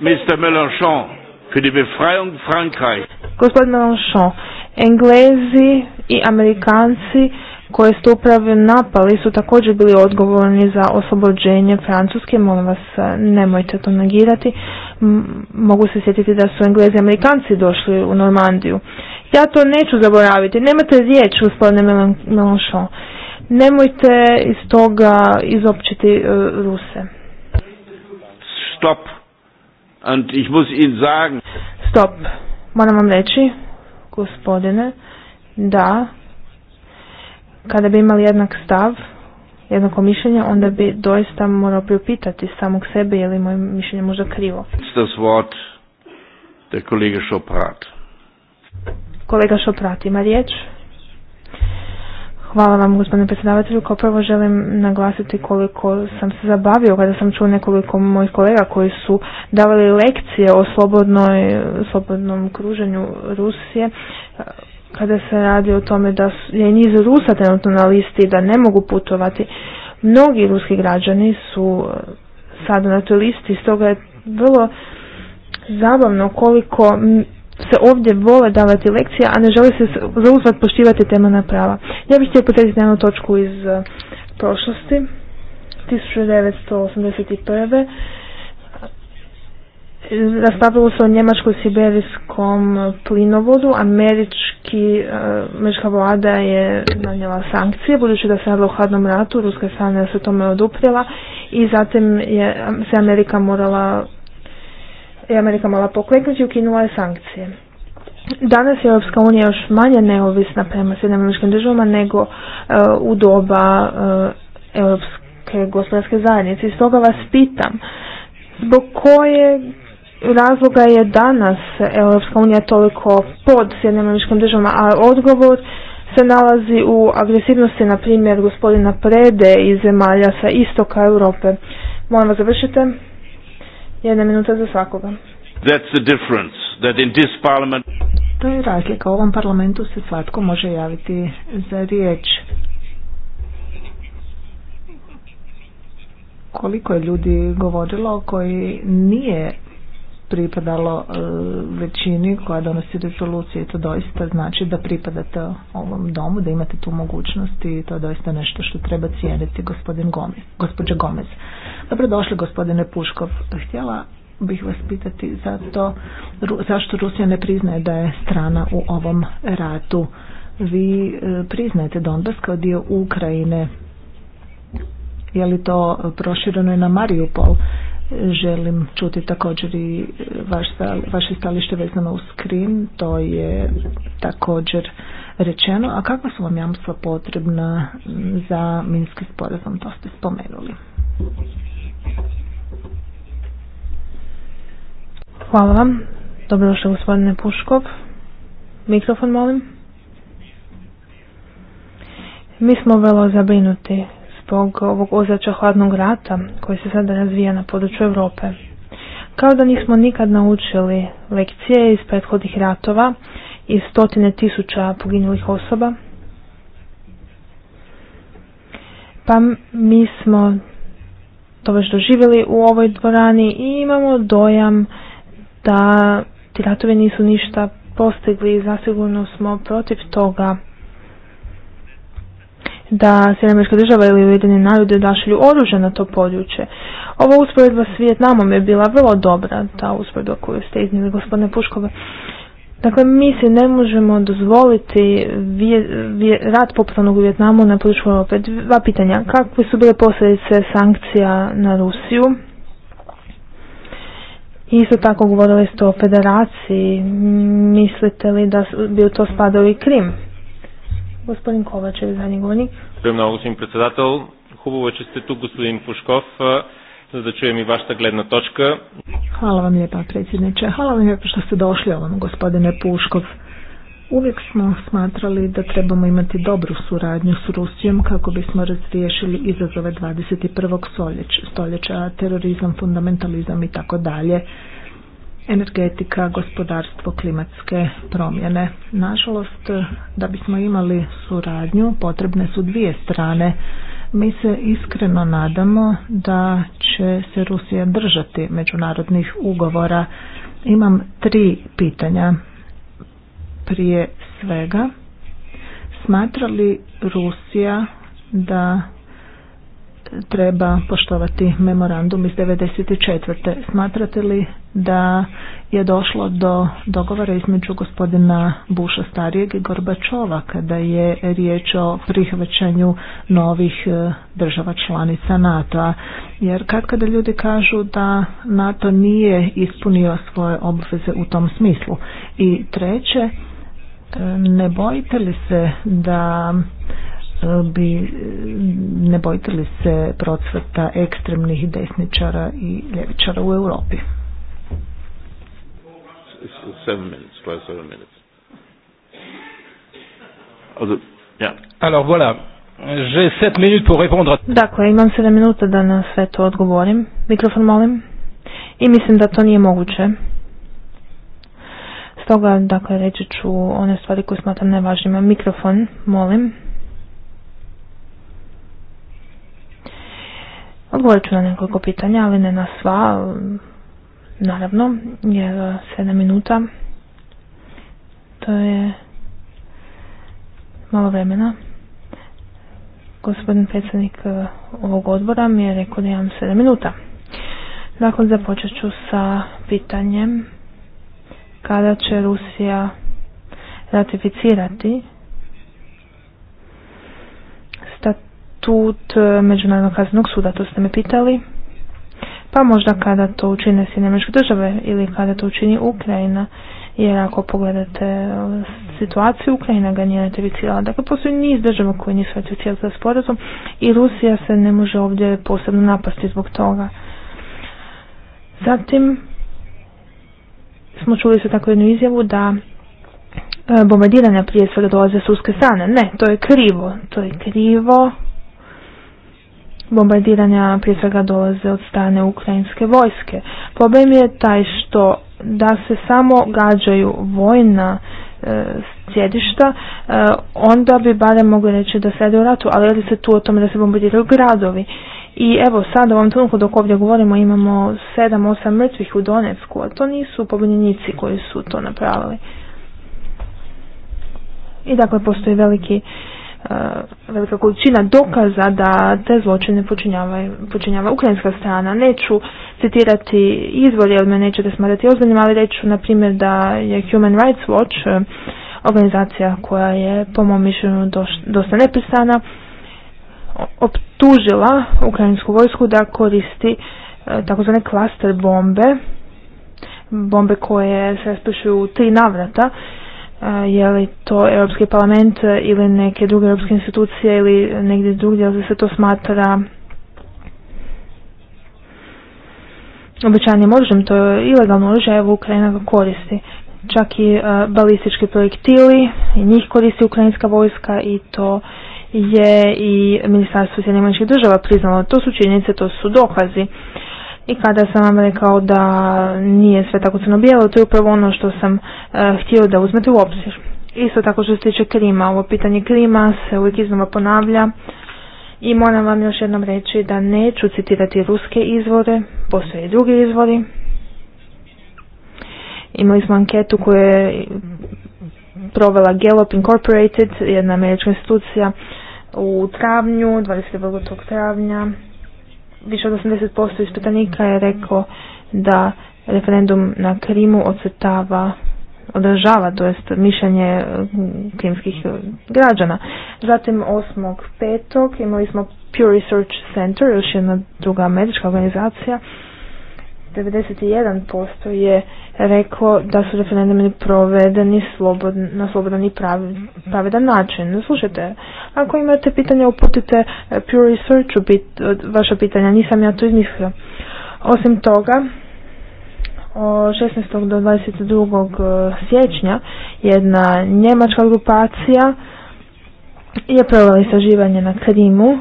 Mr. Mélenchon, für die Befreiung Frankreich.
Gospodin Mélenchon, Englezi i Amerikanci koje ste upravo napali su također bili odgovorni za oslobođenje Francuske, molim vas e, nemojte to negirati. Mogu se sjetiti da su Englezi i Amerikanci došli u Normandiju. Ja to neću zaboraviti, nemate riječ gospodine Melanchon. Nemojte iz toga izopćiti e, Ruse.
Stop. And ich muss Ihnen Stop.
Moram vam reći, gospodine, da kada bi imali jednak stav, jednako mišljenje, onda bi doista morao priupitati samog sebe je li moje mišljenje možda krivo. Kolega Šoprat ima riječ. Hvala vam gospodine predsjedavatelju. Kao prvo želim naglasiti koliko sam se zabavio kada sam čuo nekoliko mojih kolega koji su davali lekcije o slobodnom kruženju Rusije kada se radi o tome da je niz Rusa trenutno na listi da ne mogu putovati, mnogi ruski građani su e, sada na toj listi, stoga je vrlo zabavno koliko se ovdje vole davati lekcije, a ne želi se zauzvat poštivati na prava. Ja bih htio potretiti jednu točku iz e, prošlosti. 1981 raspravljalo se o njemačkoj siberijskom plinovodu, američki, e, američka vlada je nanjela sankcije, budući da se radilo o hladnom ratu, ruska strana se tome oduprijela i zatim je se Amerika morala je Amerika mala pokleknuti i ukinula je sankcije. Danas je Europska unija još manje neovisna prema Sjedinjenim državama nego e, u doba e, Europske gospodarske zajednice. stoga vas pitam, zbog koje razloga je danas Europska unija toliko pod Sjednim američkom državama, a odgovor se nalazi u agresivnosti, na primjer, gospodina Prede iz zemalja sa istoka Europe. Molim vas, završite. Jedna minuta za svakoga.
That's the difference, that in this parliament...
To je razlika. U ovom parlamentu se svatko može
javiti za riječ. Koliko je ljudi govorilo koji nije pripadalo e, većini koja donosi rezolucije. to doista znači da pripadate ovom domu, da imate tu mogućnost i to je doista nešto što treba cijeniti gospodin Gomez, gospođa Gomez. Dobrodošli gospodine Puškov. Htjela bih vas pitati zato, zašto Rusija ne priznaje da je strana u ovom ratu. Vi e, priznajete Donbas kao dio Ukrajine. Je li to prošireno i na Mariupol? Želim čuti također i vaš, vaše stalište vezano uz Krim, to je također rečeno. A kakva su vam jamstva potrebna za Minski sporazum, to ste spomenuli.
Hvala vam. Dobrodošli gospodine Puškov. Mikrofon molim. Mi smo velo zabrinuti zbog ovog ozrača hladnog rata koji se sada razvija na području Europe. Kao da nismo nikad naučili lekcije iz prethodnih ratova i stotine tisuća poginulih osoba. Pa mi smo to već doživjeli u ovoj dvorani i imamo dojam da ti ratovi nisu ništa postigli i zasigurno smo protiv toga da Sjedinamerička država ili Ujedine narode dašlju oružje na to područje. Ova usporedba s Vijetnamom je bila vrlo dobra, ta usporedba koju ste iznijeli, gospodine Puškove. Dakle, mi se ne možemo dozvoliti rad vje, u Vjetnamu na području Europe. Dva pitanja. Kakve su bile posljedice sankcija na Rusiju? isto tako govorili ste o federaciji. Mislite li da bi to spadao i Krim? Gospodin Kovačev, zadnji govornik.
Hvala gospodin predsjedatel. Хубаво е, че сте тук, господин Пушков, за i vaša gledna točka.
Hvala vam lijepa, predsjedniče.
Hvala vam lijepa što ste došli gospodine Puškov. Uvijek smo smatrali da trebamo imati dobru suradnju s Rusijom kako bismo razriješili izazove 21. stoljeća, terorizam, fundamentalizam i tako dalje energetika, gospodarstvo, klimatske promjene. Nažalost, da bismo imali suradnju, potrebne su dvije strane. Mi se iskreno nadamo da će se Rusija držati međunarodnih ugovora. Imam tri pitanja. Prije svega, smatra li Rusija da treba poštovati memorandum iz 94. Smatrate li da je došlo do dogovora između gospodina Buša starijeg i Gorbačova kada je riječ o prihvaćanju novih e, država članica NATO-a? Jer kad kada ljudi kažu da NATO nije ispunio svoje obveze u tom smislu. I treće, e, ne bojite li se da bi e, ne bojite li se procvrta ekstremnih desničara i ljevičara u Europi?
Alors
Dakle, imam 7 minuta da na sve to odgovorim. Mikrofon molim. I mislim da to nije moguće. Stoga, dakle, reći ću one stvari koje smatram najvažnijima. Mikrofon, molim. Odgovorit ću na nekoliko pitanja, ali ne na sva, naravno, jer 7 minuta to je malo vremena. Gospodin predsjednik e, ovog odbora mi je rekao da imam 7 minuta. Dakle, započet ću sa pitanjem kada će Rusija ratificirati tut e, Međunarodnog kaznenog suda, to ste me pitali. Pa možda kada to učine sjedinjene države ili kada to učini Ukrajina. Jer ako pogledate e, situaciju Ukrajina ga nije ratificirala. Dakle, postoji niz država koje nisu ratificirali za sporazum i Rusija se ne može ovdje posebno napasti zbog toga. Zatim smo čuli se tako jednu izjavu da e, bombardiranja prije svega dolaze s uske strane. Ne, to je krivo. To je krivo bombardiranja prije svega dolaze od strane ukrajinske vojske. Problem je taj što da se samo gađaju vojna e, sjedišta, e, onda bi barem mogli reći da se u ratu, ali radi se tu o tome da se bombardiraju gradovi. I evo sad u ovom trenutku dok ovdje govorimo imamo 7-8 mrtvih u Donetsku, a to nisu pobunjenici koji su to napravili. I dakle postoji veliki Uh, velika količina dokaza da te zločine počinjava, ukrajinska strana. Neću citirati izvor jer me nećete smatrati ozbiljnim, ali reću na primjer da je Human Rights Watch uh, organizacija koja je po mom mišljenju dosta nepristana optužila ukrajinsku vojsku da koristi uh, takozvane klaster bombe bombe koje se raspišu u tri navrata je li to Europski parlament e, ili neke druge europske institucije ili negdje drugdje, ali se to smatra običajnim oružjem, to je ilegalno oružje, evo Ukrajina ga koristi. Čak i e, balistički projektili, njih koristi ukrajinska vojska i to je i Ministarstvo Sjedinjeničkih država priznalo. To su činjenice, to su dokazi. I kada sam vam rekao da nije sve tako crno-bijelo, to je upravo ono što sam e, htio da uzmete u obzir. Isto tako što se tiče Krima, ovo pitanje klima se uvijek iznova ponavlja i moram vam još jednom reći da neću citirati ruske izvore, postoje i drugi izvori. Imali smo anketu koju je provela Gallup Incorporated, jedna američka institucija, u travnju, tog travnja više od 80% ispitanika je reklo da referendum na Krimu ocrtava održava, to jest mišljenje e, krimskih e, građana. Zatim petog imali smo Pure Research Center, još jedna druga američka organizacija, 91% je reklo da su referendumi provedeni na slobodan i pravedan način. Slušajte, ako imate pitanja uputite eh, Pure Research bit, vaša pitanja, nisam ja to izmislila. Osim toga, od 16. do 22. Eh, siječnja jedna njemačka grupacija je provela istraživanje na Krimu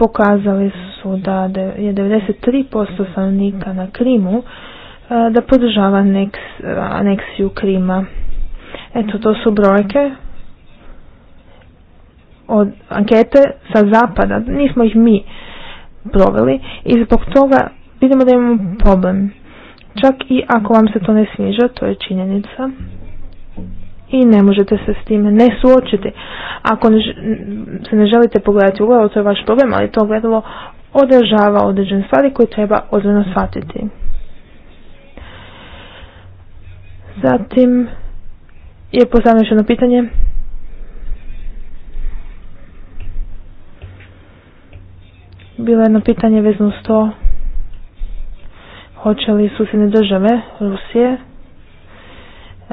pokazali su da je 93% stanovnika na Krimu e, da podržava aneksiju Krima. Eto, to su brojke od ankete sa zapada, nismo ih mi proveli i zbog toga vidimo da imamo problem. Čak i ako vam se to ne sviđa, to je činjenica i ne možete se s time ne suočiti. Ako se ne želite pogledati u to je vaš problem, ali to gledalo održava određene stvari koje treba ozbiljno shvatiti. Zatim je postavljeno još jedno pitanje. Bilo je jedno pitanje vezno s to hoće li susjedne države Rusije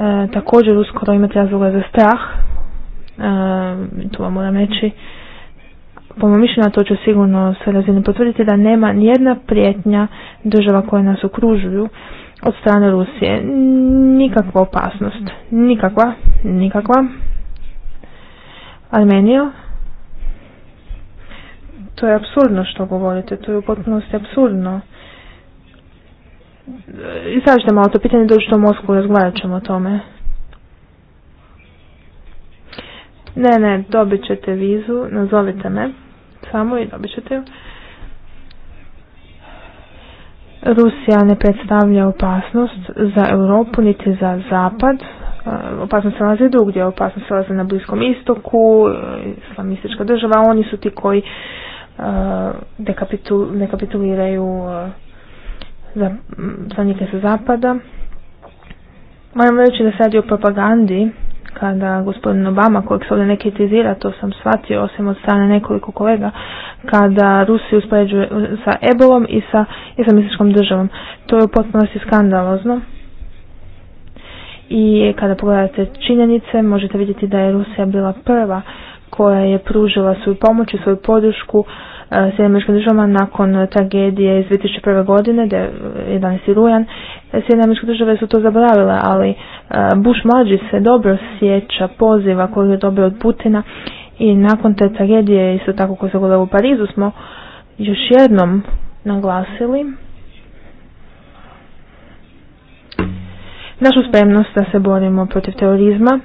E, također uskoro imate razloga za strah, e, tu vam moram reći, po mojom mišljenju, to ću sigurno sve razine potvrditi, da nema nijedna prijetnja država koje nas okružuju od strane Rusije. Nikakva opasnost. Nikakva. Nikakva. Armenija. To je absurdno što govorite. To je u potpunosti absurdno ćete malo to pitanje, dođite u Moskvu, razgovarat ćemo o tome. Ne, ne, dobit ćete vizu, nazovite me samo i dobit ćete ju. Rusija ne predstavlja opasnost za Europu niti za Zapad. E, opasnost se nalazi drugdje, opasnost se nalazi na Bliskom istoku, e, islamistička država, oni su ti koji uh, e, dekapituliraju za, zanike sa zapada. Moram reći da se radi o propagandi kada gospodin Obama, kojeg se ovdje ne kritizira, to sam shvatio osim od strane nekoliko kolega, kada Rusiju uspoređuje sa ebolom i sa islamističkom državom. To je u potpunosti skandalozno. I kada pogledate činjenice, možete vidjeti da je Rusija bila prva koja je pružila svoju pomoć i svoju podršku E, Sjedinjeničkim državama nakon tragedije iz 2001. godine, 11. rujan. E, Sjedinjeničke države su to zaboravile, ali e, Bush mlađi se dobro sjeća poziva koji je dobio od Putina i nakon te tragedije, isto tako koje se u Parizu, smo još jednom naglasili našu spremnost da se borimo protiv terorizma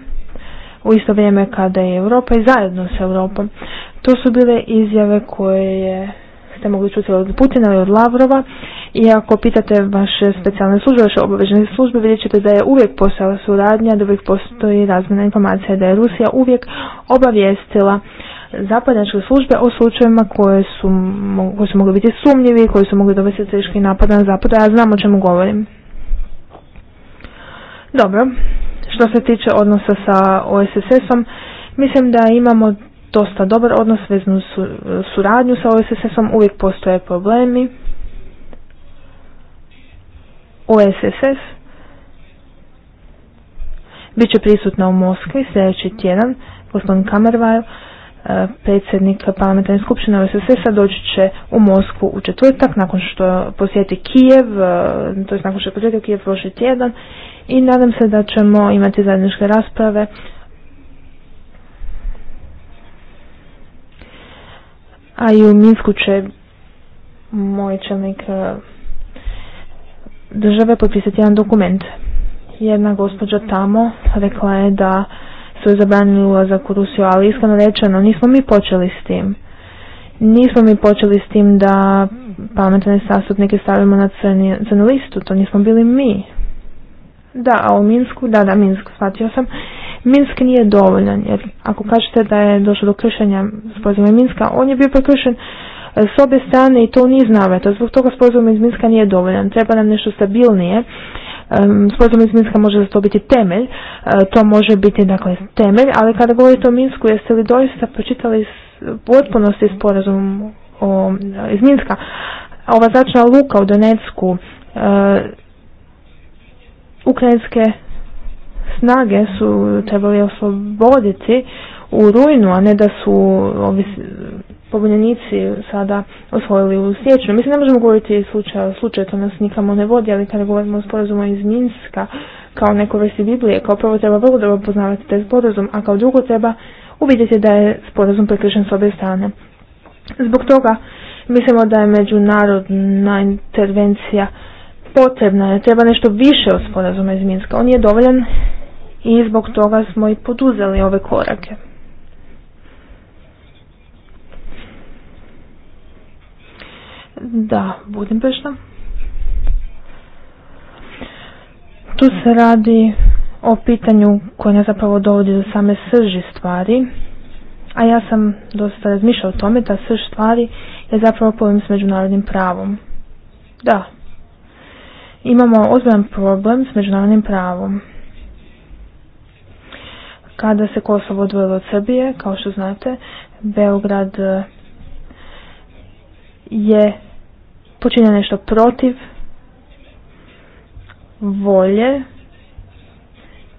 u isto vrijeme kada je Europa i zajedno s Europom. To su bile izjave koje ste mogli čuti od Putina i od Lavrova i ako pitate vaše specijalne službe, vaše obavežene službe, vidjet ćete da je uvijek postala suradnja, da uvijek postoji razmjena informacija, da je Rusija uvijek obavijestila zapadnjačke službe o slučajevima koje su, su mogli biti sumnjivi, koji su mogli dovesti teški napad na zapad, ja znam o čemu govorim. Dobro, što se tiče odnosa sa OSSS-om, mislim da imamo dosta dobar odnos veznu suradnju sa OSSS-om, uvijek postoje problemi. OSSS bit će prisutna u Moskvi sljedeći tjedan, gospodin kamerval e, predsjednik parlamentarne skupštine OSSS-a doći će u Moskvu u četvrtak nakon što posjeti Kijev, e, to nakon što je posjetio Kijev prošli tjedan i nadam se da ćemo imati zajedničke rasprave a i u Minsku će moj čelnik e, države potpisati jedan dokument. Jedna gospođa tamo rekla je da su je zabranili ulazak u Rusiju, ali iskreno rečeno nismo mi počeli s tim. Nismo mi počeli s tim da pametne sastupnike stavimo na crni, crnu listu, to nismo bili mi. Da, a u Minsku, da, da, Minsk, shvatio sam. Minsk nije dovoljan, jer ako kažete da je došlo do kršenja spozima Minska, on je bio prekršen e, s obje strane i to nije niz navrata. Zbog toga sporazum iz Minska nije dovoljan. Treba nam nešto stabilnije. Sporazum iz Minska može za to biti temelj. E, to može biti dakle temelj, ali kada govorite o Minsku, jeste li doista pročitali potpunosti sporazum iz Minska? Ova začna luka u Donetsku e, Ukrajinske snage su trebali osloboditi u rujnu, a ne da su ovi pobunjenici sada osvojili u siječnju. Mislim, ne možemo govoriti slučaj, slučaj to nas nikamo ne vodi, ali kada govorimo o sporazumu iz Minska kao neko vrsti Biblije, kao prvo treba vrlo dobro poznavati taj sporazum, a kao drugo treba uvidjeti da je sporazum prekrišen s obje strane. Zbog toga mislimo da je međunarodna intervencija potrebna je, treba nešto više od sporazuma iz Minska. On je dovoljan i zbog toga smo i poduzeli ove korake. Da, budem pešta Tu se radi o pitanju koje ne zapravo dovodi do same srži stvari, a ja sam dosta razmišljao o tome da srž stvari je zapravo povim s međunarodnim pravom. Da, imamo ozbiljan problem s međunarodnim pravom. Kada se Kosovo odvojilo od Srbije, kao što znate, Beograd eh, je počinio nešto protiv volje,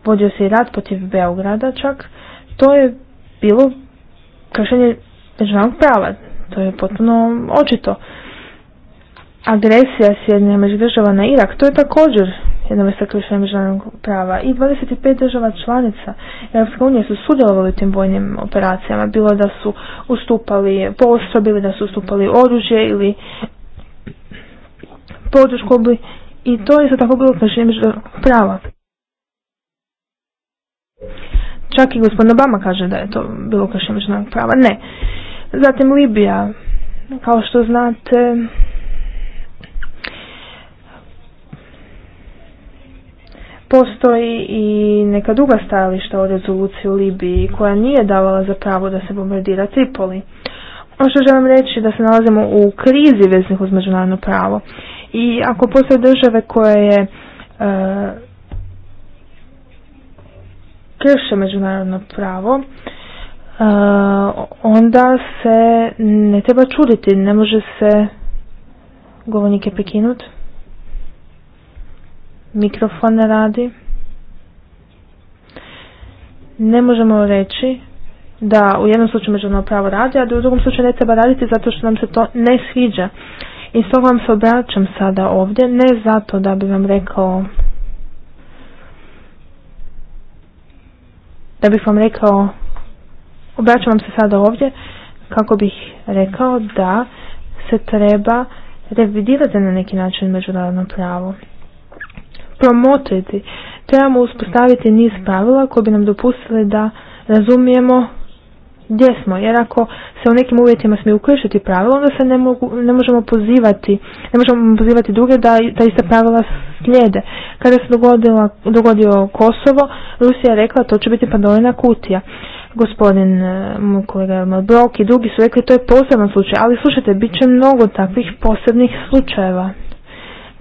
vodio se i rad protiv Beograda čak, to je bilo kršenje međunarodnog prava. To je potpuno očito agresija Sjedinja među država na Irak, to je također jedna vrsta kršenja međunarodnog prava. I 25 država članica Europske unije su sudjelovali u tim vojnim operacijama, bilo da su ustupali posto, bilo da su ustupali oružje ili podršku i to je za tako bilo kršenje međunarodnog prava. Čak i gospodin Obama kaže da je to bilo kršenje međunarodnog prava. Ne. Zatim Libija, kao što znate, Postoji i neka druga stajališta o rezoluciji u Libiji koja nije davala za pravo da se bombardira Tripoli. Ono što želim reći da se nalazimo u krizi veznih uz međunarodno pravo. I ako postoje države koje je krše međunarodno pravo, e, onda se ne treba čuditi, ne može se govornike prekinuti. Mikrofon radi. Ne možemo reći da u jednom slučaju međunarodno pravo radi, a da u drugom slučaju ne treba raditi zato što nam se to ne sviđa. I s vam se obraćam sada ovdje, ne zato da bi vam rekao da bih vam rekao obraćam vam se sada ovdje kako bih rekao da se treba revidirati na neki način međunarodno pravo promotriti. Trebamo uspostaviti niz pravila koje bi nam dopustili da razumijemo gdje smo, jer ako se u nekim uvjetima smiju uključiti pravila, onda se ne, mogu, ne možemo pozivati, ne možemo pozivati druge da, da ista pravila slijede. Kada se dogodila, dogodio Kosovo, Rusija je rekla to će biti Pandorina kutija. Gospodin eh, moj kolega Malbrok i drugi su rekli to je poseban slučaj, ali slušajte, bit će mnogo takvih posebnih slučajeva.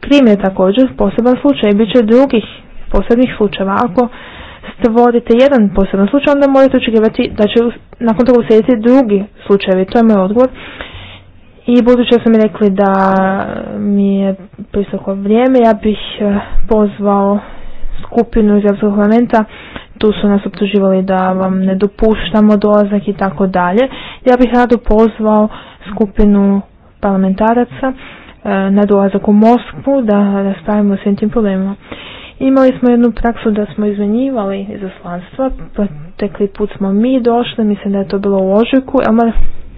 Krim je također poseban slučaj i bit će drugih posebnih slučajeva. Ako stvorite jedan poseban slučaj, onda morate očekivati da će nakon toga uslijediti drugi slučajevi. To je moj odgovor. I budući da sam mi rekli da mi je prisoko vrijeme, ja bih eh, pozvao skupinu iz Europskog parlamenta, tu su nas optuživali da vam ne dopuštamo dolazak i tako dalje. Ja bih rado pozvao skupinu parlamentaraca E, na dolazak u Moskvu da raspravimo s tim problemima. Imali smo jednu praksu da smo izmenjivali izaslanstva, pa Tekli put smo mi došli, mislim da je to bilo u ožujku, Elmar,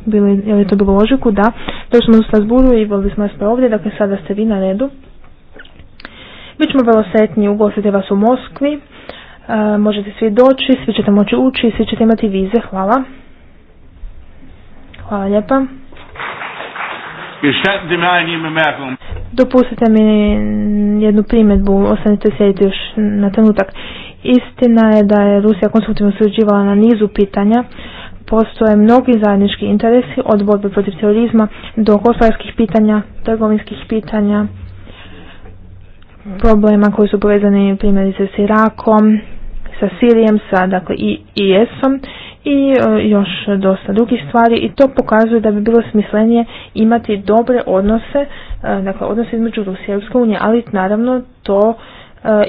bili, je li to bilo u ožujku? Da, došli smo u Strasburu i bili smo nas ovdje, dakle sada ste vi na redu. Mi ćemo vrlo sretni ugostiti vas u Moskvi, e, možete svi doći, svi ćete moći ući, svi ćete imati vize, hvala. Hvala lijepa. Dopustite mi jednu primjedbu, ostanite sjediti još na trenutak. Istina je da je Rusija konstruktivno surađivala na nizu pitanja, postoje mnogi zajednički interesi od borbe protiv terorizma do gospodarskih pitanja, trgovinskih pitanja, problema koji su povezani primjerice s Irakom, sa Sirijem, sa dakle i IS-om i e, još dosta drugih stvari i to pokazuje da bi bilo smislenije imati dobre odnose, e, dakle odnose između Rusije i Europske unije, ali naravno to e,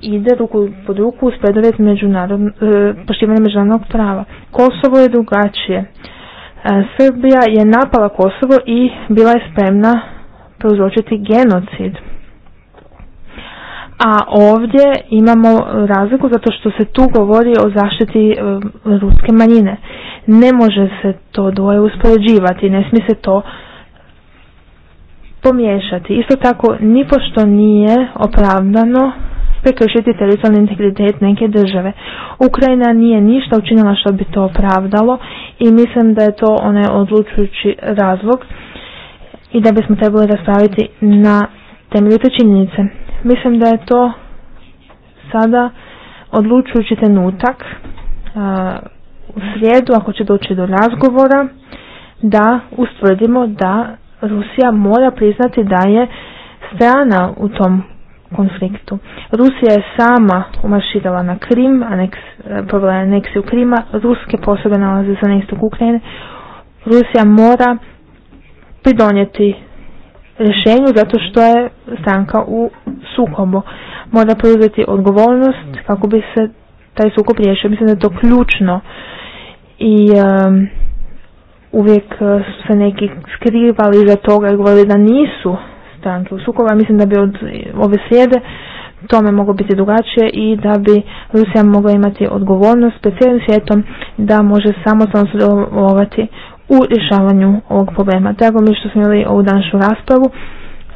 ide ruku pod ruku uz predovjet međunarodno, poštivanja međunarodnog prava. Kosovo je drugačije. Srbija je napala Kosovo i bila je spremna prouzročiti genocid. A ovdje imamo razliku zato što se tu govori o zaštiti e, ruske manjine. Ne može se to dvoje uspoređivati, ne smije se to pomiješati. Isto tako, nipošto nije opravdano prekršiti teritorijalni integritet neke države. Ukrajina nije ništa učinila što bi to opravdalo i mislim da je to onaj odlučujući razlog i da bismo trebali raspraviti na temelju te činjenice. Mislim da je to sada odlučujući trenutak u srijedu, ako će doći do razgovora, da ustvrdimo da Rusija mora priznati da je strana u tom konfliktu. Rusija je sama umaširala na Krim, aneks, problem je aneksiju Krima, ruske posebe nalaze za na Ukrajine. Rusija mora pridonijeti rješenju zato što je stranka u sukobu. Mora preuzeti odgovornost kako bi se taj sukob riješio. Mislim da je to ključno i uvijek su se neki skrivali za toga i govorili da nisu stranke u sukobu, mislim da bi od ove slijede tome moglo biti drugačije i da bi Rusija mogla imati odgovornost pred cijelim svijetom da može samostalno sudjelovati u rješavanju ovog problema. Drago mi što smo imali ovu današnju raspravu.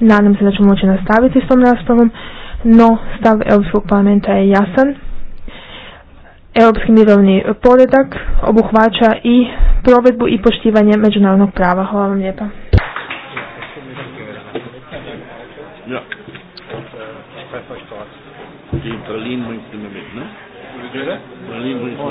Nadam se da ćemo moći nastaviti s tom raspravom, no stav Europskog parlamenta je jasan. Europski mirovni poredak obuhvaća i provedbu i poštivanje međunarodnog prava. Hvala vam lijepa.
Ja.